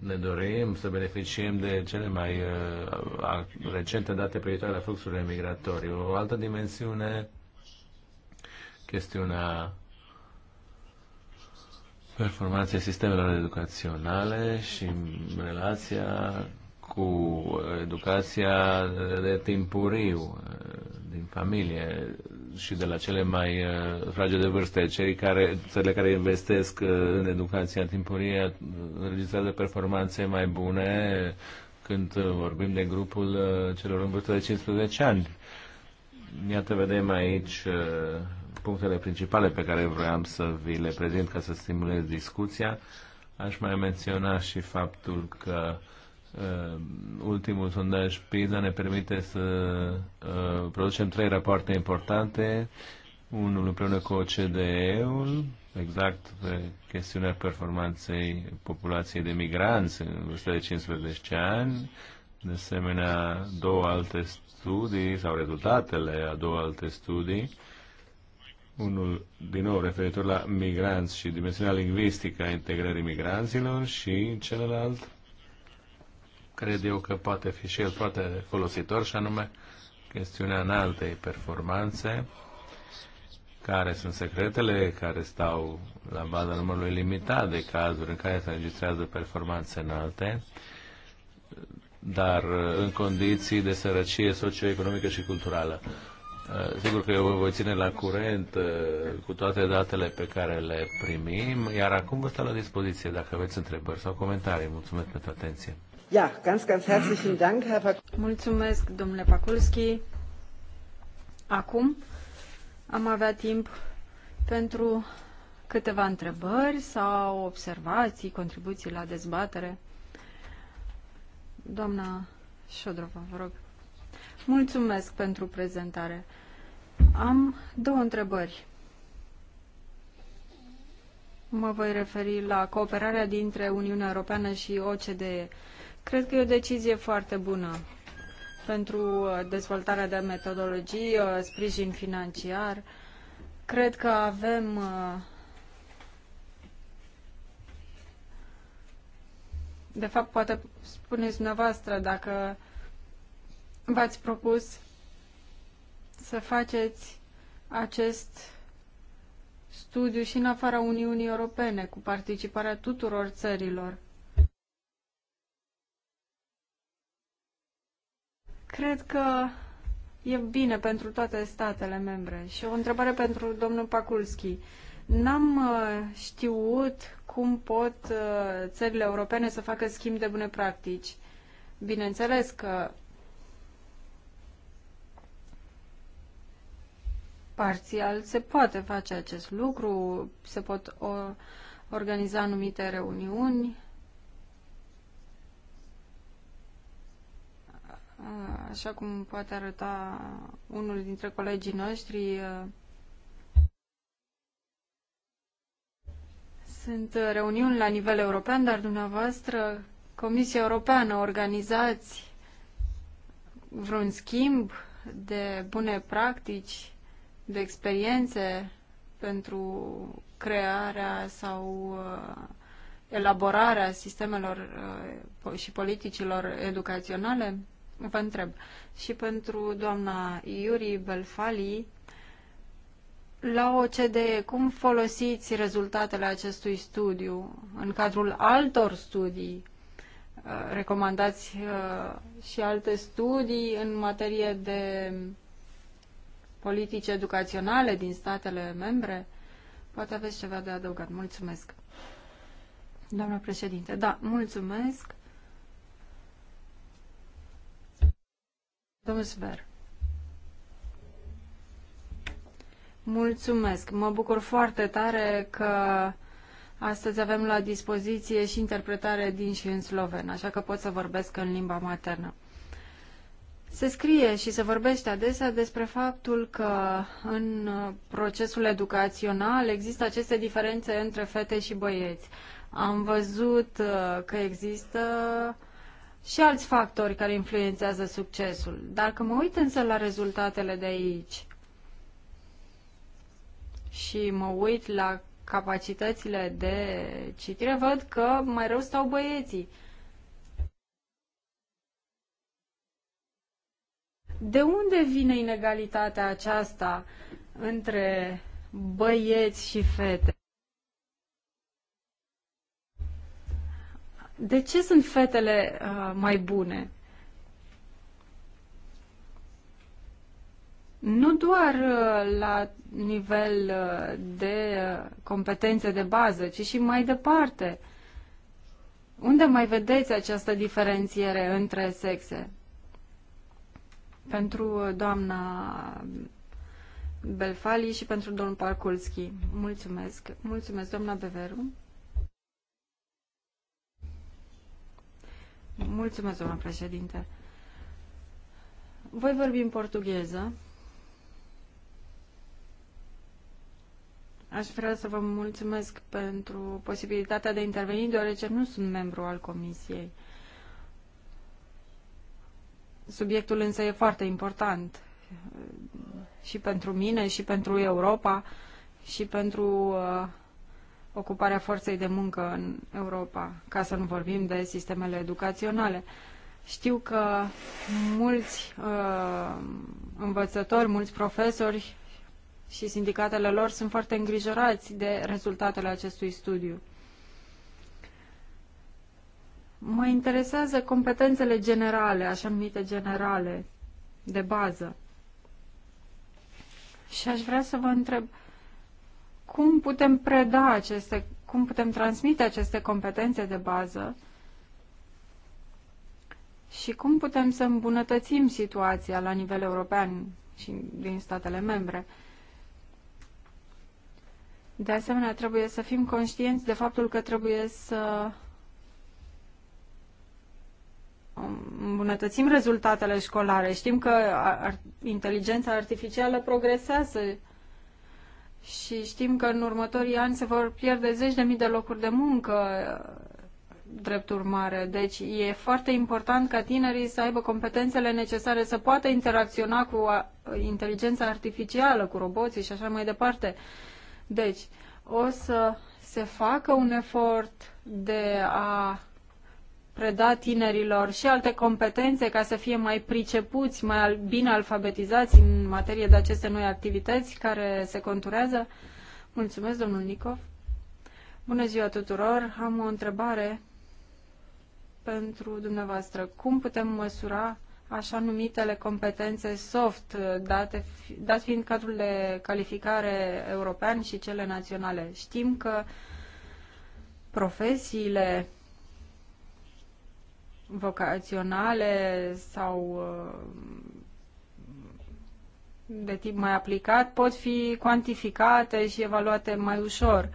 ne dorim să beneficiem de cele mai uh, recente date privitoare la fluxurile migratorii. O altă dimensiune, chestiunea performanței sistemelor educaționale și relația cu educația de timpuriu uh, din familie și de la cele mai uh, frage de vârste, cei care, țările care investesc uh, în educația timpurie uh, înregistrează performanțe mai bune când vorbim de grupul celor în vârstă de 15 ani. Iată, vedem aici punctele principale pe care vreau să vi le prezint ca să stimulez discuția. Aș mai menționa și faptul că uh, Uh, ultimul sondaj PISA ne permite să uh, producem trei rapoarte importante, unul împreună cu OCDE-ul, exact pe chestiunea performanței populației de migranți în vârstă de 15 ani, de asemenea două alte studii sau rezultatele a două alte studii, unul din nou referitor la migranți și dimensiunea lingvistică a integrării migranților și celălalt cred eu că poate fi și el foarte folositor, și anume chestiunea înaltei performanțe, care sunt secretele care stau la baza numărului limitat de cazuri în care se înregistrează performanțe înalte, dar uh, în condiții de sărăcie socioeconomică și culturală. Uh, sigur că eu vă voi ține la curent uh, cu toate datele pe care le primim, iar acum vă stau la dispoziție dacă aveți întrebări sau comentarii. Mulțumesc pentru atenție. Ja, ganz, ganz herzlichen Dank, Herr Pak Mulțumesc, domnule Pakulski. Acum am avea timp pentru câteva întrebări sau observații, contribuții la dezbatere. Doamna Șodrova, vă rog. Mulțumesc pentru prezentare. Am două întrebări. Mă voi referi la cooperarea dintre Uniunea Europeană și OCDE. Cred că e o decizie foarte bună pentru uh, dezvoltarea de metodologii, uh, sprijin financiar. Cred că avem uh, De fapt, poate spuneți dumneavoastră dacă v-ați propus să faceți acest studiu și în afara Uniunii Europene, cu participarea tuturor țărilor. Cred că e bine pentru toate statele membre. Și o întrebare pentru domnul Paculski. N-am uh, știut cum pot uh, țările europene să facă schimb de bune practici. Bineînțeles că parțial se poate face acest lucru, se pot organiza anumite reuniuni așa cum poate arăta unul dintre colegii noștri, sunt reuniuni la nivel european, dar dumneavoastră, Comisia Europeană, organizați vreun schimb de bune practici, de experiențe pentru crearea sau elaborarea sistemelor și politicilor educaționale? vă întreb. Și pentru doamna Iuri Belfali, la OCDE, cum folosiți rezultatele acestui studiu în cadrul altor studii? Uh, recomandați uh, și alte studii în materie de politici educaționale din statele membre? Poate aveți ceva de adăugat. Mulțumesc. Doamna președinte, da, mulțumesc. Domnul Sber. Mulțumesc. Mă bucur foarte tare că astăzi avem la dispoziție și interpretare din și în sloven, așa că pot să vorbesc în limba maternă. Se scrie și se vorbește adesea despre faptul că în procesul educațional există aceste diferențe între fete și băieți. Am văzut uh, că există uh, și alți factori care influențează succesul. Dacă mă uit însă la rezultatele de aici și mă uit la capacitățile de citire, văd că mai rău stau băieții. De unde vine inegalitatea aceasta între băieți și fete? De ce sunt fetele uh, mai bune? Nu doar uh, la nivel uh, de uh, competențe de bază, ci și mai departe. Unde mai vedeți această diferențiere între sexe? Pentru uh, doamna Belfali și pentru domnul Parkulski. Mulțumesc. Mulțumesc, doamna Beveru. Mulțumesc, doamna președinte. Voi vorbi în portugheză. Aș vrea să vă mulțumesc pentru posibilitatea de a interveni, deoarece nu sunt membru al comisiei. Subiectul însă e foarte important uh, și pentru mine, și pentru Europa, și pentru uh, ocuparea forței de muncă în Europa, ca să nu vorbim de sistemele educaționale. Știu că mulți uh, învățători, mulți profesori și sindicatele lor sunt foarte îngrijorați de rezultatele acestui studiu. Mă interesează competențele generale, așa numite generale, de bază. Și aș vrea să vă întreb, uh, cum putem preda aceste, cum putem transmite aceste competențe de bază și cum putem să îmbunătățim situația la nivel european și din statele membre. De asemenea, trebuie să fim conștienți de faptul că trebuie să îmbunătățim rezultatele școlare. Știm că inteligența artificială progresează și știm că în următorii ani se vor pierde zeci de mii de locuri de muncă drept urmare. Deci e foarte important ca tinerii să aibă competențele necesare să poată interacționa cu inteligența artificială, cu roboții și așa mai departe. Deci o să se facă un efort de a preda tinerilor și alte competențe ca să fie mai pricepuți, mai bine alfabetizați în materie de aceste noi activități care se conturează? Mulțumesc, domnul Nicov. Bună ziua tuturor! Am o întrebare pentru dumneavoastră. Cum putem măsura așa numitele competențe soft, date, dat fiind cadrul de calificare european și cele naționale? Știm că profesiile vocaționale sau uh, de tip mai aplicat pot fi cuantificate și evaluate mai ușor.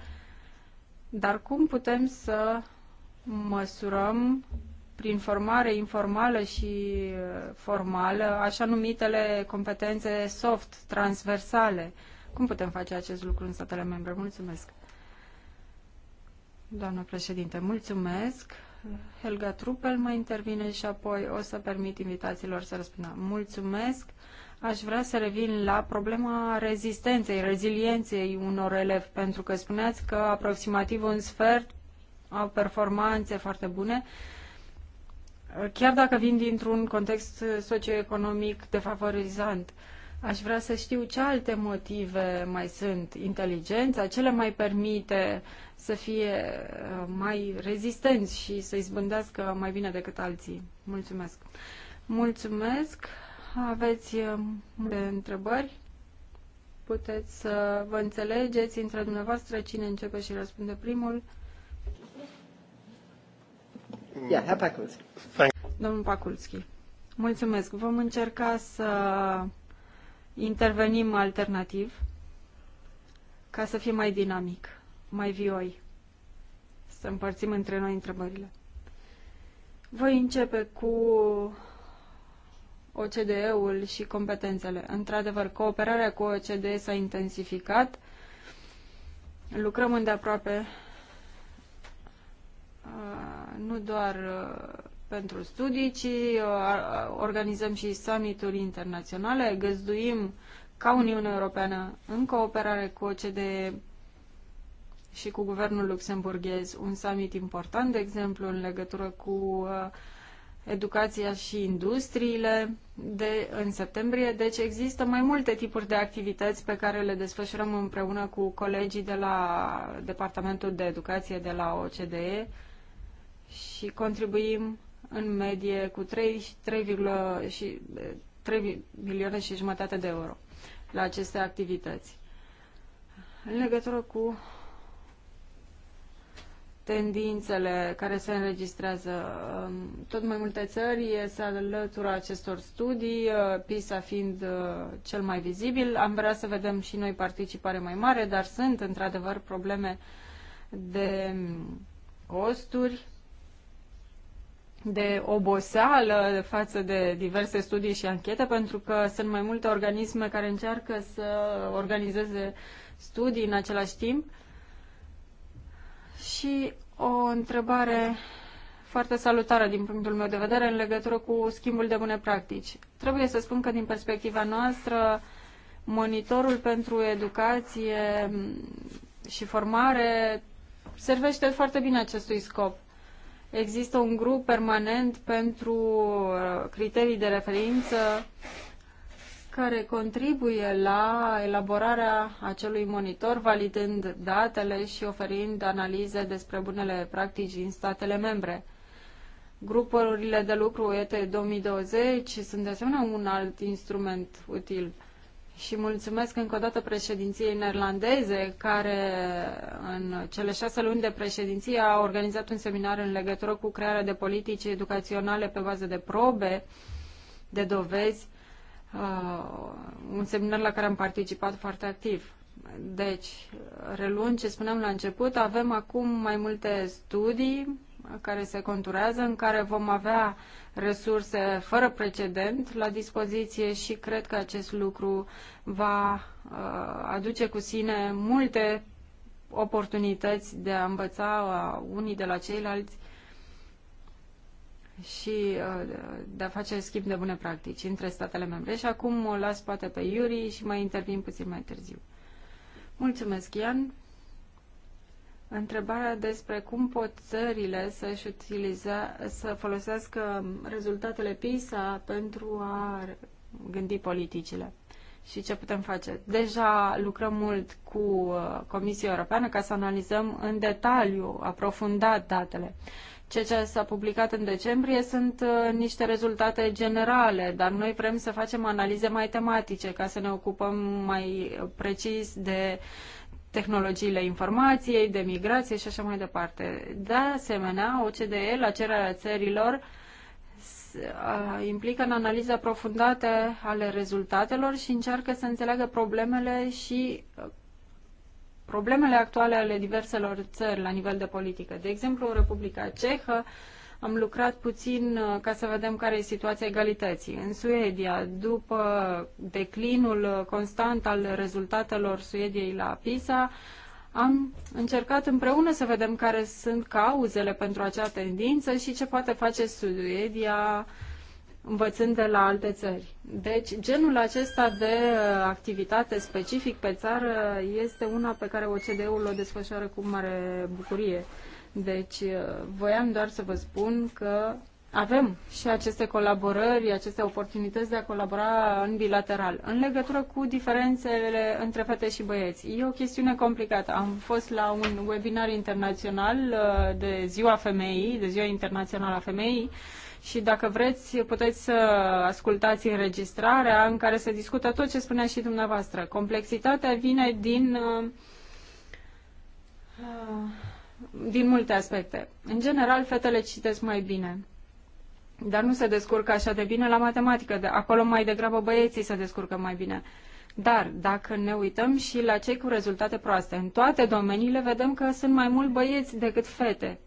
Dar cum putem să măsurăm prin formare informală și uh, formală așa numitele competențe soft, transversale? Cum putem face acest lucru în statele membre? Mulțumesc! Doamnă președinte, mulțumesc! Helga Trupel mai intervine și apoi o să permit invitațiilor să răspundă. Mulțumesc! Aș vrea să revin la problema rezistenței, rezilienței unor elevi, pentru că spuneați că aproximativ un sfert au performanțe foarte bune, chiar dacă vin dintr-un context socioeconomic defavorizant. Uh, Aș vrea să știu ce alte motive mai sunt. Inteligența, ce le mai permite să fie uh, mai rezistenți și să izbândească mai bine decât alții. Mulțumesc. Mulțumesc. Aveți uh, multe întrebări. Puteți să vă înțelegeți între dumneavoastră cine începe și răspunde primul. Yeah, Herr Pakulski. Domnul Pakulski. Mulțumesc. Vom încerca să intervenim alternativ ca să fie mai dinamic, mai vioi, să împărțim între noi întrebările. Voi începe cu OCDE-ul și competențele. Într-adevăr, cooperarea cu OCDE s-a intensificat. Lucrăm îndeaproape nu doar pentru studii, ci uh, organizăm și summituri internaționale, găzduim ca Uniunea Europeană, în cooperare cu OCDE și cu guvernul luxemburghez, un summit important, de exemplu, în legătură cu uh, educația și industriile de, în septembrie. Deci există mai multe tipuri de activități pe care le desfășurăm împreună cu colegii de la Departamentul de Educație de la OCDE și contribuim în medie cu 3, 3, 3 milioane și jumătate de euro la aceste activități. În legătură cu tendințele care se înregistrează. Um, tot mai multe țări se alătură acestor studii, uh, PISA fiind uh, cel mai vizibil. Am vrea să vedem și noi participare mai mare, dar sunt într-adevăr probleme de um, costuri de oboseală față de diverse studii și anchete, pentru că sunt mai multe organisme care încearcă să organizeze studii în același timp. Și o întrebare foarte salutară din punctul meu de vedere în legătură cu schimbul de bune practici. Trebuie să spun că din perspectiva noastră, monitorul pentru educație și formare servește foarte bine acestui scop există un grup permanent pentru uh, criterii de referință care contribuie la elaborarea acelui monitor, validând datele și oferind analize despre bunele practici din statele membre. Grupurile de lucru ET 2020 sunt de asemenea un alt instrument util și mulțumesc încă o dată președinției neerlandeze, care în cele șase luni de președinție a organizat un seminar în legătură cu crearea de politici educaționale pe bază de probe, de dovezi, uh, un seminar la care am participat foarte activ. Deci, reluând ce spuneam la început, avem acum mai multe studii care se conturează, în care vom avea resurse fără precedent la dispoziție și cred că acest lucru va uh, aduce cu sine multe oportunități de a învăța uh, unii de la ceilalți și uh, de a face schimb de bune practici între statele membre. Și acum o las poate pe Iuri și mai intervin puțin mai târziu. Mulțumesc, Ian. Întrebarea despre cum pot țările să-și utiliza, să folosească rezultatele PISA pentru a gândi politicile și ce putem face. Deja lucrăm mult cu uh, Comisia Europeană ca să analizăm în detaliu, aprofundat datele. Ceea ce s-a publicat în decembrie sunt uh, niște rezultate generale, dar noi vrem să facem analize mai tematice ca să ne ocupăm mai precis de uh, tehnologiile informației, de migrație și așa mai departe. De asemenea, OCDE, la cererea țărilor, implică în analiza profundată ale rezultatelor și încearcă să înțeleagă problemele și uh, problemele actuale ale diverselor țări la nivel de politică. De exemplu, Republica Cehă, am lucrat puțin uh, ca să vedem care e situația egalității. În Suedia, după declinul uh, constant al rezultatelor Suediei la PISA, am încercat împreună să vedem care sunt cauzele pentru acea tendință și ce poate face Suedia învățând de la alte țări. Deci, genul acesta de uh, activitate specific pe țară este una pe care OCDE-ul o desfășoară cu mare bucurie. Deci, uh, voiam doar să vă spun că avem și aceste colaborări, aceste oportunități de a colabora în bilateral. În legătură cu diferențele între fete și băieți, e o chestiune complicată. Am fost la un webinar internațional uh, de Ziua Femeii, de Ziua Internațională a Femeii, și dacă vreți, puteți să ascultați înregistrarea în care se discută tot ce spunea și dumneavoastră. Complexitatea vine din... Uh, uh, din multe aspecte. În general, fetele citesc mai bine, dar nu se descurcă așa de bine la matematică. De acolo mai degrabă băieții se descurcă mai bine. Dar dacă ne uităm și la cei cu rezultate proaste, în toate domeniile vedem că sunt mai mult băieți decât fete.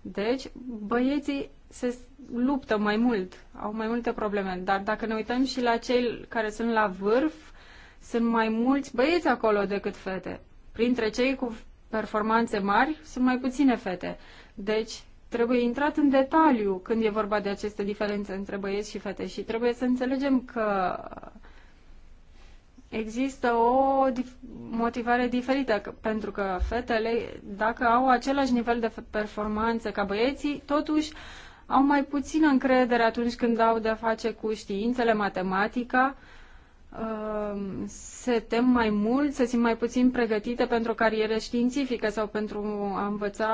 Deci, băieții se luptă mai mult, au mai multe probleme. Dar dacă ne uităm și la cei care sunt la vârf, sunt mai mulți băieți acolo decât fete. Printre cei cu performanțe mari, sunt mai puține fete. Deci, trebuie intrat în detaliu când e vorba de aceste diferențe între băieți și fete și trebuie să înțelegem că există o motivare diferită, pentru că fetele, dacă au același nivel de performanță ca băieții, totuși au mai puțină încredere atunci când au de-a face cu științele, matematica, uh, Ehm, se tem mai mult, se simt mai puțin pregătite pentru o carieră științifică sau pentru a învăța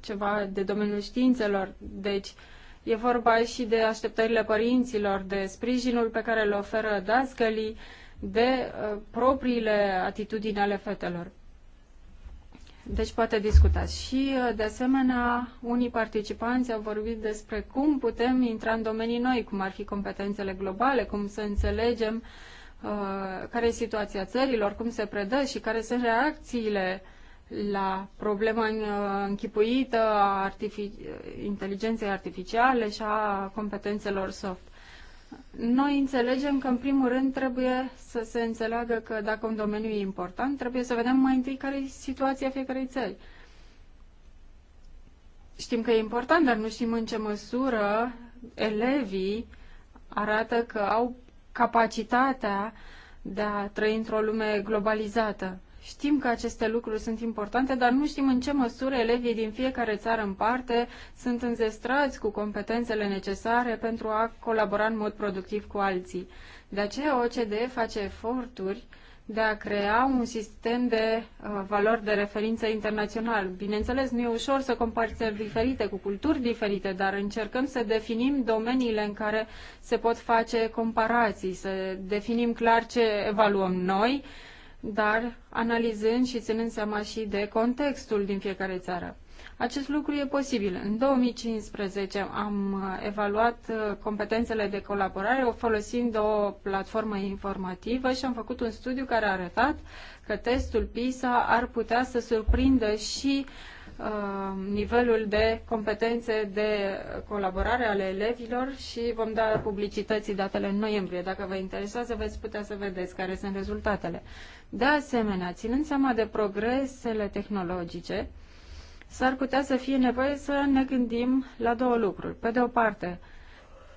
ceva de domeniul științelor. Deci e vorba și de așteptările părinților, de sprijinul pe care le oferă dascălii, de propriile atitudini ale fetelor. Deci poate discutați. Și, de asemenea, unii participanți au vorbit despre cum putem intra în domenii noi, cum ar fi competențele globale, cum să înțelegem uh, Uh, care e situația țărilor, cum se predă și care sunt reacțiile la problema uh, închipuită a artific- inteligenței artificiale și a competențelor soft. Noi înțelegem că, în primul rând, trebuie să se înțeleagă că dacă un domeniu e important, trebuie să vedem mai întâi care e situația fiecărei țări. Știm că e important, dar nu știm în ce măsură elevii arată că au capacitatea de a trăi într-o lume globalizată. Știm că aceste lucruri sunt importante, dar nu știm în ce măsură elevii din fiecare țară în parte sunt înzestrați cu competențele necesare pentru a colabora în mod productiv cu alții. De aceea OCDE face eforturi uh, de a crea un sistem de uh, valori de referință internațional. Bineînțeles, nu e ușor să compari țări diferite cu culturi diferite, dar încercăm să definim domeniile în care se pot face comparații, să definim clar ce evaluăm noi, dar analizând și ținând seama și de contextul din fiecare țară. Acest lucru e posibil. În 2015 am uh, evaluat uh, competențele de colaborare folosind o platformă informativă și am făcut un studiu care a arătat că testul PISA ar putea să surprindă și uh, nivelul de competențe de colaborare ale elevilor și vom da publicității datele în noiembrie. Dacă vă interesează, veți putea să vedeți care sunt rezultatele. De asemenea, ținând seama de progresele tehnologice, s-ar putea să fie nevoie să ne gândim la două lucruri. Pe de o parte,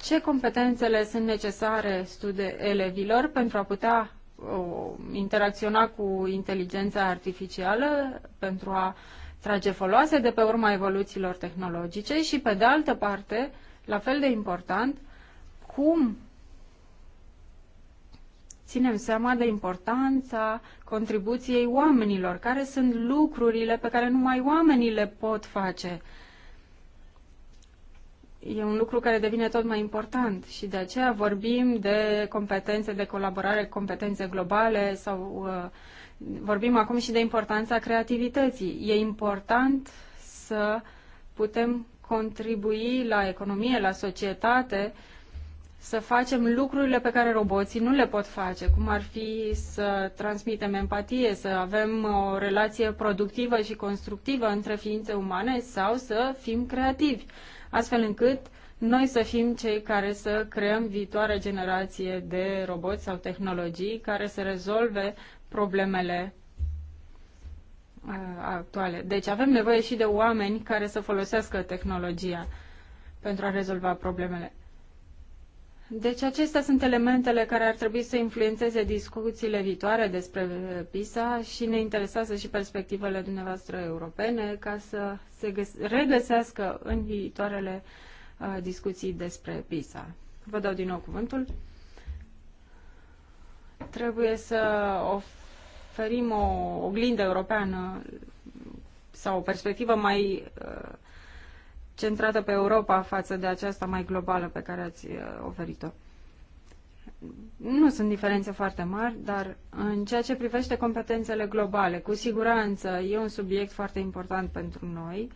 ce competențele sunt necesare studi- elevilor pentru a putea uh, interacționa cu inteligența artificială, pentru a trage foloase de pe urma evoluțiilor tehnologice și, pe de altă parte, la fel de important, cum ținem seama de importanța contribuției oamenilor, care sunt lucrurile pe care numai oamenii le pot face. E un lucru care devine tot mai important și de aceea vorbim de competențe de colaborare, competențe globale sau uh, vorbim acum și de importanța creativității. E important să putem contribui la economie, la societate uh, să facem lucrurile pe care roboții nu le pot face, cum ar fi să transmitem empatie, să avem o relație productivă și constructivă între ființe umane sau să fim creativi, astfel încât noi să fim cei care să creăm viitoarea generație de roboți sau tehnologii care să rezolve problemele uh, actuale. Deci avem nevoie și de oameni care să folosească tehnologia pentru a rezolva problemele. Deci acestea sunt elementele care ar trebui să influențeze discuțiile viitoare despre PISA și ne interesează și perspectivele dumneavoastră europene ca să se regăsească în viitoarele uh, discuții despre PISA. Vă dau din nou cuvântul. Trebuie să oferim o oglindă europeană sau o perspectivă mai uh, centrată pe Europa față de aceasta mai globală pe care ați uh, oferit-o. Nu sunt diferențe foarte mari, dar în ceea ce privește competențele globale, cu siguranță e un subiect foarte important pentru noi.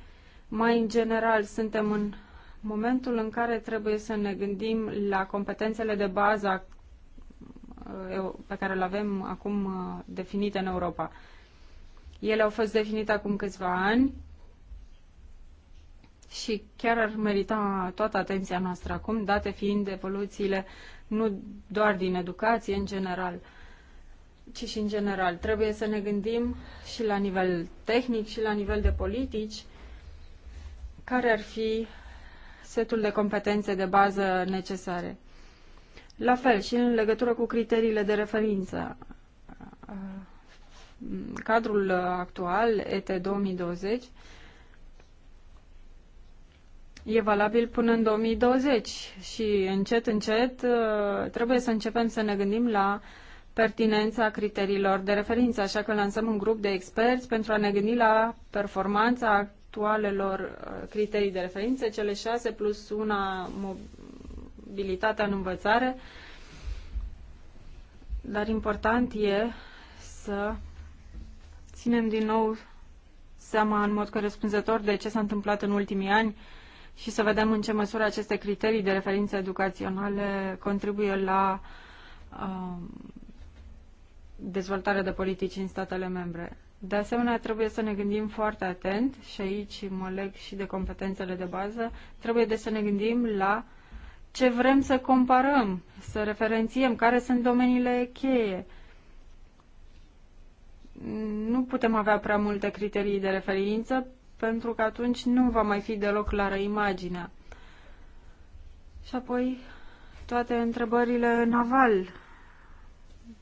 Mai în general, suntem în momentul în care trebuie să ne gândim la competențele de bază pe care le avem acum uh, definite în Europa. Ele au fost definite acum câțiva ani și chiar ar merita toată atenția noastră acum, date fiind evoluțiile nu doar din educație în general, ci și în general. Trebuie să ne gândim și la nivel tehnic și la nivel de politici care ar fi setul de competențe de bază necesare. La fel și în legătură cu criteriile de referință. Cadrul actual, ET 2020, e valabil până în 2020 și încet, încet uh, trebuie să începem să ne gândim la pertinența criteriilor de referință, așa că lansăm un grup de experți pentru a ne gândi la performanța actualelor uh, criterii de referință, cele șase plus una mobilitatea în învățare, dar important e să ținem din nou seama în mod corespunzător de ce s-a întâmplat în ultimii ani și să vedem în ce măsură aceste criterii de referință educaționale contribuie la um, dezvoltarea de politici în statele membre. De asemenea, trebuie să ne gândim foarte atent, și aici mă leg și de competențele de bază, trebuie de să ne gândim la ce vrem să comparăm, să referențiem, care sunt domeniile cheie. Nu putem avea prea multe criterii de referință pentru că atunci nu va mai fi deloc clară imaginea. Și apoi toate întrebările naval.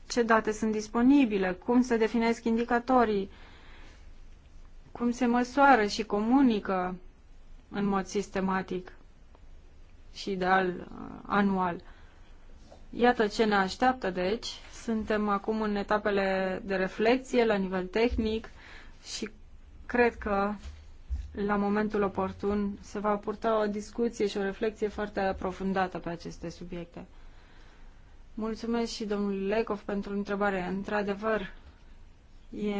Ce date sunt disponibile? Cum se definesc indicatorii? Cum se măsoară și comunică în mod sistematic și ideal anual? Iată ce ne așteaptă, deci. Suntem acum în etapele de reflexie la nivel tehnic și cred că la momentul oportun se va purta o discuție și o reflexie foarte aprofundată pe aceste subiecte. Mulțumesc și domnului Lecov pentru întrebare. Într-adevăr, e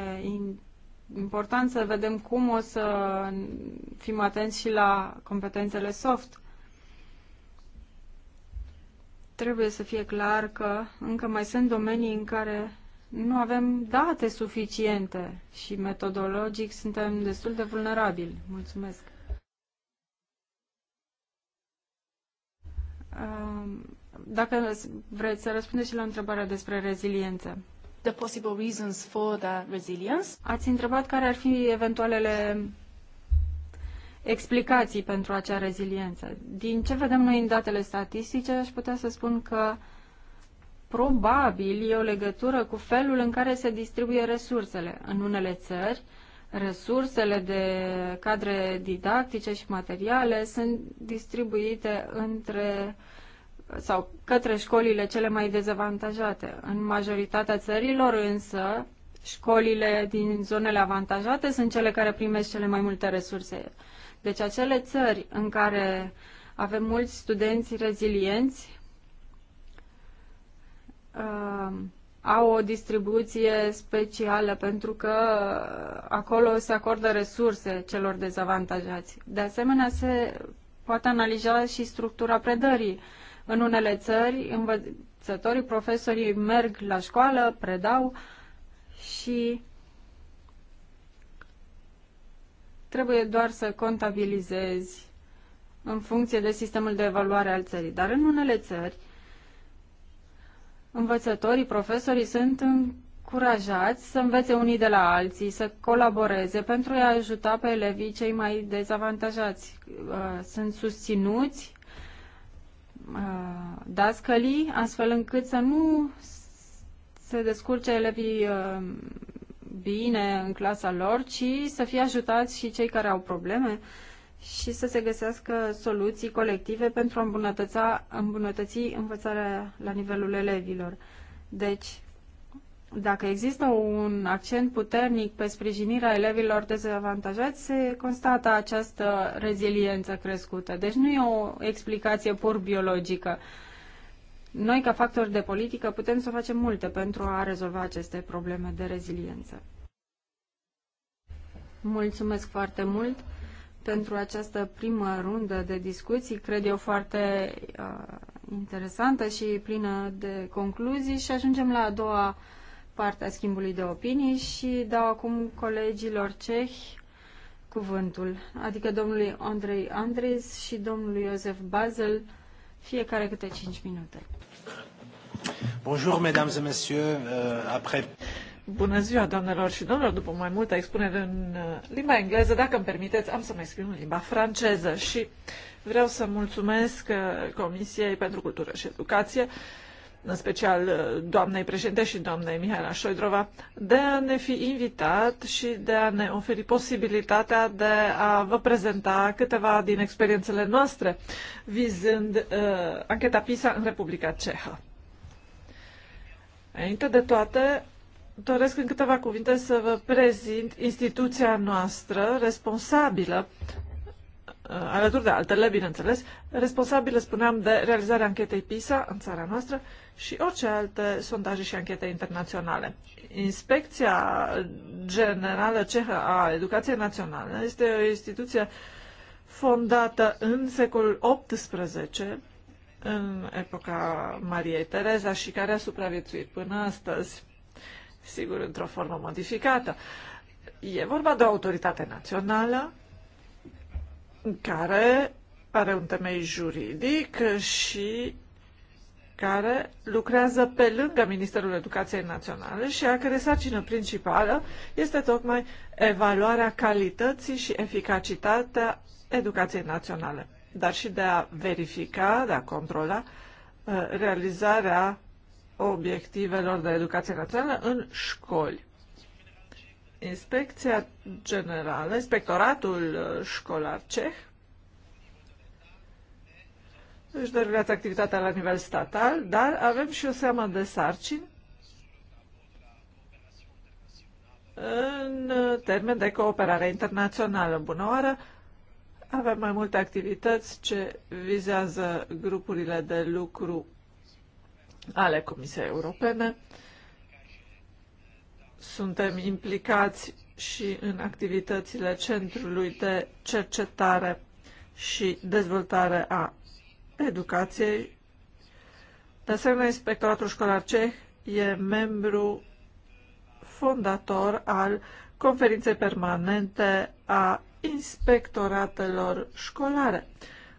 important să vedem cum o să fim atenți și la competențele soft. Trebuie să fie clar că încă mai sunt domenii în care nu avem date suficiente și metodologic suntem destul de vulnerabili. Mulțumesc. Um, dacă vreți să răspundeți și la întrebarea despre reziliență. The possible reasons for the resilience. Ați întrebat care ar fi eventualele explicații pentru acea reziliență. Din ce vedem noi în datele statistice, aș putea să spun că probabil e o legătură cu felul în care se distribuie resursele. În unele țări, resursele de cadre didactice și materiale sunt distribuite între sau către școlile cele mai dezavantajate. În majoritatea țărilor însă, școlile din zonele avantajate sunt cele care primesc cele mai multe resurse. Deci acele țări în care avem mulți studenți rezilienți uh, au o distribuție specială pentru că uh, acolo se acordă resurse celor dezavantajați. De asemenea, se poate analiza și structura predării. În unele țări, învățătorii, profesorii merg la școală, predau și trebuie doar să contabilizezi în funcție de sistemul de evaluare al țării. Dar în unele țări, învățătorii, profesorii sunt încurajați să învețe unii de la alții, să colaboreze pentru a ajuta pe elevii cei mai dezavantajați. Uh, sunt susținuți uh, dascălii, astfel încât să nu se descurce elevii uh, bine în clasa lor, ci să fie ajutați și cei care au probleme și să se găsească soluții colective pentru a îmbunătăți, îmbunătăți învățarea la nivelul elevilor. Deci, dacă există un accent puternic pe sprijinirea elevilor dezavantajați, se constată această reziliență crescută. Deci nu e o explicație pur biologică. Noi, ca factori de politică, putem să facem multe pentru a rezolva aceste probleme de reziliență. Mulțumesc foarte mult! pentru această primă rundă de discuții, cred eu foarte uh, interesantă și plină de concluzii și ajungem la a doua parte a schimbului de opinii și dau acum colegilor cehi cuvântul, adică domnului Andrei Andres și domnului Iosef Basel, fiecare câte 5 minute. Bonjour, mesdames et messieurs. Uh, après... Bună ziua, doamnelor și domnilor! După mai multă expunere în uh, limba engleză, dacă îmi permiteți, am să mă exprim în limba franceză și vreau să mulțumesc uh, Comisiei pentru Cultură și Educație, în special uh, doamnei președinte și doamnei Mihaela Șoidrova, de a ne fi invitat și de a ne oferi posibilitatea de a vă prezenta câteva din experiențele noastre vizând uh, ancheta PISA în Republica Cehă. Înainte de toate, doresc în câteva cuvinte să vă prezint instituția noastră responsabilă, uh, alături de altele, bineînțeles, responsabilă, spuneam, de realizarea anchetei PISA în țara noastră și orice alte sondaje și anchete internaționale. Inspecția Generală Cehă a Educației Naționale este o instituție fondată în secolul XVIII, în epoca Mariei Tereza și care a supraviețuit până astăzi sigur, într-o formă modificată. E vorba de o autoritate națională care are un temei juridic și care lucrează pe lângă Ministerul Educației Naționale și a care sarcină principală este tocmai evaluarea calității și eficacitatea educației naționale, dar și de a verifica, de a controla uh, realizarea obiectivelor de educație națională în școli. Inspecția Generală, Inspectoratul uh, Școlar Ceh, își derulează activitatea la nivel statal, dar avem și o seamă de sarcini în uh, termen de cooperare internațională. Bună oară! Avem mai multe activități ce vizează grupurile de lucru ale Comisiei Europene. Suntem implicați și în activitățile Centrului de Cercetare și Dezvoltare a Educației. De asemenea, Inspectoratul Școlar Ceh e membru fondator al conferinței permanente a inspectoratelor școlare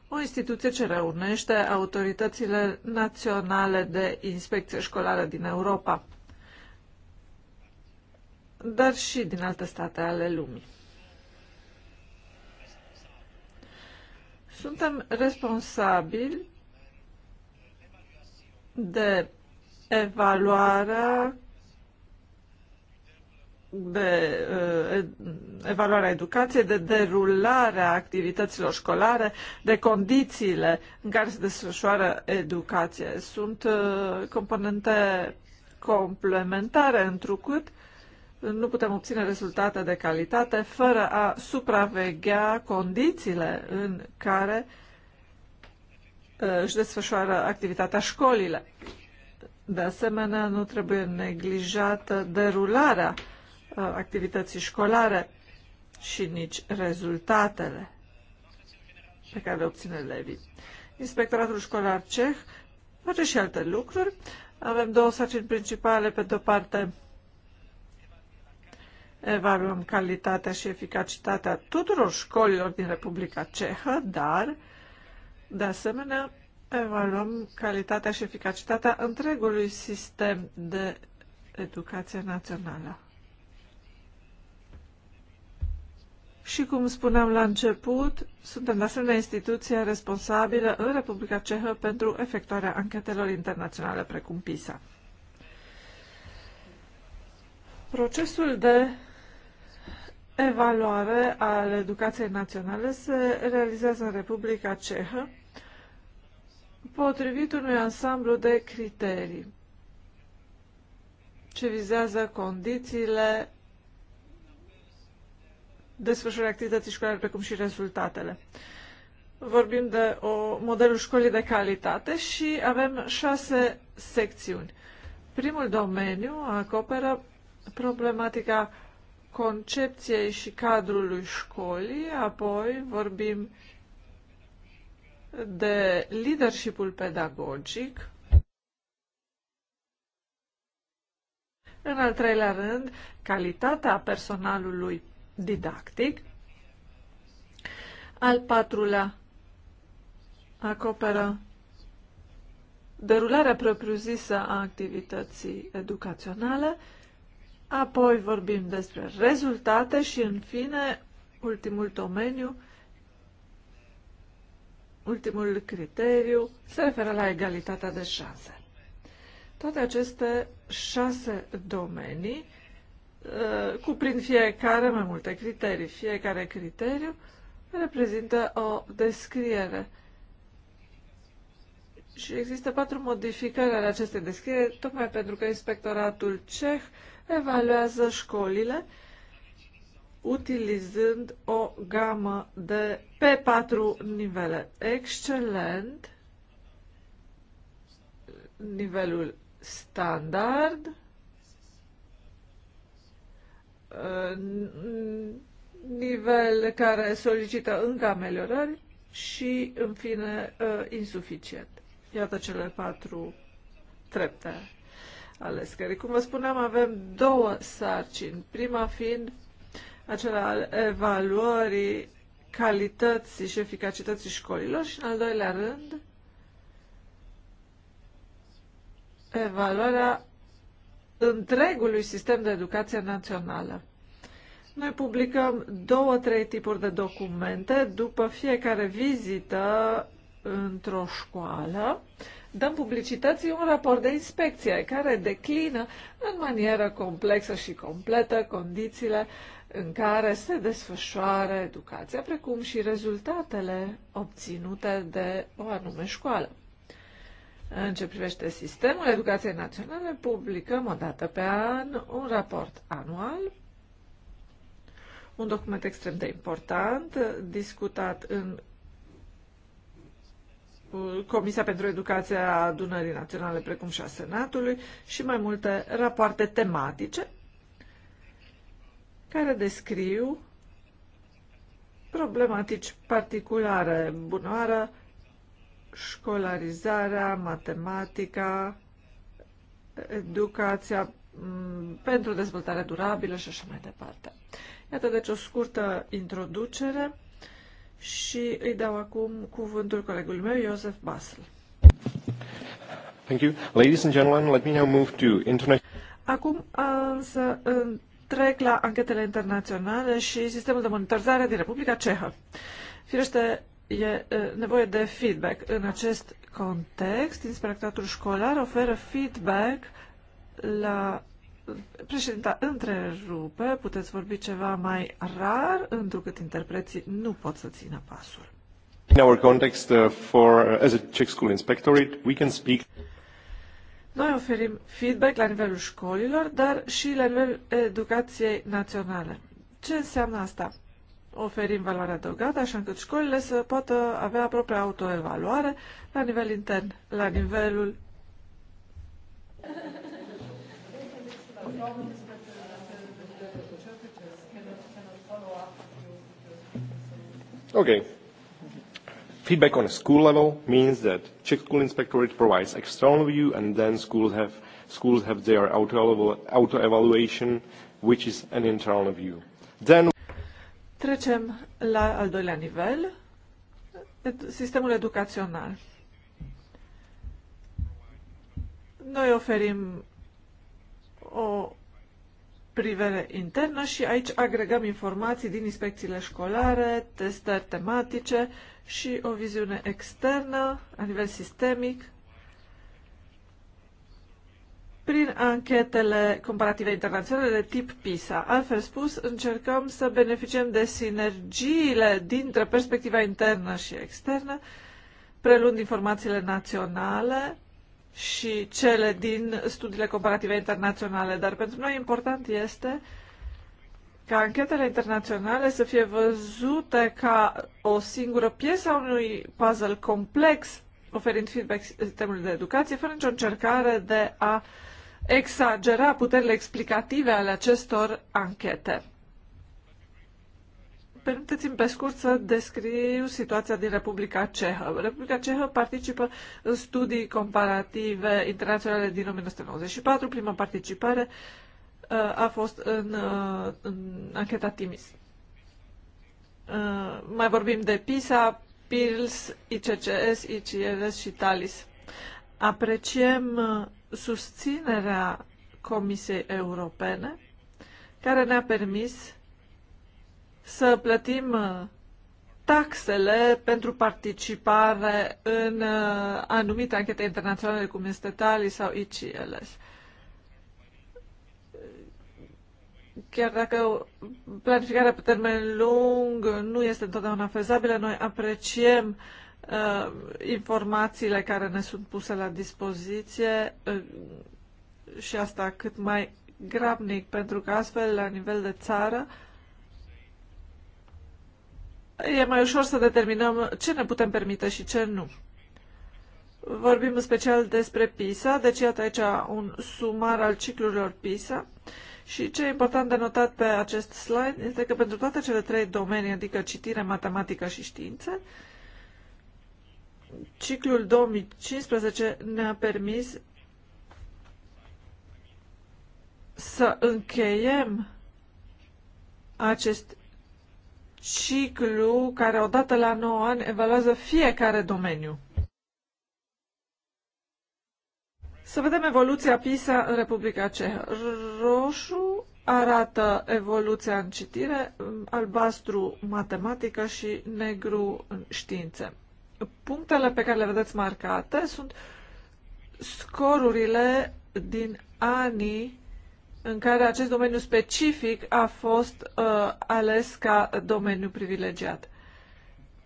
o instituție ce reunește autoritățile naționale de inspecție școlară din Europa, dar și din alte state ale lumii. Suntem responsabili de evaluarea de uh, evaluarea educației, de derularea activităților școlare, de condițiile în care se desfășoară educație. Sunt uh, componente complementare, întrucât nu putem obține rezultate de calitate fără a supraveghea condițiile în care uh, își desfășoară activitatea școlile. De asemenea, nu trebuie neglijată derularea uh, al activității școlare și nici rezultatele pe care le obține elevii. Inspectoratul școlar ceh face și alte lucruri. Avem două sarcini principale. Pe de-o parte, evaluăm calitatea și eficacitatea tuturor școlilor din Republica Cehă, dar, de asemenea, evaluăm calitatea și eficacitatea întregului sistem de educație națională. Și cum spuneam la început, suntem de asemenea instituția responsabilă în Republica Cehă pentru efectuarea anchetelor internaționale precum PISA. Procesul de evaluare al educației naționale se realizează în Republica Cehă potrivit unui ansamblu de criterii ce vizează condițiile desfășurarea activității școlare, precum și rezultatele. Vorbim de o modelul școlii de calitate și avem șase secțiuni. Primul domeniu acoperă problematica concepției și cadrului școlii, apoi vorbim de leadershipul pedagogic. În al treilea rând, calitatea personalului didactic. Al patrulea acoperă derularea propriu-zisă a activității educaționale, apoi vorbim despre rezultate și, în fine, ultimul domeniu, ultimul criteriu, se referă la egalitatea de șanse. Toate aceste șase domenii Uh, cuprind fiecare mai multe criterii. Fiecare criteriu reprezintă o descriere. Și există patru modificări ale acestei descrieri, tocmai pentru că inspectoratul ceh evaluează școlile utilizând o gamă de pe patru nivele. Excelent, nivelul standard, nivel care solicită încă ameliorări și, în fine, uh, insuficient. Iată cele patru trepte ale scării. Cum vă spuneam, avem două sarcini. Prima fiind acela al evaluării calității și eficacității școlilor și, în al doilea rând, evaluarea întregului sistem de educație națională. Noi publicăm două, trei tipuri de documente după fiecare vizită într-o școală. Dăm publicității un raport de inspecție care declină în manieră complexă și completă condițiile în care se desfășoară educația, precum și rezultatele obținute de o anume școală. În ce privește sistemul educației naționale, publicăm o dată pe an un raport anual, un document extrem de important, discutat în Comisia pentru Educația Adunării Naționale, precum și a Senatului, și mai multe rapoarte tematice care descriu problematici particulare. Bunoară, școlarizarea, matematica, educația mm, pentru dezvoltare durabilă și așa mai departe. Iată deci o scurtă introducere și îi dau acum cuvântul colegului meu, Iosef Basel. Thank you. Ladies and gentlemen, let me now move to internet. Acum să trec la anchetele internaționale și sistemul de monitorizare din Republica Cehă. Firește, e nevoie de feedback. În acest context, inspectoratul școlar oferă feedback la președinta întrerupe, puteți vorbi ceva mai rar, întrucât interpreții nu pot să țină pasul. In our context, uh, for, uh, as a Czech school inspectorate, we can speak noi oferim feedback la nivelul școlilor, dar și la nivelul educației naționale. Ce înseamnă asta? oferim valoare adăugată, așa încât școlile să poată avea propria autoevaluare la nivel intern, la nivelul Okay. Feedback on a school level means that Czech School Inspectorate provides external view and then schools have, schools have their auto-evaluation, auto which is an internal view. Then Trecem la al doilea nivel, sistemul educațional. Noi oferim o privire internă și aici agregăm informații din inspecțiile școlare, testări tematice și o viziune externă, la nivel sistemic, prin anchetele comparative internaționale de tip PISA. Altfel spus, încercăm să beneficiem de sinergiile dintre perspectiva internă și externă, preluând informațiile naționale și cele din studiile comparative internaționale. Dar pentru noi important este ca anchetele internaționale să fie văzute ca o singură piesă a unui puzzle complex, oferind feedback sistemului de educație, fără nicio încercare de a uh, exagera puterile explicative ale acestor anchete. Permiteți-mi pe scurt să descriu situația din Republica Cehă. Republica Cehă participă în studii comparative internaționale din 1994. Prima participare uh, a fost în, uh, în ancheta Timis. Uh, mai vorbim de PISA, PIRLS, ICCS, ICLS și TALIS. Apreciem uh, susținerea Comisiei Europene, care ne-a permis să plătim uh, taxele pentru participare în uh, anumite anchete internaționale, cum este TALI sau ICLS. Chiar dacă planificarea pe termen lung nu este întotdeauna fezabilă, noi apreciem uh, uh, informațiile care ne sunt puse la dispoziție uh, și asta cât mai grabnic, pentru că astfel, la nivel de țară, e mai ușor să determinăm ce ne putem permite și ce nu. Vorbim în special despre PISA, deci iată aici un sumar al ciclurilor PISA. Și ce e important de notat pe acest slide este că pentru toate cele trei domenii, adică citire, matematică și științe, uh, ciclul 2015 ne-a permis să încheiem acest ciclu care odată la 9 ani evaluează fiecare domeniu. Să vedem evoluția PISA în Republica Cehă. Roșu arată evoluția în citire, albastru matematică și negru în științe punctele pe care le vedeți marcate sunt scorurile din anii în care acest domeniu specific a fost uh, ales ca domeniu privilegiat.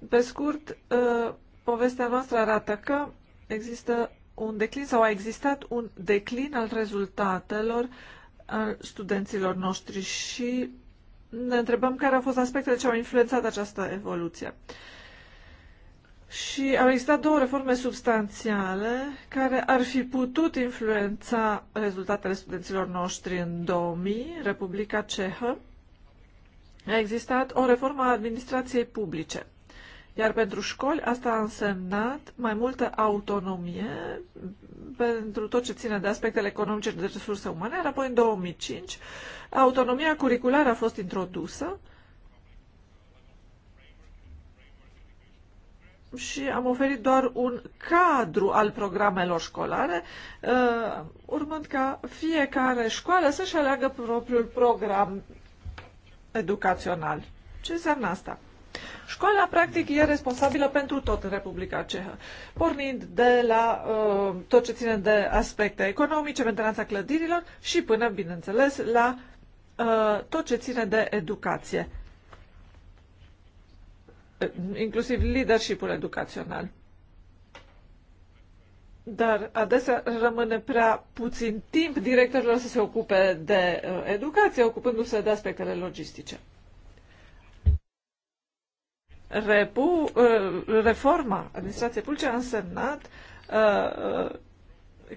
Pe scurt, uh, povestea noastră arată că există un declin sau a existat un declin al rezultatelor al studenților noștri și ne întrebăm care au fost aspectele ce au influențat această evoluție. Uh, și au existat două reforme substanțiale care ar fi putut influența rezultatele studenților noștri în 2000, Republica Cehă. A existat o reformă a administrației publice, iar pentru școli asta a însemnat mai multă autonomie pentru tot ce ține de aspectele economice și de resurse umane, iar apoi în 2005 autonomia curriculară a fost introdusă, și am oferit doar un cadru al programelor școlare, uh, urmând ca fiecare școală să-și aleagă propriul program educațional. Ce înseamnă asta? Școala, practic, e responsabilă pentru tot în Republica Cehă, pornind de la uh, tot ce ține de aspecte economice, mentenanța clădirilor și până, bineînțeles, la uh, tot ce ține de educație inclusiv leadership-ul educațional. Dar adesea rămâne prea puțin timp directorilor să se ocupe de uh, educație, ocupându-se de aspectele logistice. Repu, uh, reforma administrației publice a însemnat uh,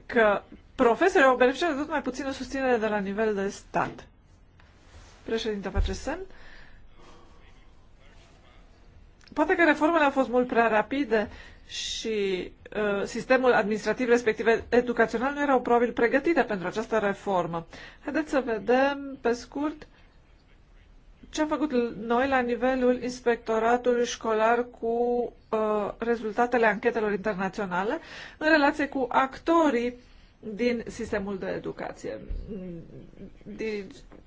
că profesorii au beneficiat de tot mai puțină susținere de la nivel de stat. Președinte face semn. Poate că reformele au fost mult prea rapide și uh, sistemul administrativ, respectiv educațional, nu erau probabil pregătite pentru această reformă. Haideți să vedem, pe scurt, ce am făcut noi la nivelul inspectoratului școlar cu uh, rezultatele anchetelor internaționale în relație cu actorii din sistemul de educație.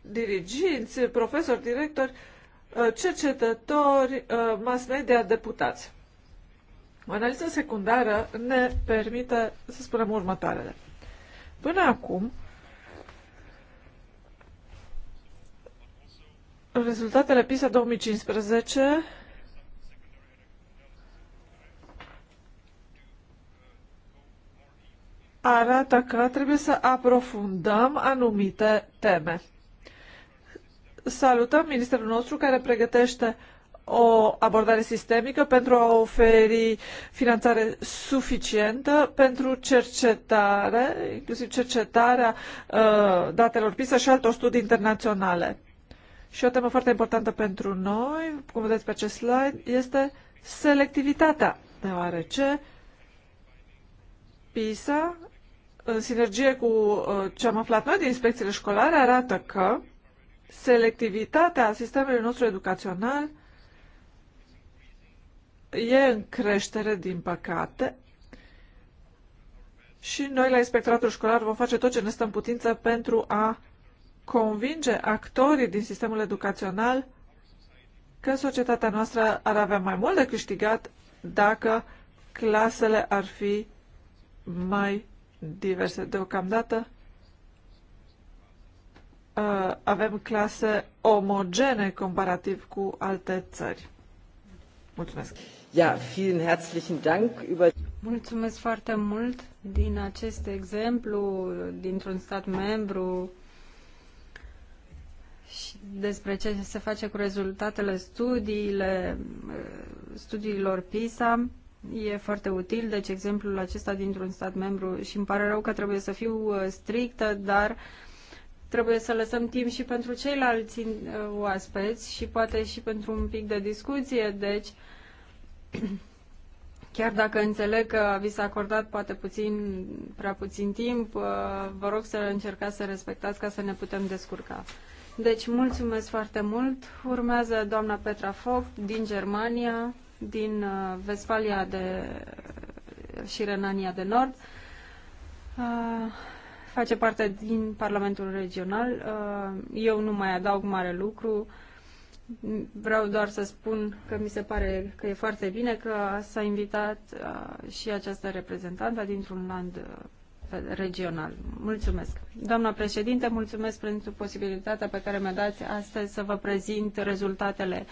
Diriginți, profesori, directori, uh, Uh, cercetători, uh, mass media, deputați. O analiză secundară ne permite să spunem următoarele. Până acum, rezultatele PISA 2015 arată că trebuie să aprofundăm anumite teme salutăm ministrul nostru care pregătește o abordare sistemică pentru a oferi finanțare suficientă pentru cercetare, inclusiv cercetarea uh, datelor PISA și altor studii internaționale. Și o temă foarte importantă pentru noi, cum vedeți pe acest slide, este selectivitatea, deoarece PISA, în sinergie cu uh, ce am aflat noi din inspecțiile școlare, arată că selectivitatea sistemului nostru educațional e în creștere, din păcate, și noi la inspectoratul școlar vom face tot ce ne stă în putință pentru a convinge actorii din sistemul educațional că societatea noastră ar avea mai mult de câștigat dacă clasele ar fi mai diverse. Deocamdată uh, avem clase omogene comparativ cu alte țări. Mulțumesc! Ja, vielen herzlichen Dank über Mulțumesc foarte mult din acest exemplu dintr-un stat membru și despre ce se face cu rezultatele studiile, studiilor PISA. E foarte util, deci exemplul acesta dintr-un stat membru și îmi pare rău că trebuie să fiu uh, strictă, dar uh, trebuie să lăsăm timp și pentru ceilalți uh, oaspeți și poate și pentru un pic de discuție, deci chiar dacă înțeleg că vi s-a acordat poate puțin, prea puțin timp, uh, vă rog să încercați să respectați ca să ne putem descurca. Deci mulțumesc foarte mult. Urmează doamna Petra Foc din Germania, din uh, Vestfalia de și Renania de Nord face parte din Parlamentul Regional. Uh, eu nu mai adaug mare lucru. Vreau doar să spun că mi se pare că e foarte bine că s-a invitat uh, și această reprezentantă dintr-un land uh, regional. Mulțumesc. Doamna președinte, mulțumesc pentru posibilitatea pe care mi-a dat astăzi să vă prezint rezultatele uh,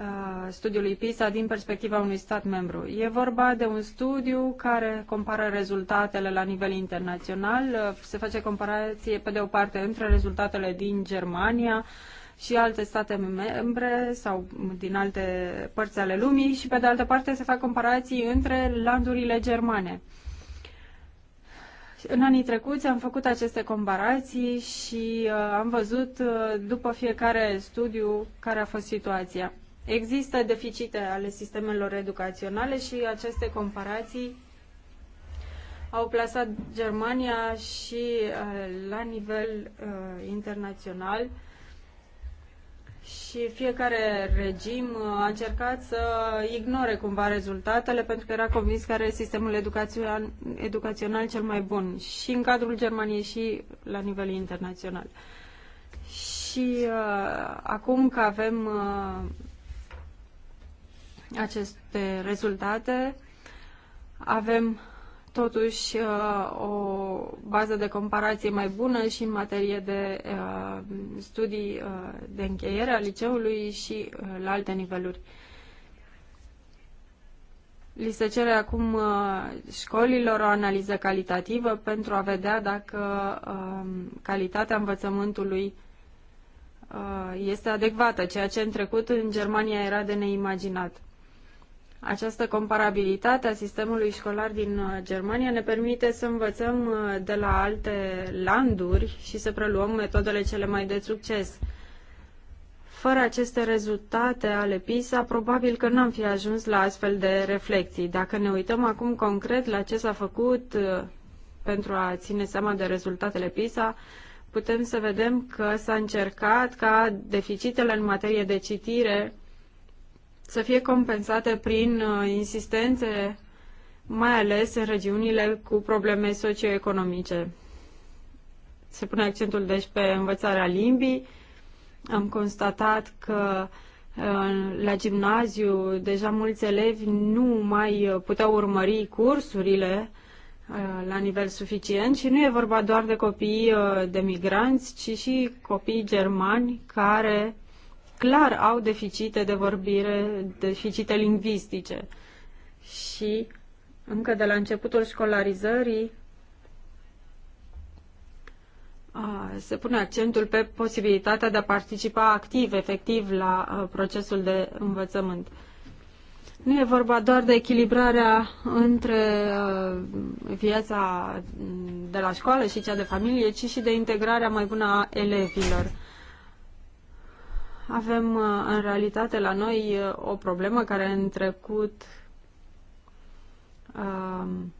Uh, studiului PISA din perspectiva unui stat membru. E vorba de un studiu care compară rezultatele la nivel internațional. Uh, se face comparație, pe de o parte, între rezultatele din Germania și alte state membre sau din alte părți ale lumii și, pe de altă parte, se fac comparații între landurile germane. În anii trecuți am făcut aceste comparații și uh, am văzut uh, după fiecare studiu care a fost situația. Există deficite ale sistemelor educaționale și aceste comparații au plasat Germania și uh, la nivel uh, internațional și fiecare regim uh, a încercat să ignore cumva rezultatele pentru că era convins că are sistemul educațional, educațional cel mai bun și în cadrul Germaniei și la nivel internațional. Și uh, acum că avem uh, aceste rezultate. Avem totuși uh, o bază de comparație mai bună și în materie de uh, studii uh, de încheiere a liceului și la alte niveluri. Li se cere acum școlilor o analiză calitativă pentru a vedea dacă um, calitatea învățământului este adecvată, ceea ce în trecut în Germania era de neimaginat. Această comparabilitate a sistemului școlar din uh, Germania ne permite să învățăm uh, de la alte landuri și să preluăm metodele cele mai de succes. Fără aceste rezultate ale PISA, probabil că n-am fi ajuns la astfel de reflexii. Dacă ne uităm acum concret la ce s-a făcut uh, pentru a ține seama de rezultatele PISA, putem să vedem că s-a încercat ca deficitele în materie de citire să fie compensate prin uh, insistențe, mai ales în regiunile cu probleme socioeconomice. Se pune accentul deci pe învățarea limbii. Am constatat că uh, la gimnaziu deja mulți elevi nu mai puteau urmări cursurile uh, la nivel suficient și nu e vorba doar de copii de migranți, ci și copii germani care clar au deficite de vorbire, deficite lingvistice. Și încă de la începutul școlarizării se pune accentul pe posibilitatea de a participa activ, efectiv, la procesul de învățământ. Nu e vorba doar de echilibrarea între viața de la școală și cea de familie, ci și de integrarea mai bună a elevilor avem uh, în realitate la noi uh, o problemă care în trecut um,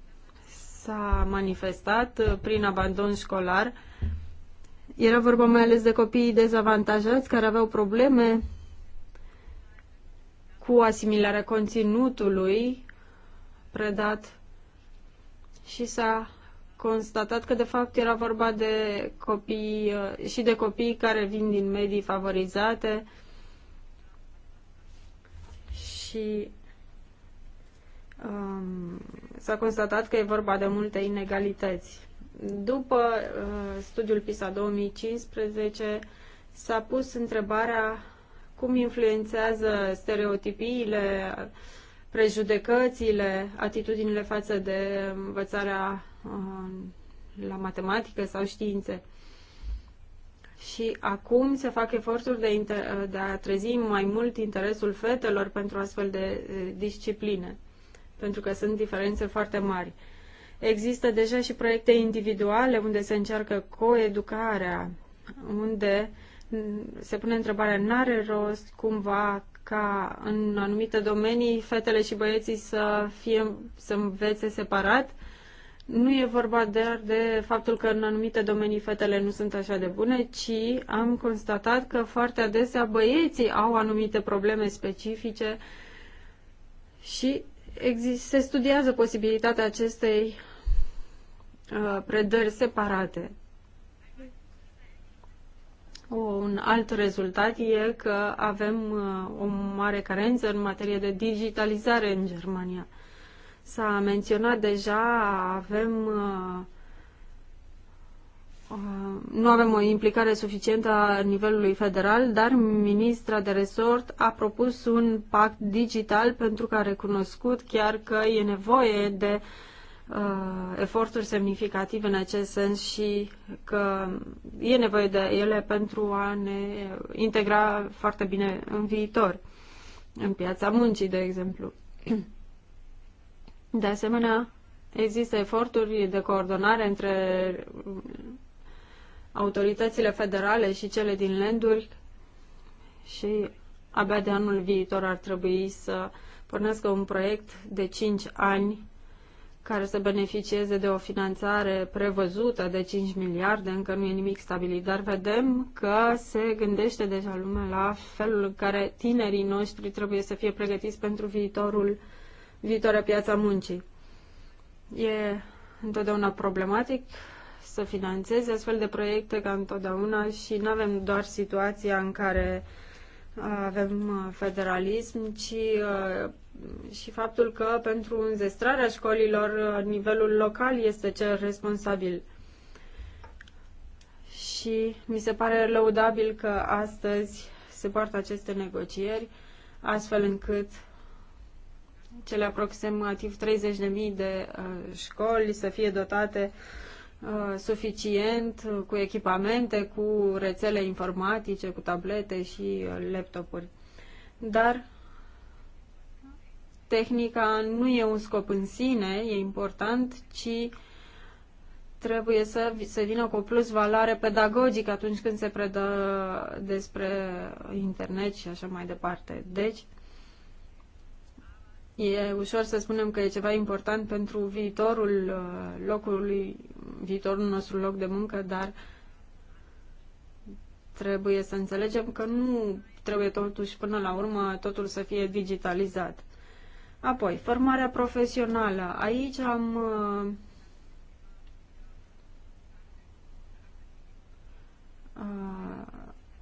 s-a manifestat uh, prin abandon școlar. Era vorba mai ales de copiii dezavantajați care aveau probleme cu asimilarea conținutului predat și s-a constatat că de fapt era vorba de copii uh, și de copii care vin din medii favorizate și um, s-a constatat că e vorba de multe inegalități. După uh, studiul PISA 2015 s-a pus întrebarea cum influențează stereotipiile, prejudecățile, atitudinile față de învățarea la matematică sau științe. Și acum se fac eforturi de, de a trezi mai mult interesul fetelor pentru astfel de discipline, pentru că sunt diferențe foarte mari. Există deja și proiecte individuale unde se încearcă coeducarea, unde se pune întrebarea, n-are rost cumva ca în anumite domenii fetele și băieții să, fie, să învețe separat? Nu e vorba doar de faptul că în anumite domenii fetele nu sunt așa de bune, ci am constatat că foarte adesea băieții au anumite probleme specifice și exist- se studiază posibilitatea acestei uh, predări separate. Un alt rezultat e că avem uh, o mare carență în materie de digitalizare în Germania. S-a menționat deja, avem uh, uh, nu avem o implicare suficientă a nivelului federal, dar ministra de resort a propus un pact digital pentru că a recunoscut chiar că e nevoie de uh, eforturi semnificative în acest sens și că e nevoie de ele pentru a ne integra foarte bine în viitor, în piața muncii, de exemplu. De asemenea, există eforturi de coordonare între autoritățile federale și cele din lenduri și abia de anul viitor ar trebui să pornească un proiect de 5 ani care să beneficieze de o finanțare prevăzută de 5 miliarde, încă nu e nimic stabilit, dar vedem că se gândește deja lumea la felul în care tinerii noștri trebuie să fie pregătiți pentru viitorul viitoarea piața muncii. E întotdeauna problematic să financezi astfel de proiecte ca întotdeauna și nu avem doar situația în care uh, avem uh, federalism, ci uh, și faptul că pentru înzestrarea școlilor nivelul local este cel responsabil. Și mi se pare lăudabil că astăzi se poartă aceste negocieri astfel încât cele aproximativ 30.000 de uh, școli să fie dotate uh, suficient uh, cu echipamente, cu rețele informatice, cu tablete și laptopuri. Dar tehnica nu e un scop în sine, e important, ci trebuie să, să vină cu o plus valoare pedagogică atunci când se predă despre internet și așa mai departe. Deci, E ușor să spunem că e ceva important pentru viitorul uh, locului, viitorul nostru loc de muncă, dar trebuie să înțelegem că nu trebuie totuși până la urmă totul să fie digitalizat. Apoi, formarea profesională. Aici am uh,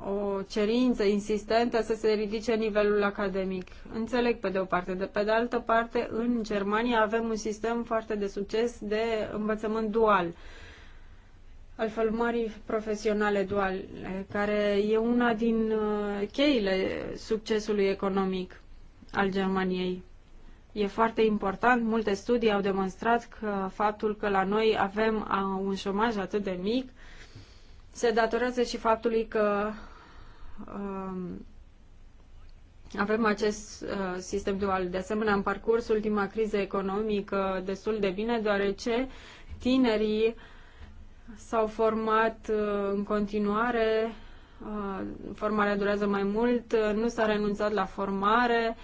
o cerință insistentă să se ridice nivelul academic. Înțeleg pe de o parte. De pe de altă parte, în Germania avem un sistem foarte de succes de învățământ dual al formării profesionale dual, care e una din uh, cheile succesului economic al Germaniei. E foarte important, multe studii au demonstrat că faptul că la noi avem uh, un șomaj atât de mic se datorează și faptului că Um, avem acest uh, sistem dual. De asemenea, am parcurs ultima criză economică destul de bine, deoarece tinerii s-au format uh, în continuare, uh, formarea durează mai mult, nu s-a renunțat la formare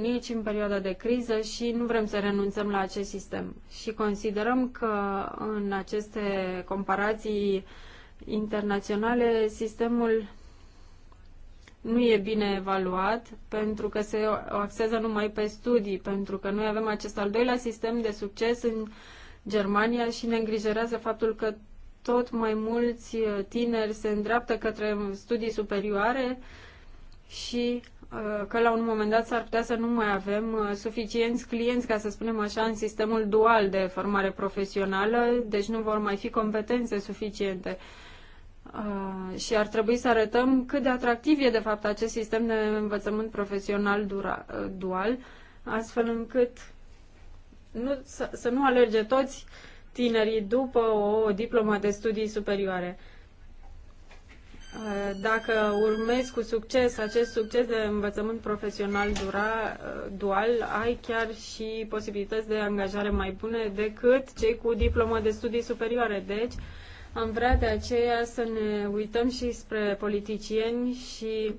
nici în perioada de criză și nu vrem să renunțăm la acest sistem. Și considerăm că în aceste comparații internaționale, sistemul nu e bine evaluat pentru că se axează numai pe studii, pentru că noi avem acest al doilea sistem de succes în Germania și ne îngrijorează faptul că tot mai mulți tineri se îndreaptă către studii superioare și uh, că la un moment dat s-ar putea să nu mai avem uh, suficienți clienți, ca să spunem așa, în sistemul dual de formare profesională, deci nu vor mai fi competențe suficiente și ar trebui să arătăm cât de atractiv e de fapt acest sistem de învățământ profesional dura, dual, astfel încât nu, să, să nu alerge toți tinerii după o diplomă de studii superioare. Dacă urmezi cu succes acest succes de învățământ profesional dura, dual, ai chiar și posibilități de angajare mai bune decât cei cu diplomă de studii superioare. Deci, am vrea de aceea să ne uităm și spre politicieni și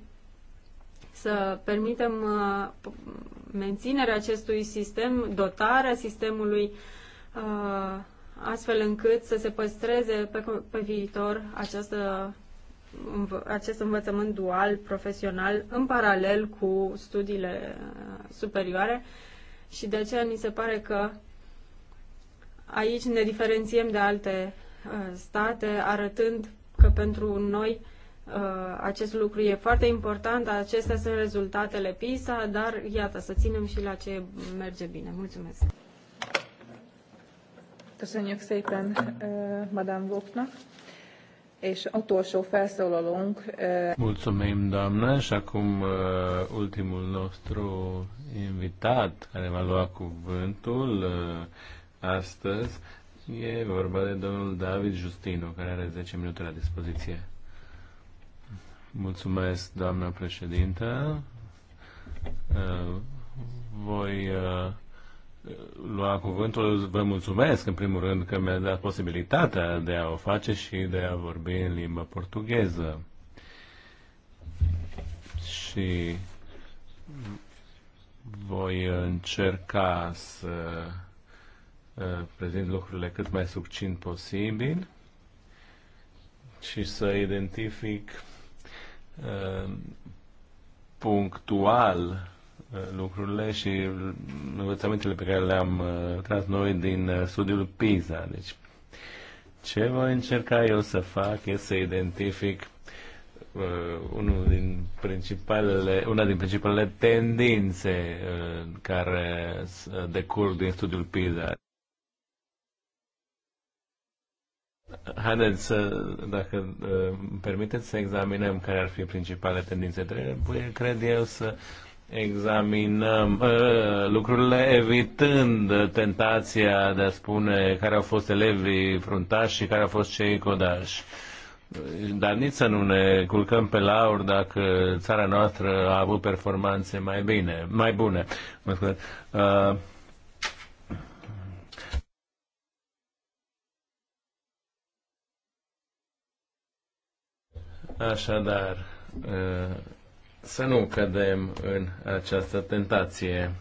să permitem uh, menținerea acestui sistem, dotarea sistemului uh, astfel încât să se păstreze pe, pe viitor această, acest învățământ dual profesional în paralel cu studiile uh, superioare și de aceea ni se pare că aici ne diferențiem de alte Uh, state, arătând că pentru noi uh, acest lucru e foarte important, acestea sunt rezultatele PISA, dar iată, să ținem și la ce merge bine. Mulțumesc! Köszönjük szépen, uh, Madame Vokna. És utolsó felszólalónk. Mulțumim, doamnă, și acum ultimul nostru invitat care va lua cuvântul astăzi E vorba de domnul David Justino, care are 10 minute la dispoziție. Mulțumesc, doamna președintă. Uh, voi uh, lua cuvântul. Vă mulțumesc, în primul rând, că mi-a dat posibilitatea de a o face și de a vorbi în limba portugheză. Și voi încerca să prezint lucrurile cât mai succint posibil și să identific uh, punctual uh, lucrurile și învățămintele pe care le-am uh, tras noi din studiul PISA. Deci, ce voi încerca eu să fac este să identific uh, unul din principalele, una din principalele tendințe uh, care decurg din studiul PISA. Haideți să, dacă ă, îmi permiteți, să examinăm care ar fi principalele tendințe. Trebuie, cred eu, să examinăm uh, lucrurile evitând tentația de a spune care au fost elevii fruntași și care au fost cei codași. Dar nici să nu ne culcăm pe laur dacă țara noastră a avut performanțe mai bine, mai bune. Mă scuze. Uh, ă, Așadar, să nu cădem în această tentație.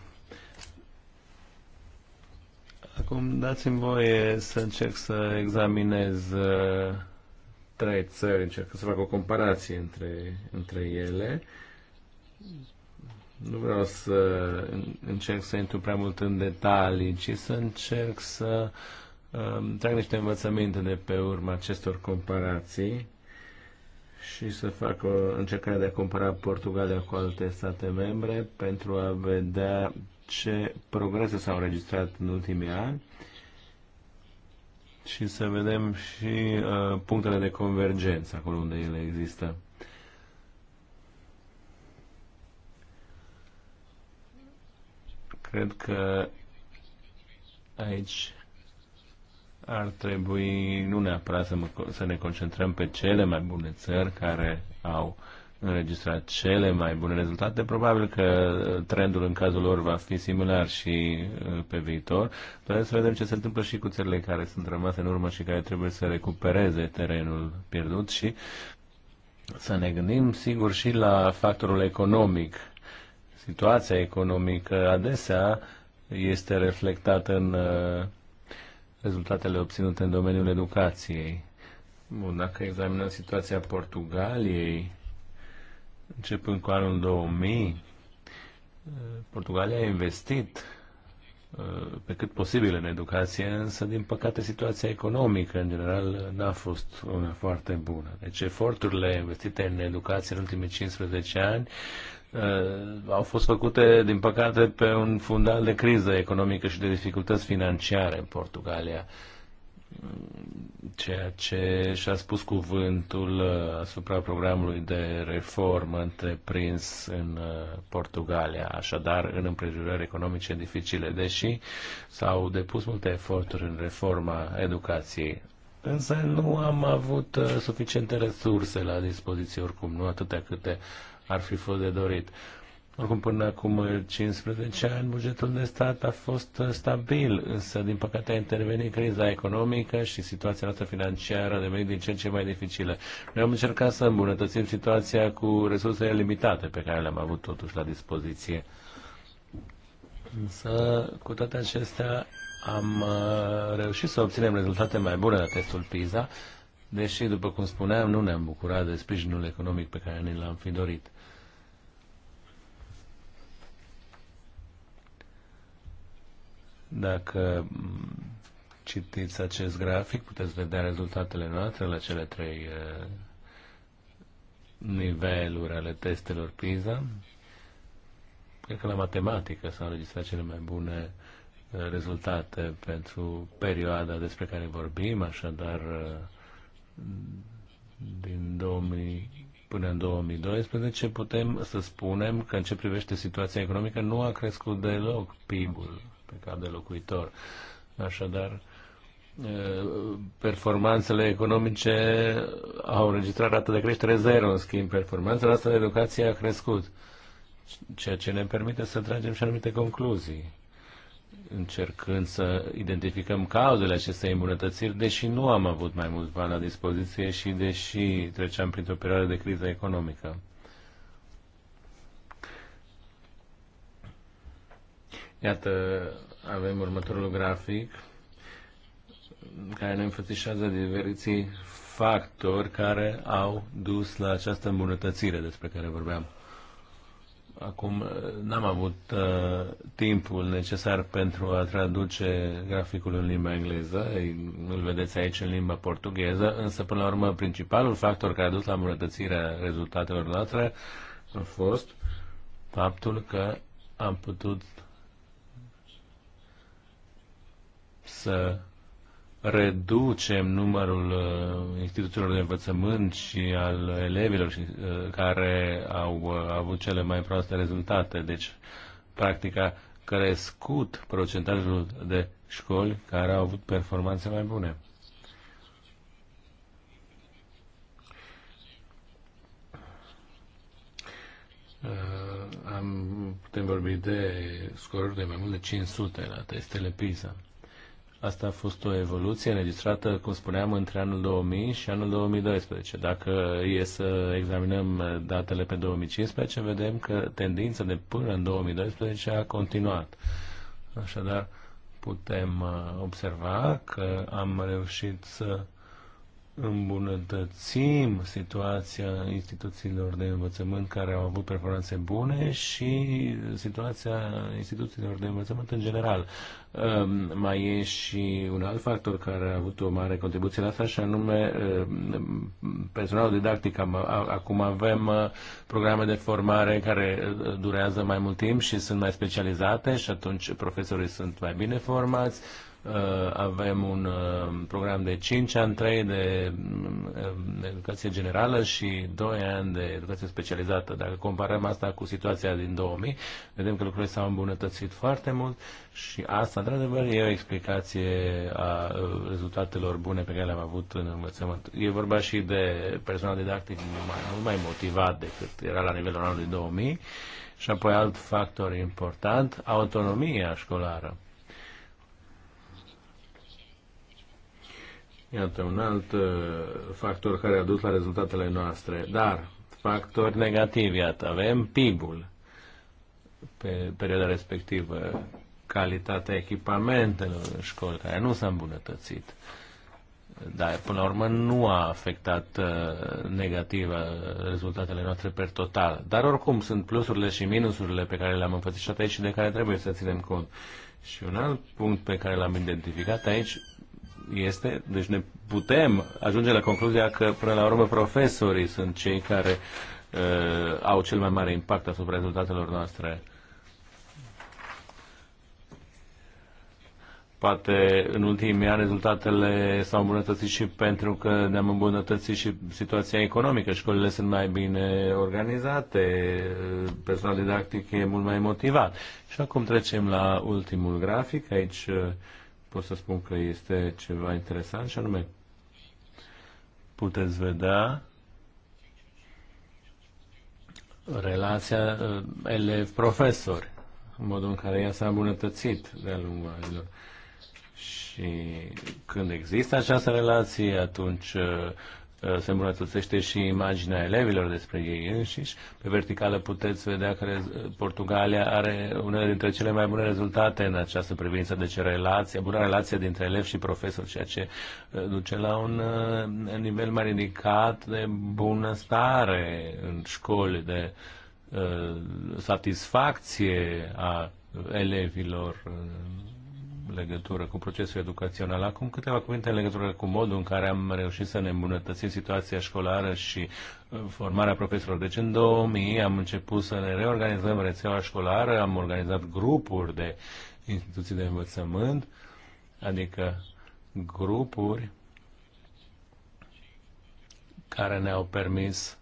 Acum dați-mi voie să încerc să examinez trei țări, încerc să fac o comparație între, între ele. Nu vreau să încerc să intru prea mult în detalii, ci să încerc să um, trag niște învățăminte de pe urma acestor comparații și să fac o încercare de a compara Portugalia cu alte state membre pentru a vedea ce progrese s-au înregistrat în ultimii ani și să vedem și uh, punctele de convergență acolo unde ele există. Cred că aici ar trebui nu neapărat să, mă, să ne concentrăm pe cele mai bune țări care au înregistrat cele mai bune rezultate. Probabil că trendul în cazul lor va fi similar și uh, pe viitor. Dar să vedem ce se întâmplă și cu țările care sunt rămase în urmă și care trebuie să recupereze terenul pierdut și să ne gândim, sigur, și la factorul economic. Situația economică adesea este reflectată în uh, rezultatele obținute în domeniul educației. Bun, dacă examinăm situația Portugaliei, începând cu anul 2000, eh, Portugalia a investit eh, pe cât posibil în educație, însă, din păcate, situația economică, în general, n-a fost una foarte bună. Deci, eforturile investite în educație în ultimii 15 ani Uh, au fost făcute, din păcate, pe un fundal de criză economică și de dificultăți financiare în Portugalia ceea ce și-a spus cuvântul uh, asupra programului de reformă întreprins în uh, Portugalia, așadar în împrejurări economice dificile, deși s-au depus multe eforturi în reforma educației. Însă nu am avut suficiente resurse la dispoziție oricum, nu atâtea câte ar fi fost de dorit. Oricum, până acum 15 ani, bugetul de stat a fost uh, stabil, însă, din păcate, a intervenit criza economică și situația noastră financiară a devenit din ce în ce mai dificilă. Noi am încercat să îmbunătățim situația cu resursele limitate pe care le-am avut totuși la dispoziție. Însă, cu toate acestea, am uh, reușit să obținem rezultate mai bune la testul PISA, deși, după cum spuneam, nu ne-am bucurat de sprijinul economic pe care ne l-am fi dorit. Dacă mm, citiți acest grafic, puteți vedea rezultatele noastre la cele trei uh, niveluri ale testelor PISA. Cred că la matematică s-au înregistrat cele mai bune uh, rezultate pentru perioada despre care vorbim, așadar uh, din 2000 până în 2012, putem să spunem că în ce privește situația economică nu a crescut deloc PIB-ul pe cap de locuitor. Așadar, performanțele economice au înregistrat rată de creștere zero, în schimb performanțele astea de educație a crescut, ceea ce ne permite să tragem și anumite concluzii, încercând să identificăm cauzele acestei îmbunătățiri, deși nu am avut mai mult bani la dispoziție și deși treceam printr-o perioadă de criză economică. Iată, avem următorul grafic care ne înfățișează diverții factori care au dus la această îmbunătățire despre care vorbeam. Acum eh, n-am avut uh, timpul necesar pentru a traduce graficul în limba engleză, îl vedeți aici în limba portugheză, însă până la urmă principalul factor care a dus la îmbunătățirea rezultatelor noastre a fost faptul că am putut să reducem numărul uh, instituțiilor de învățământ și al elevilor uh, care au uh, avut cele mai proaste rezultate. Deci, practic, a crescut procentajul de școli care au avut performanțe mai bune. Am, putem vorbi de scoruri de mai mult de 500 la testele PISA. Asta a fost o evoluție înregistrată, cum spuneam, între anul 2000 și anul 2012. Dacă e să examinăm datele pe 2015, vedem că tendința de până în 2012 a continuat. Așadar, putem uh, observa că am reușit să îmbunătățim situația instituțiilor de învățământ care au avut performanțe bune și situația instituțiilor de învățământ în general. Ehm, mai e și un alt factor care a avut o mare contribuție la asta și anume ehm, personalul didactic. Acum avem uh, programe de formare care uh, durează mai mult timp și sunt mai specializate și atunci profesorii sunt mai bine formați Uh, avem un uh, program de 5 ani, 3 de educație generală și 2 ani de educație specializată. Dacă comparăm asta cu situația din 2000, vedem că lucrurile s-au îmbunătățit foarte mult și asta, într-adevăr, e o explicație a uh, rezultatelor bune pe care le-am avut în învățământ. E vorba și de personal didactic mai, mult mai motivat decât era la nivelul anului 2000 și apoi alt factor important, autonomia școlară Iată, un alt uh, factor care a dus la rezultatele noastre. Dar, factor negativ, iată, avem PIB-ul pe perioada respectivă, calitatea echipamentelor în școli, care nu s-a îmbunătățit. Dar, până la urmă, nu a afectat uh, negativ uh, rezultatele noastre per total. Dar, oricum, sunt plusurile și minusurile pe care le-am înfățișat aici și de care trebuie să ținem cont. Și un alt punct pe care l-am identificat aici este, deci ne putem ajunge la concluzia că până la urmă profesorii sunt cei care uh, au cel mai mare impact asupra rezultatelor noastre. Poate în ultimii ani rezultatele s-au îmbunătățit și pentru că ne-am îmbunătățit și situația economică. Școlile sunt mai bine organizate, personal didactic e mult mai motivat. Și acum trecem la ultimul grafic. Aici uh, pot să spun că este ceva interesant și anume puteți vedea relația eh, elev-profesori, în modul în care ea s-a îmbunătățit de-a lungul anilor. Și când există această relație, atunci eh, Uh, se îmbunătățește și imaginea elevilor despre ei înșiși. Pe verticală puteți vedea că uh, Portugalia are unele dintre cele mai bune rezultate în această privință, deci relația, bună relație dintre elevi și profesor, ceea ce uh, duce la un nivel mai ridicat de bunăstare în școli, de satisfacție a elevilor legătură cu procesul educațional. Acum câteva cuvinte în legătură cu modul în care am reușit să ne îmbunătățim situația școlară și uh, formarea profesorilor. Deci în 2000 am început să ne reorganizăm rețeaua școlară, am organizat grupuri de instituții de învățământ, adică grupuri care ne-au permis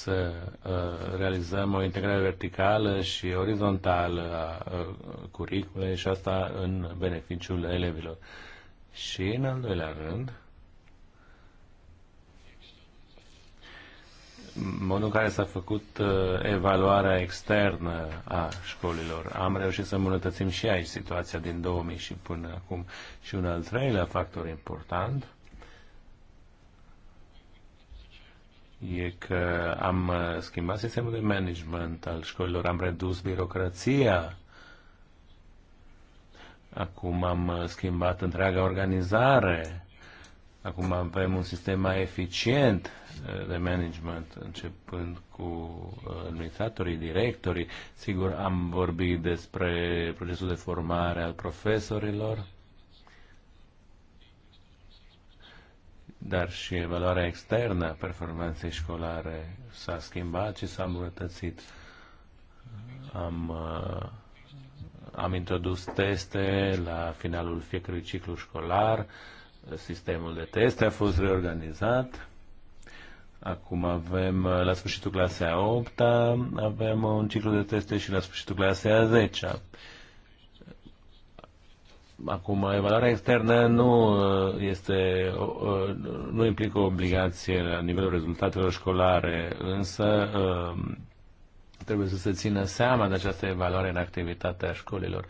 să uh, realizăm o integrare verticală și orizontală a uh, curiculei și asta în beneficiul elevilor. Și în al doilea rând, modul în care s-a făcut uh, evaluarea externă a școlilor. Am reușit să îmbunătățim și aici situația din 2000 și până acum. Și un al treilea factor important, e că am uh, schimbat sistemul de management al școlilor, am redus birocrația, acum am uh, schimbat întreaga organizare, acum avem un sistem mai eficient uh, de management, începând cu administratorii, directorii. Sigur, am vorbit despre procesul de formare al profesorilor, dar și evaluarea externă a performanței școlare s-a schimbat și s-a îmbunătățit. Am, uh, am introdus teste la finalul fiecărui ciclu școlar, sistemul de teste a fost reorganizat. Acum avem, uh, la sfârșitul clasei a 8 -a, avem un ciclu de teste și la sfârșitul clasei a 10 -a. Acum, evaluarea externă nu uh, este, nu implică obligație la nivelul rezultatelor școlare, însă uh, trebuie să se țină seama de această evaluare în activitatea școlilor.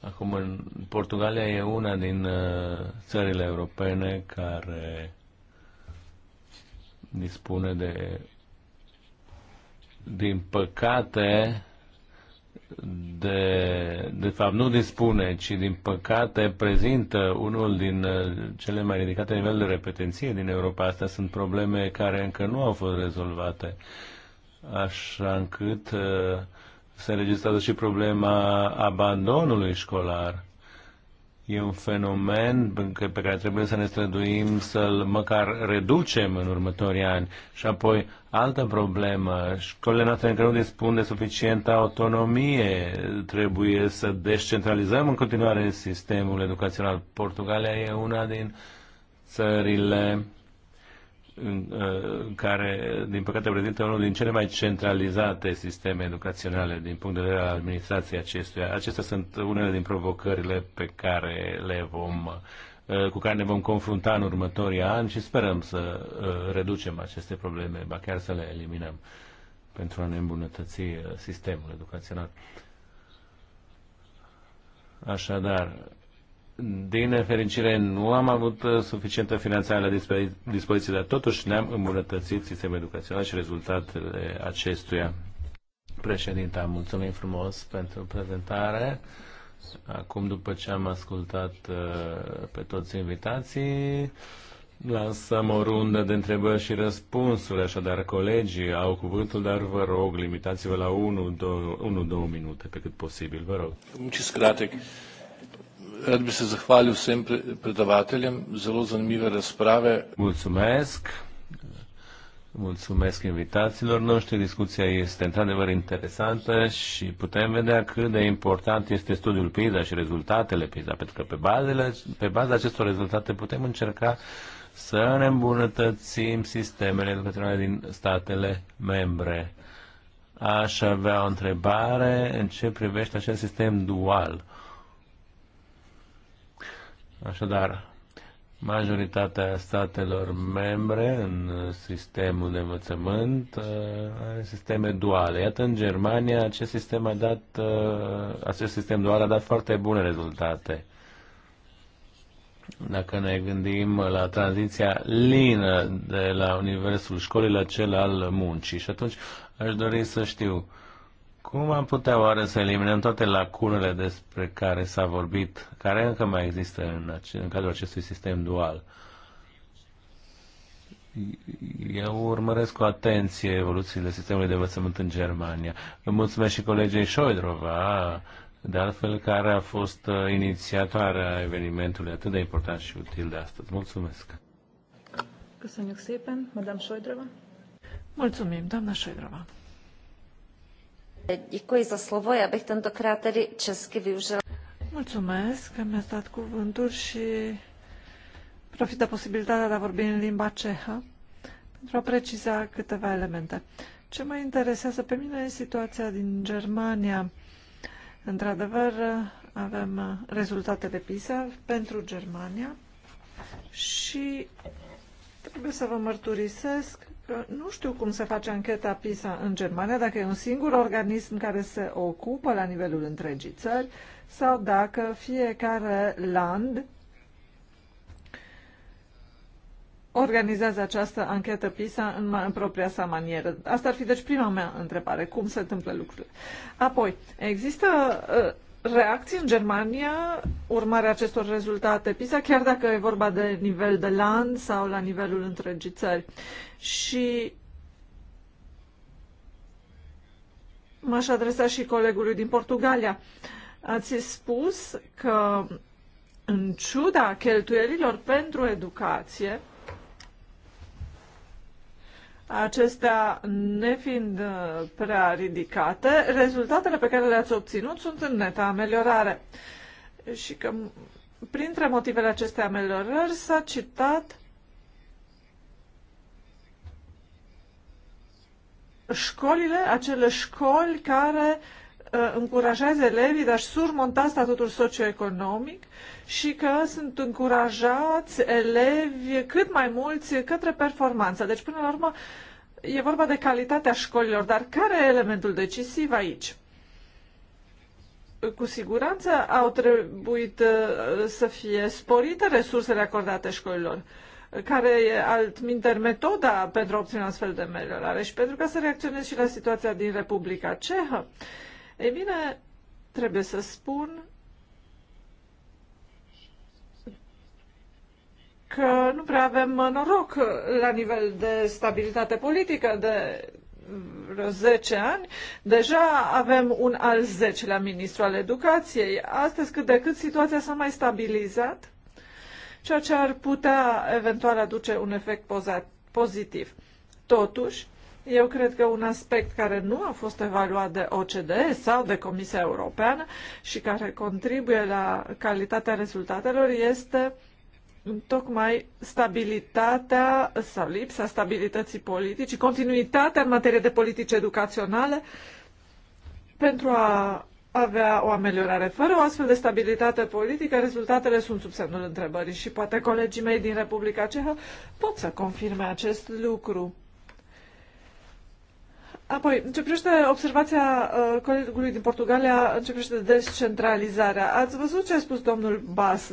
Acum, în Portugalia e una din uh, țările europene care dispune de, din păcate, de, de fapt nu dispune, ci din păcate prezintă unul din uh, cele mai ridicate niveluri de repetenție din Europa. Astea sunt probleme care încă nu au fost rezolvate, așa încât uh, se înregistrează și problema abandonului școlar E un fenomen pe care trebuie să ne străduim să-l măcar reducem în următorii ani. Și apoi, altă problemă, școlile noastre încă nu dispun de suficientă autonomie. Trebuie să descentralizăm în continuare sistemul educațional. Portugalia e una din țările în, uh, în care, din păcate, prezintă unul din cele mai centralizate sisteme educaționale din punct de vedere al administrației acestuia. Acestea sunt unele din provocările pe care le vom uh, cu care ne vom confrunta în următorii ani și sperăm să uh, reducem aceste probleme, ba chiar să le eliminăm pentru a ne îmbunătăți sistemul educațional. Așadar, din nefericire, nu am avut uh, suficientă finanțare la dispoziție, dar totuși ne-am îmbunătățit sistemul educațional și rezultatele acestuia. Președinte, mulțumim frumos pentru prezentare. Acum, după ce am ascultat uh, pe toți invitații, lansăm o rundă de întrebări și răspunsuri, așadar colegii au cuvântul, dar vă rog, limitați-vă la 1-2 minute pe cât posibil, vă rog. Mulțumesc, Rad bi se zahvalil vsem predavateljem, zelo zanimive razprave. Mulțumesc! Mulțumesc invitațiilor noștri. Discuția este într-adevăr interesantă și putem vedea cât de important este studiul PISA și rezultatele PISA, pentru că pe, bazele, pe baza acestor rezultate putem încerca să ne îmbunătățim sistemele educaționale din statele membre. Aș avea o întrebare în ce privește acest sistem dual Așadar, majoritatea statelor membre în sistemul de învățământ uh, are sisteme duale. Iată, în Germania acest sistem, a dat, uh, acest sistem dual a dat foarte bune rezultate. Dacă ne gândim la tranziția lină de la universul școlii la cel al muncii. Și atunci aș dori să știu uh, cum am putea oare să eliminăm toate lacunele despre care s-a vorbit, care încă mai există în, ace- în cadrul acestui sistem dual? Eu urmăresc cu atenție evoluțiile sistemului de învățământ în Germania. Îmi mulțumesc și colegei Șoidrova, de altfel care a fost uh, inițiatoarea evenimentului atât de important și util de astăzi. Mulțumesc! Mulțumim, doamna Șoidrova! Děkuji za slovo, já bych tentokrát tedy česky využila. Mulțumesc că mi-ați dat cuvântul și profit de posibilitatea de a vorbi în limba cehă pentru a preciza câteva elemente. Ce mă interesează pe mine e situația din Germania. Într-adevăr, avem rezultatele PISA pentru Germania și trebuie să vă mărturisesc nu știu cum se face ancheta PISA în Germania, dacă e un singur organism care se ocupă la nivelul întregii țări sau dacă fiecare land organizează această anchetă PISA în, în propria sa manieră. Asta ar fi, deci, prima mea întrebare. Cum se întâmplă lucrurile? Apoi, există ă, reacții în Germania, urmarea acestor rezultate PISA, chiar dacă e vorba de nivel de land sau la nivelul întregii țări. Și m-aș adresa și colegului din Portugalia. Ați spus că, în ciuda cheltuielilor pentru educație, acestea nefiind uh, prea ridicate, rezultatele pe care le-ați obținut sunt în netă ameliorare. Și că printre motivele acestei ameliorări s-a citat școlile, acele școli care uh, Uh, încurajează elevii de a-și surmonta statutul socioeconomic și că sunt încurajați elevi cât mai mulți către performanță. Deci, până la urmă, e vorba de calitatea școlilor, dar care e elementul decisiv aici? Cu siguranță au trebuit uh, să fie sporite resursele acordate școlilor care e altminter metoda pentru a obține astfel de meliorare și pentru ca să reacționez și la situația din Republica Cehă. Ei bine, trebuie să spun că nu prea avem noroc la nivel de stabilitate politică de vreo 10 ani. Deja avem un al 10 la ministru al educației. Astăzi, cât de cât, situația s-a mai stabilizat, ceea ce ar putea eventual aduce un efect pozitiv. Totuși, eu cred că un aspect care nu a fost evaluat de OCDE sau de Comisia Europeană și care contribuie la calitatea rezultatelor este tocmai stabilitatea sau lipsa stabilității politicii, continuitatea în materie de politici educaționale pentru a avea o ameliorare. Fără o astfel de stabilitate politică, rezultatele sunt sub semnul întrebării și poate colegii mei din Republica Cehă pot să confirme acest lucru. Apoi, în ce privește observația uh, colegului din Portugalia, în ce privește descentralizarea, ați văzut ce a spus domnul Bas.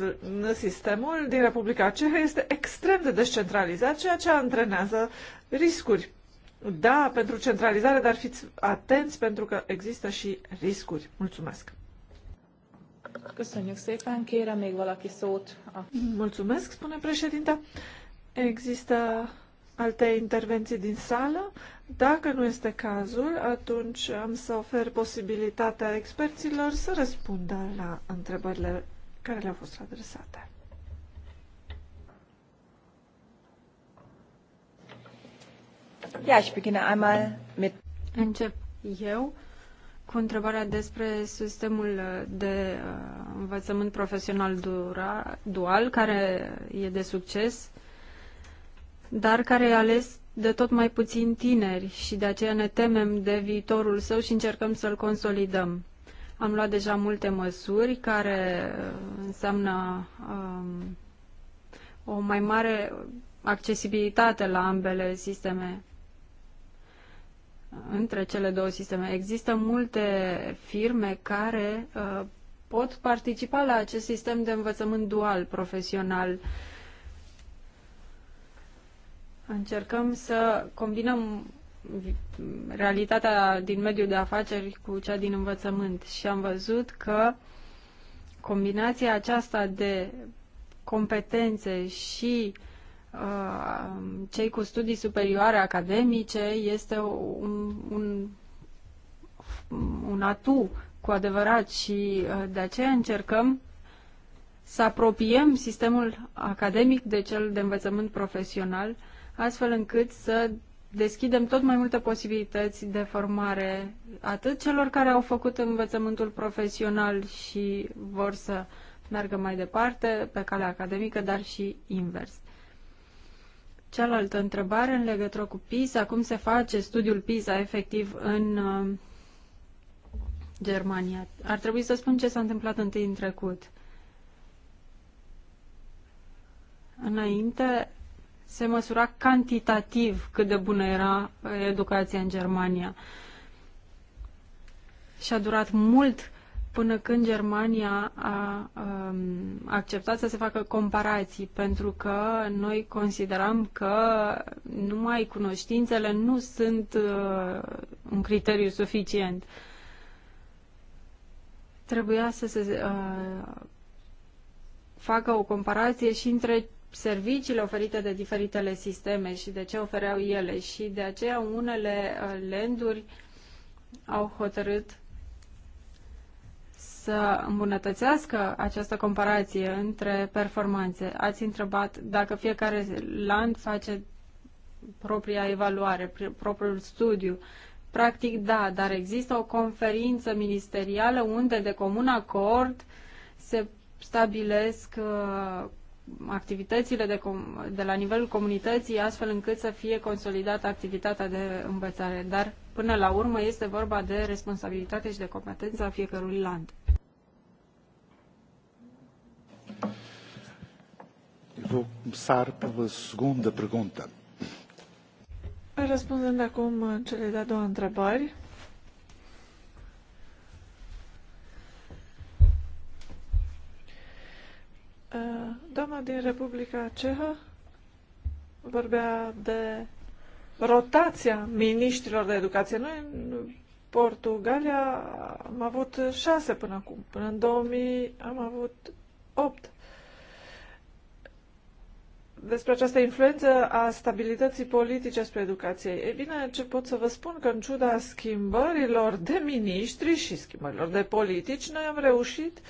Sistemul din Republica Cehă este extrem de descentralizat, ceea ce antrenează riscuri. Da, pentru centralizare, dar fiți atenți pentru că există și riscuri. Mulțumesc! Mulțumesc, spune președinta. Există alte intervenții din sală? Dacă nu este cazul, atunci am să ofer posibilitatea experților să răspundă la întrebările care le-au fost adresate. Ja, ich beginne einmal mit Încep eu cu întrebarea despre sistemul de uh, învățământ profesional dual, care e de succes dar care e ales de tot mai puțin tineri și de aceea ne temem de viitorul său și încercăm să-l consolidăm. Am luat deja multe măsuri care uh, înseamnă um, o mai mare accesibilitate la ambele sisteme între cele două sisteme. Există multe firme care uh, pot participa la acest sistem de învățământ dual profesional încercăm să combinăm realitatea din mediul de afaceri cu cea din învățământ și am văzut că combinația aceasta de competențe și uh, cei cu studii superioare academice este un, un, un atu cu adevărat și uh, de aceea încercăm să apropiem sistemul academic de cel de învățământ profesional uh, astfel încât să deschidem tot mai multe posibilități de formare, atât celor care au făcut învățământul profesional și vor să meargă mai departe pe calea academică, dar și invers. Cealaltă întrebare în legătură cu PISA, cum se face studiul PISA efectiv în uh, Germania? Ar trebui să spun ce s-a întâmplat întâi în trecut. Înainte se măsura cantitativ cât de bună era uh, educația în Germania. Și a durat mult până când Germania a um, acceptat să se facă comparații, pentru că noi consideram că numai cunoștințele nu sunt uh, un criteriu suficient. Trebuia să se uh, facă o comparație și între serviciile oferite de diferitele sisteme și de ce ofereau ele și de aceea unele uh, landuri au hotărât să îmbunătățească această comparație între performanțe. Ați întrebat dacă fiecare land face propria evaluare, propriul studiu. Practic, da, dar există o conferință ministerială unde, de comun acord, se stabilesc uh, activitățile de, com- de la nivelul comunității, astfel încât să fie consolidată activitatea de învățare. Dar, până la urmă, este vorba de responsabilitate și de a fiecărui land. Eu vou começar pela segunda pergunta. Răspundând acum cele de-a doua întrebări, Uh, doamna din Republica Cehă vorbea de rotația ministrilor de educație. Noi în Portugalia am avut șase până acum. Până în 2000 am avut opt. Despre această influență a stabilității politice asupra educației. E bine, ce pot să vă spun că în ciuda schimbărilor de ministri și schimbărilor de politici, noi am reușit uh,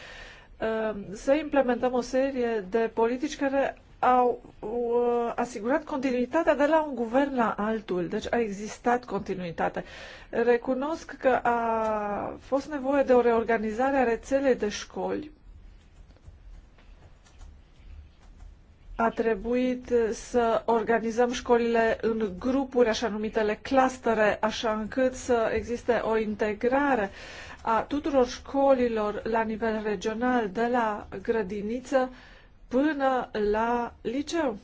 Um, să implementăm o serie de politici care au uh, asigurat continuitatea de la un guvern la altul, deci a existat continuitate. Recunosc că a fost nevoie de o reorganizare a rețelei de școli a trebuit să organizăm școlile în grupuri, așa numitele clustere, așa încât să existe o integrare a tuturor școlilor la nivel regional, de la grădiniță până la liceu.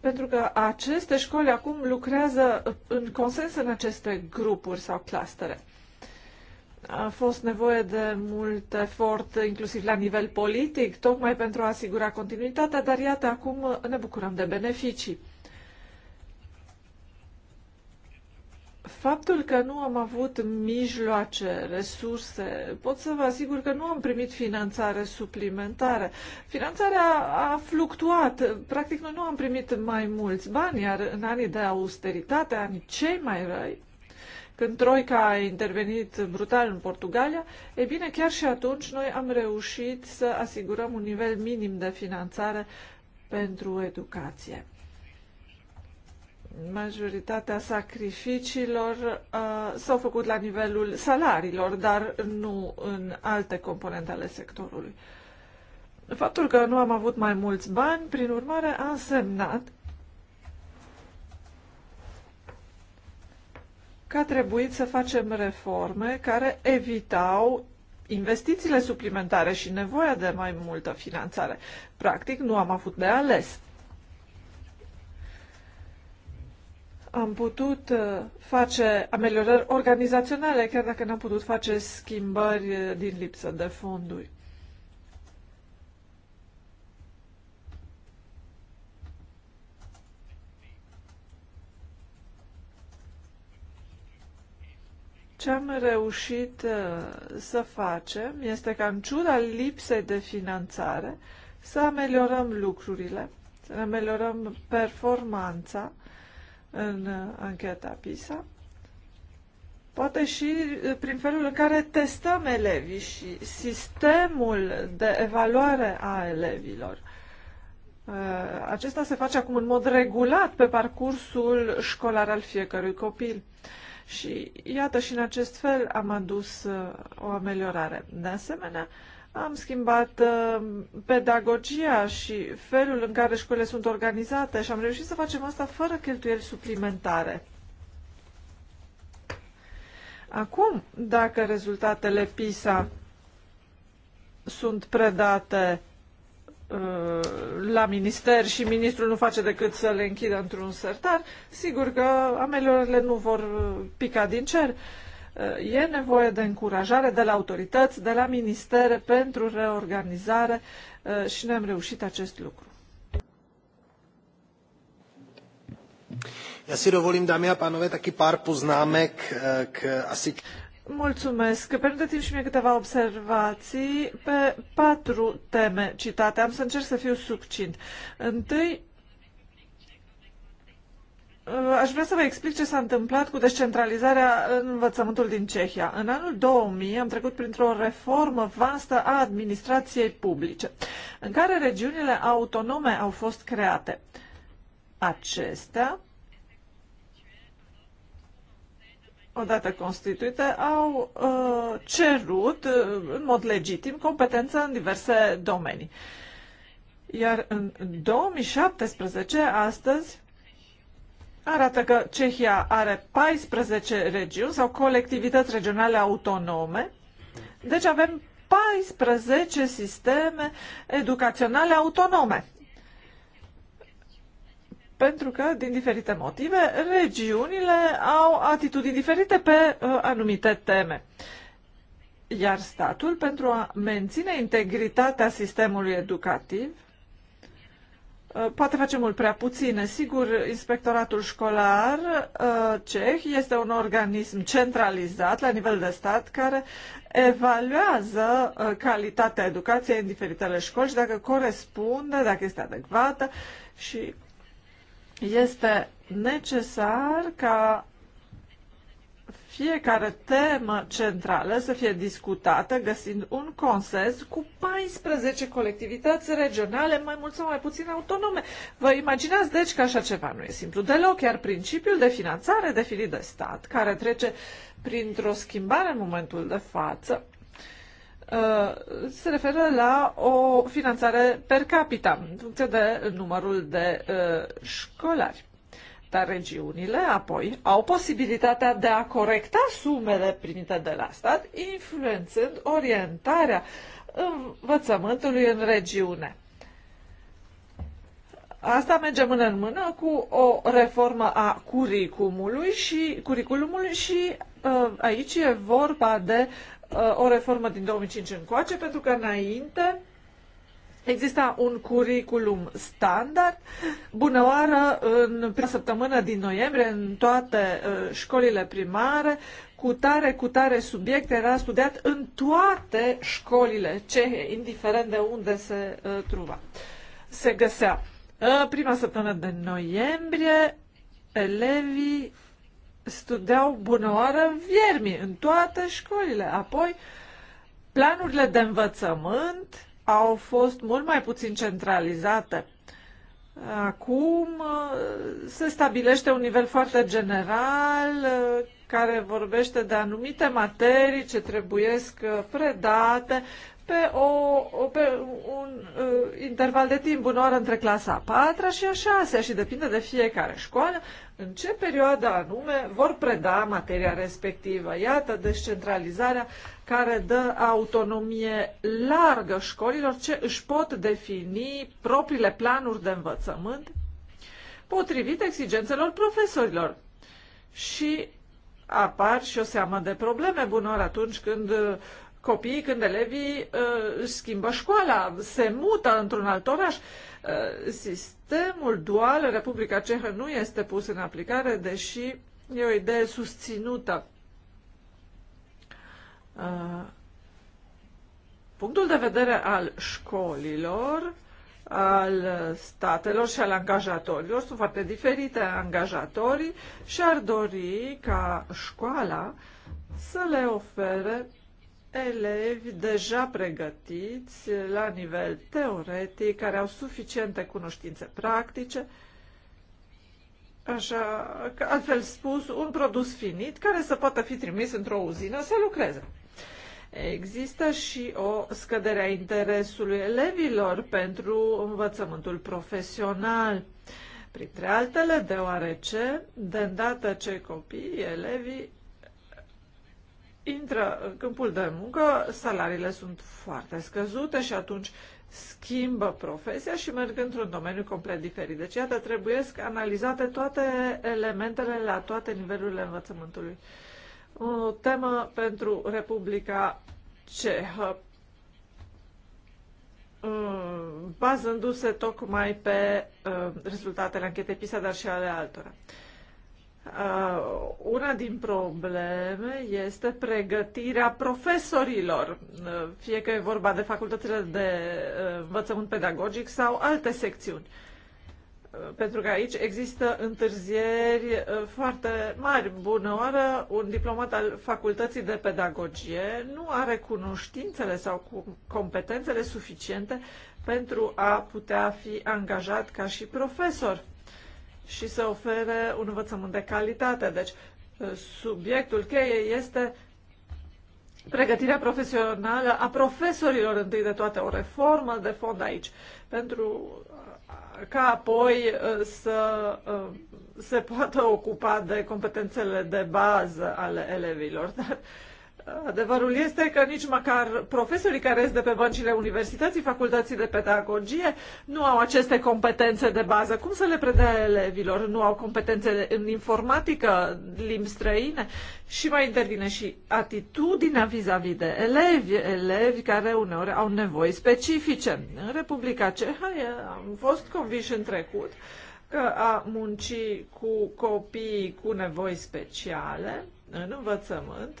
Pentru că aceste școli acum lucrează în consens în aceste grupuri sau clustere. A fost nevoie de mult efort, inclusiv la nivel politic, tocmai pentru a asigura continuitatea, dar iată, acum ne bucurăm de beneficii. Faptul că nu am avut mijloace, resurse, pot să vă asigur că nu am primit finanțare suplimentară. Finanțarea a fluctuat. Practic, noi nu am primit mai mulți bani, iar în anii de austeritate, anii cei mai răi, când Troica a intervenit brutal în Portugalia, e bine, chiar și atunci noi am reușit să asigurăm un nivel minim de finanțare pentru educație. Majoritatea sacrificiilor uh, s-au făcut la nivelul salariilor, dar nu în alte componente ale sectorului. Faptul că nu am avut mai mulți bani, prin urmare, a însemnat că a trebuit să facem reforme care evitau investițiile suplimentare și nevoia de mai multă finanțare. Practic, nu am avut de ales. Am putut uh, face ameliorări organizaționale, chiar dacă n-am putut face schimbări uh, din lipsă de fonduri. ce am reușit uh, să facem este ca, în ciuda lipsei de finanțare, să ameliorăm lucrurile, să ameliorăm performanța în uh, ancheta PISA, poate și uh, prin felul în care testăm elevii și sistemul de evaluare a elevilor. Acesta se face acum în mod regulat pe parcursul școlar al fiecărui copil. Și iată și în acest fel am adus uh, o ameliorare. De asemenea, am schimbat uh, pedagogia și felul în care școlile sunt organizate și am reușit să facem asta fără cheltuieli suplimentare. Acum, dacă rezultatele PISA sunt predate la minister și ministrul nu face decât să le închidă într-un sertar, sigur că ameliorările nu vor uh, pica din cer. Uh, e nevoie de încurajare de la autorități, de la ministere pentru reorganizare uh, și ne-am reușit acest lucru. Já si dovolím, dámy a pánové, taky pár poznámek k asi... Mulțumesc. Permiteți-mi și mie câteva observații pe patru teme citate. Am să încerc să fiu succint. Întâi, uh, aș vrea să vă explic ce s-a întâmplat cu descentralizarea în învățământul din Cehia. În anul 2000 am trecut printr-o reformă vastă a administrației publice, în care regiunile autonome au fost create. Acestea odată constituite, au uh, cerut uh, în mod legitim competență în diverse domenii. Iar în 2017, astăzi, arată că Cehia are 14 regiuni sau colectivități regionale autonome, deci avem 14 sisteme educaționale autonome pentru că, din diferite motive, regiunile au atitudini diferite pe uh, anumite teme. Iar statul, pentru a menține integritatea sistemului educativ, uh, Poate face mult prea puține. Sigur, inspectoratul școlar uh, ceh este un organism centralizat la nivel de stat care evaluează uh, calitatea educației în diferitele școli și dacă corespunde, dacă este adecvată și este necesar ca fiecare temă centrală să fie discutată găsind un consens cu 14 colectivități regionale, mai mult sau mai puțin autonome. Vă imaginați deci că așa ceva nu e simplu deloc, iar principiul de finanțare definit de stat, care trece printr-o schimbare în momentul de față, Uh, se referă la o finanțare per capita, în funcție de numărul de uh, școlari. Dar regiunile apoi au posibilitatea de a corecta sumele primite de la stat, influențând orientarea învățământului în regiune. Asta merge mână în mână cu o reformă a curiculumului și, curriculumului și uh, aici e vorba de o reformă din 2005 încoace, pentru că înainte Exista un curriculum standard, bună oară, în prima săptămână din noiembrie, în toate uh, școlile primare, cu tare, cu tare subiecte era studiat în toate școlile cehe, indiferent de unde se uh, truva. Se găsea. Uh, prima săptămână de noiembrie, elevii studiau bunăoară viermi în toate școlile. Apoi, planurile de învățământ au fost mult mai puțin centralizate. Acum uh, se stabilește un nivel foarte general uh, care vorbește de anumite materii ce trebuiesc uh, predate pe, o, o, pe un uh, interval de timp, bună oră între clasa a patra și a șasea și depinde de fiecare școală în ce perioadă anume vor preda materia respectivă. Iată descentralizarea care dă autonomie largă școlilor ce își pot defini propriile planuri de învățământ potrivit exigențelor profesorilor. Și apar și o seamă de probleme bunor atunci când uh, copiii când elevii uh, își schimbă școala, se mută într-un alt oraș. Uh, sistemul dual în Republica Cehă nu este pus în aplicare, deși e o idee susținută. Uh, punctul de vedere al școlilor, al statelor și al angajatorilor sunt foarte diferite. Angajatorii și-ar dori ca școala să le ofere elevi deja pregătiți la nivel teoretic, care au suficiente cunoștințe practice, așa, altfel spus, un produs finit care să poată fi trimis într-o uzină să lucreze. Există și o scădere a interesului elevilor pentru învățământul profesional, printre altele deoarece, de îndată ce copiii, elevii, intră în câmpul de muncă, salariile sunt foarte scăzute și atunci schimbă profesia și merg într-un domeniu complet diferit. Deci, iată, trebuie analizate toate elementele la toate nivelurile învățământului. O temă pentru Republica Cehă, uh, bazându-se tocmai pe uh, rezultatele anchetei PISA, dar și ale altora. Uh, una din probleme este pregătirea profesorilor, uh, fie că e vorba de facultățile de uh, învățământ pedagogic sau alte secțiuni. Pentru că aici există întârzieri foarte mari. Bună oară, un diplomat al facultății de pedagogie nu are cunoștințele sau competențele suficiente pentru a putea fi angajat ca și profesor și să ofere un învățământ de calitate. Deci, uh, subiectul cheie este pregătirea profesională a profesorilor întâi de toate, o reformă de fond aici, pentru uh, ca apoi uh, să se poată ocupa de competențele de bază ale elevilor. Dar Adevărul este că nici măcar profesorii care sunt de pe băncile universității, facultății de pedagogie, nu au aceste competențe de bază. Cum să le predea elevilor? Nu au competențe în informatică, limbi străine și mai intervine și atitudinea vis-a-vis -vis de elevi, elevi care uneori au nevoi specifice. În Republica Ceha am fost conviși în trecut că a munci cu copii cu nevoi speciale în învățământ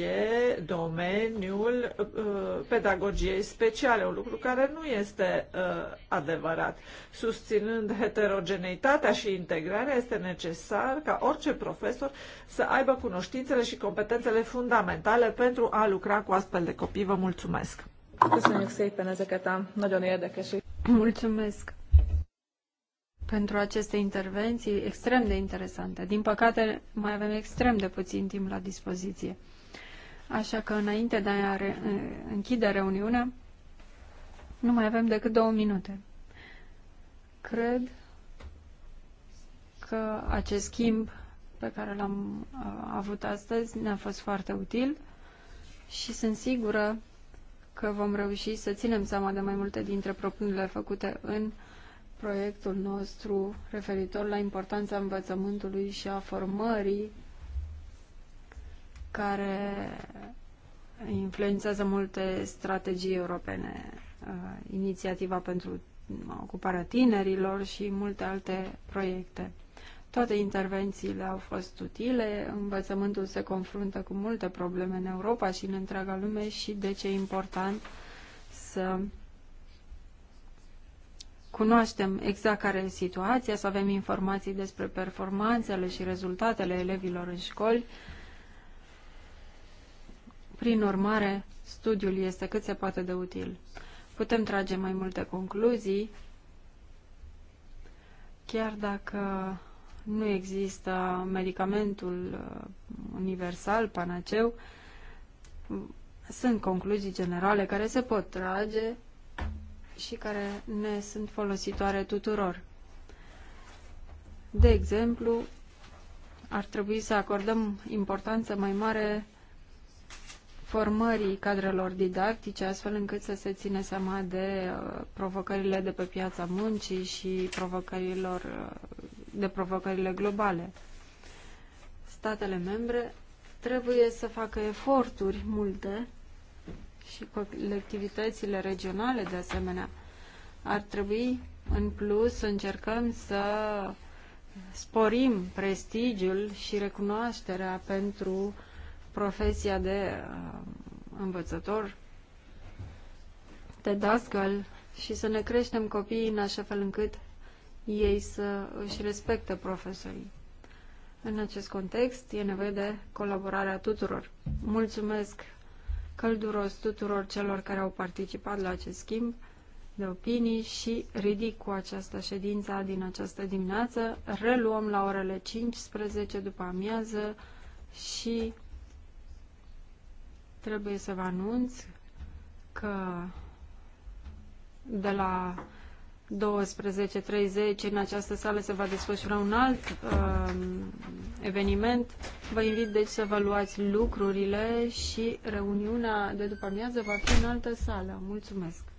e domeniul uh, pedagogiei speciale, un lucru care nu este uh, adevărat. Susținând heterogeneitatea și integrarea, este necesar ca orice profesor să aibă cunoștințele și competențele fundamentale pentru a lucra cu astfel de copii. Vă mulțumesc! Mulțumesc! pentru aceste intervenții extrem de interesante. Din păcate, mai avem extrem de puțin timp la dispoziție. Așa că, înainte de a re- închide reuniunea, nu mai avem decât două minute. Cred că acest schimb pe care l-am avut astăzi ne-a fost foarte util și sunt sigură că vom reuși să ținem seama de mai multe dintre propunerile făcute în proiectul nostru referitor la importanța învățământului și a formării care influențează multe strategii europene, uh, inițiativa pentru ocuparea tinerilor și multe alte proiecte. Toate intervențiile au fost utile, învățământul se confruntă cu multe probleme în Europa și în întreaga lume și de ce e important să cunoaștem exact care e situația, să avem informații despre performanțele și rezultatele elevilor în școli. Prin urmare, studiul este cât se poate de util. Putem trage mai multe concluzii, chiar dacă nu există medicamentul uh, universal, panaceu, sunt concluzii generale care se pot trage și care ne sunt folositoare tuturor. De exemplu, ar trebui să acordăm importanță mai mare formării cadrelor didactice, astfel încât să se ține seama de uh, provocările de pe piața muncii și provocărilor, uh, de provocările globale. Statele membre trebuie să facă eforturi multe și colectivitățile regionale de asemenea. Ar trebui în plus să încercăm să sporim prestigiul și recunoașterea pentru profesia de uh, învățător, dascăl, și să ne creștem copiii în așa fel încât ei să își respectă profesorii. În acest context e nevoie de colaborarea tuturor. Mulțumesc călduros tuturor celor care au participat la acest schimb de opinii și ridic cu această ședință din această dimineață. Reluăm la orele 15 după amiază și trebuie să vă anunț că de la 12.30 în această sală se va desfășura un alt uh, eveniment. Vă invit deci să vă luați lucrurile și reuniunea de după amiază va fi în altă sală. Mulțumesc!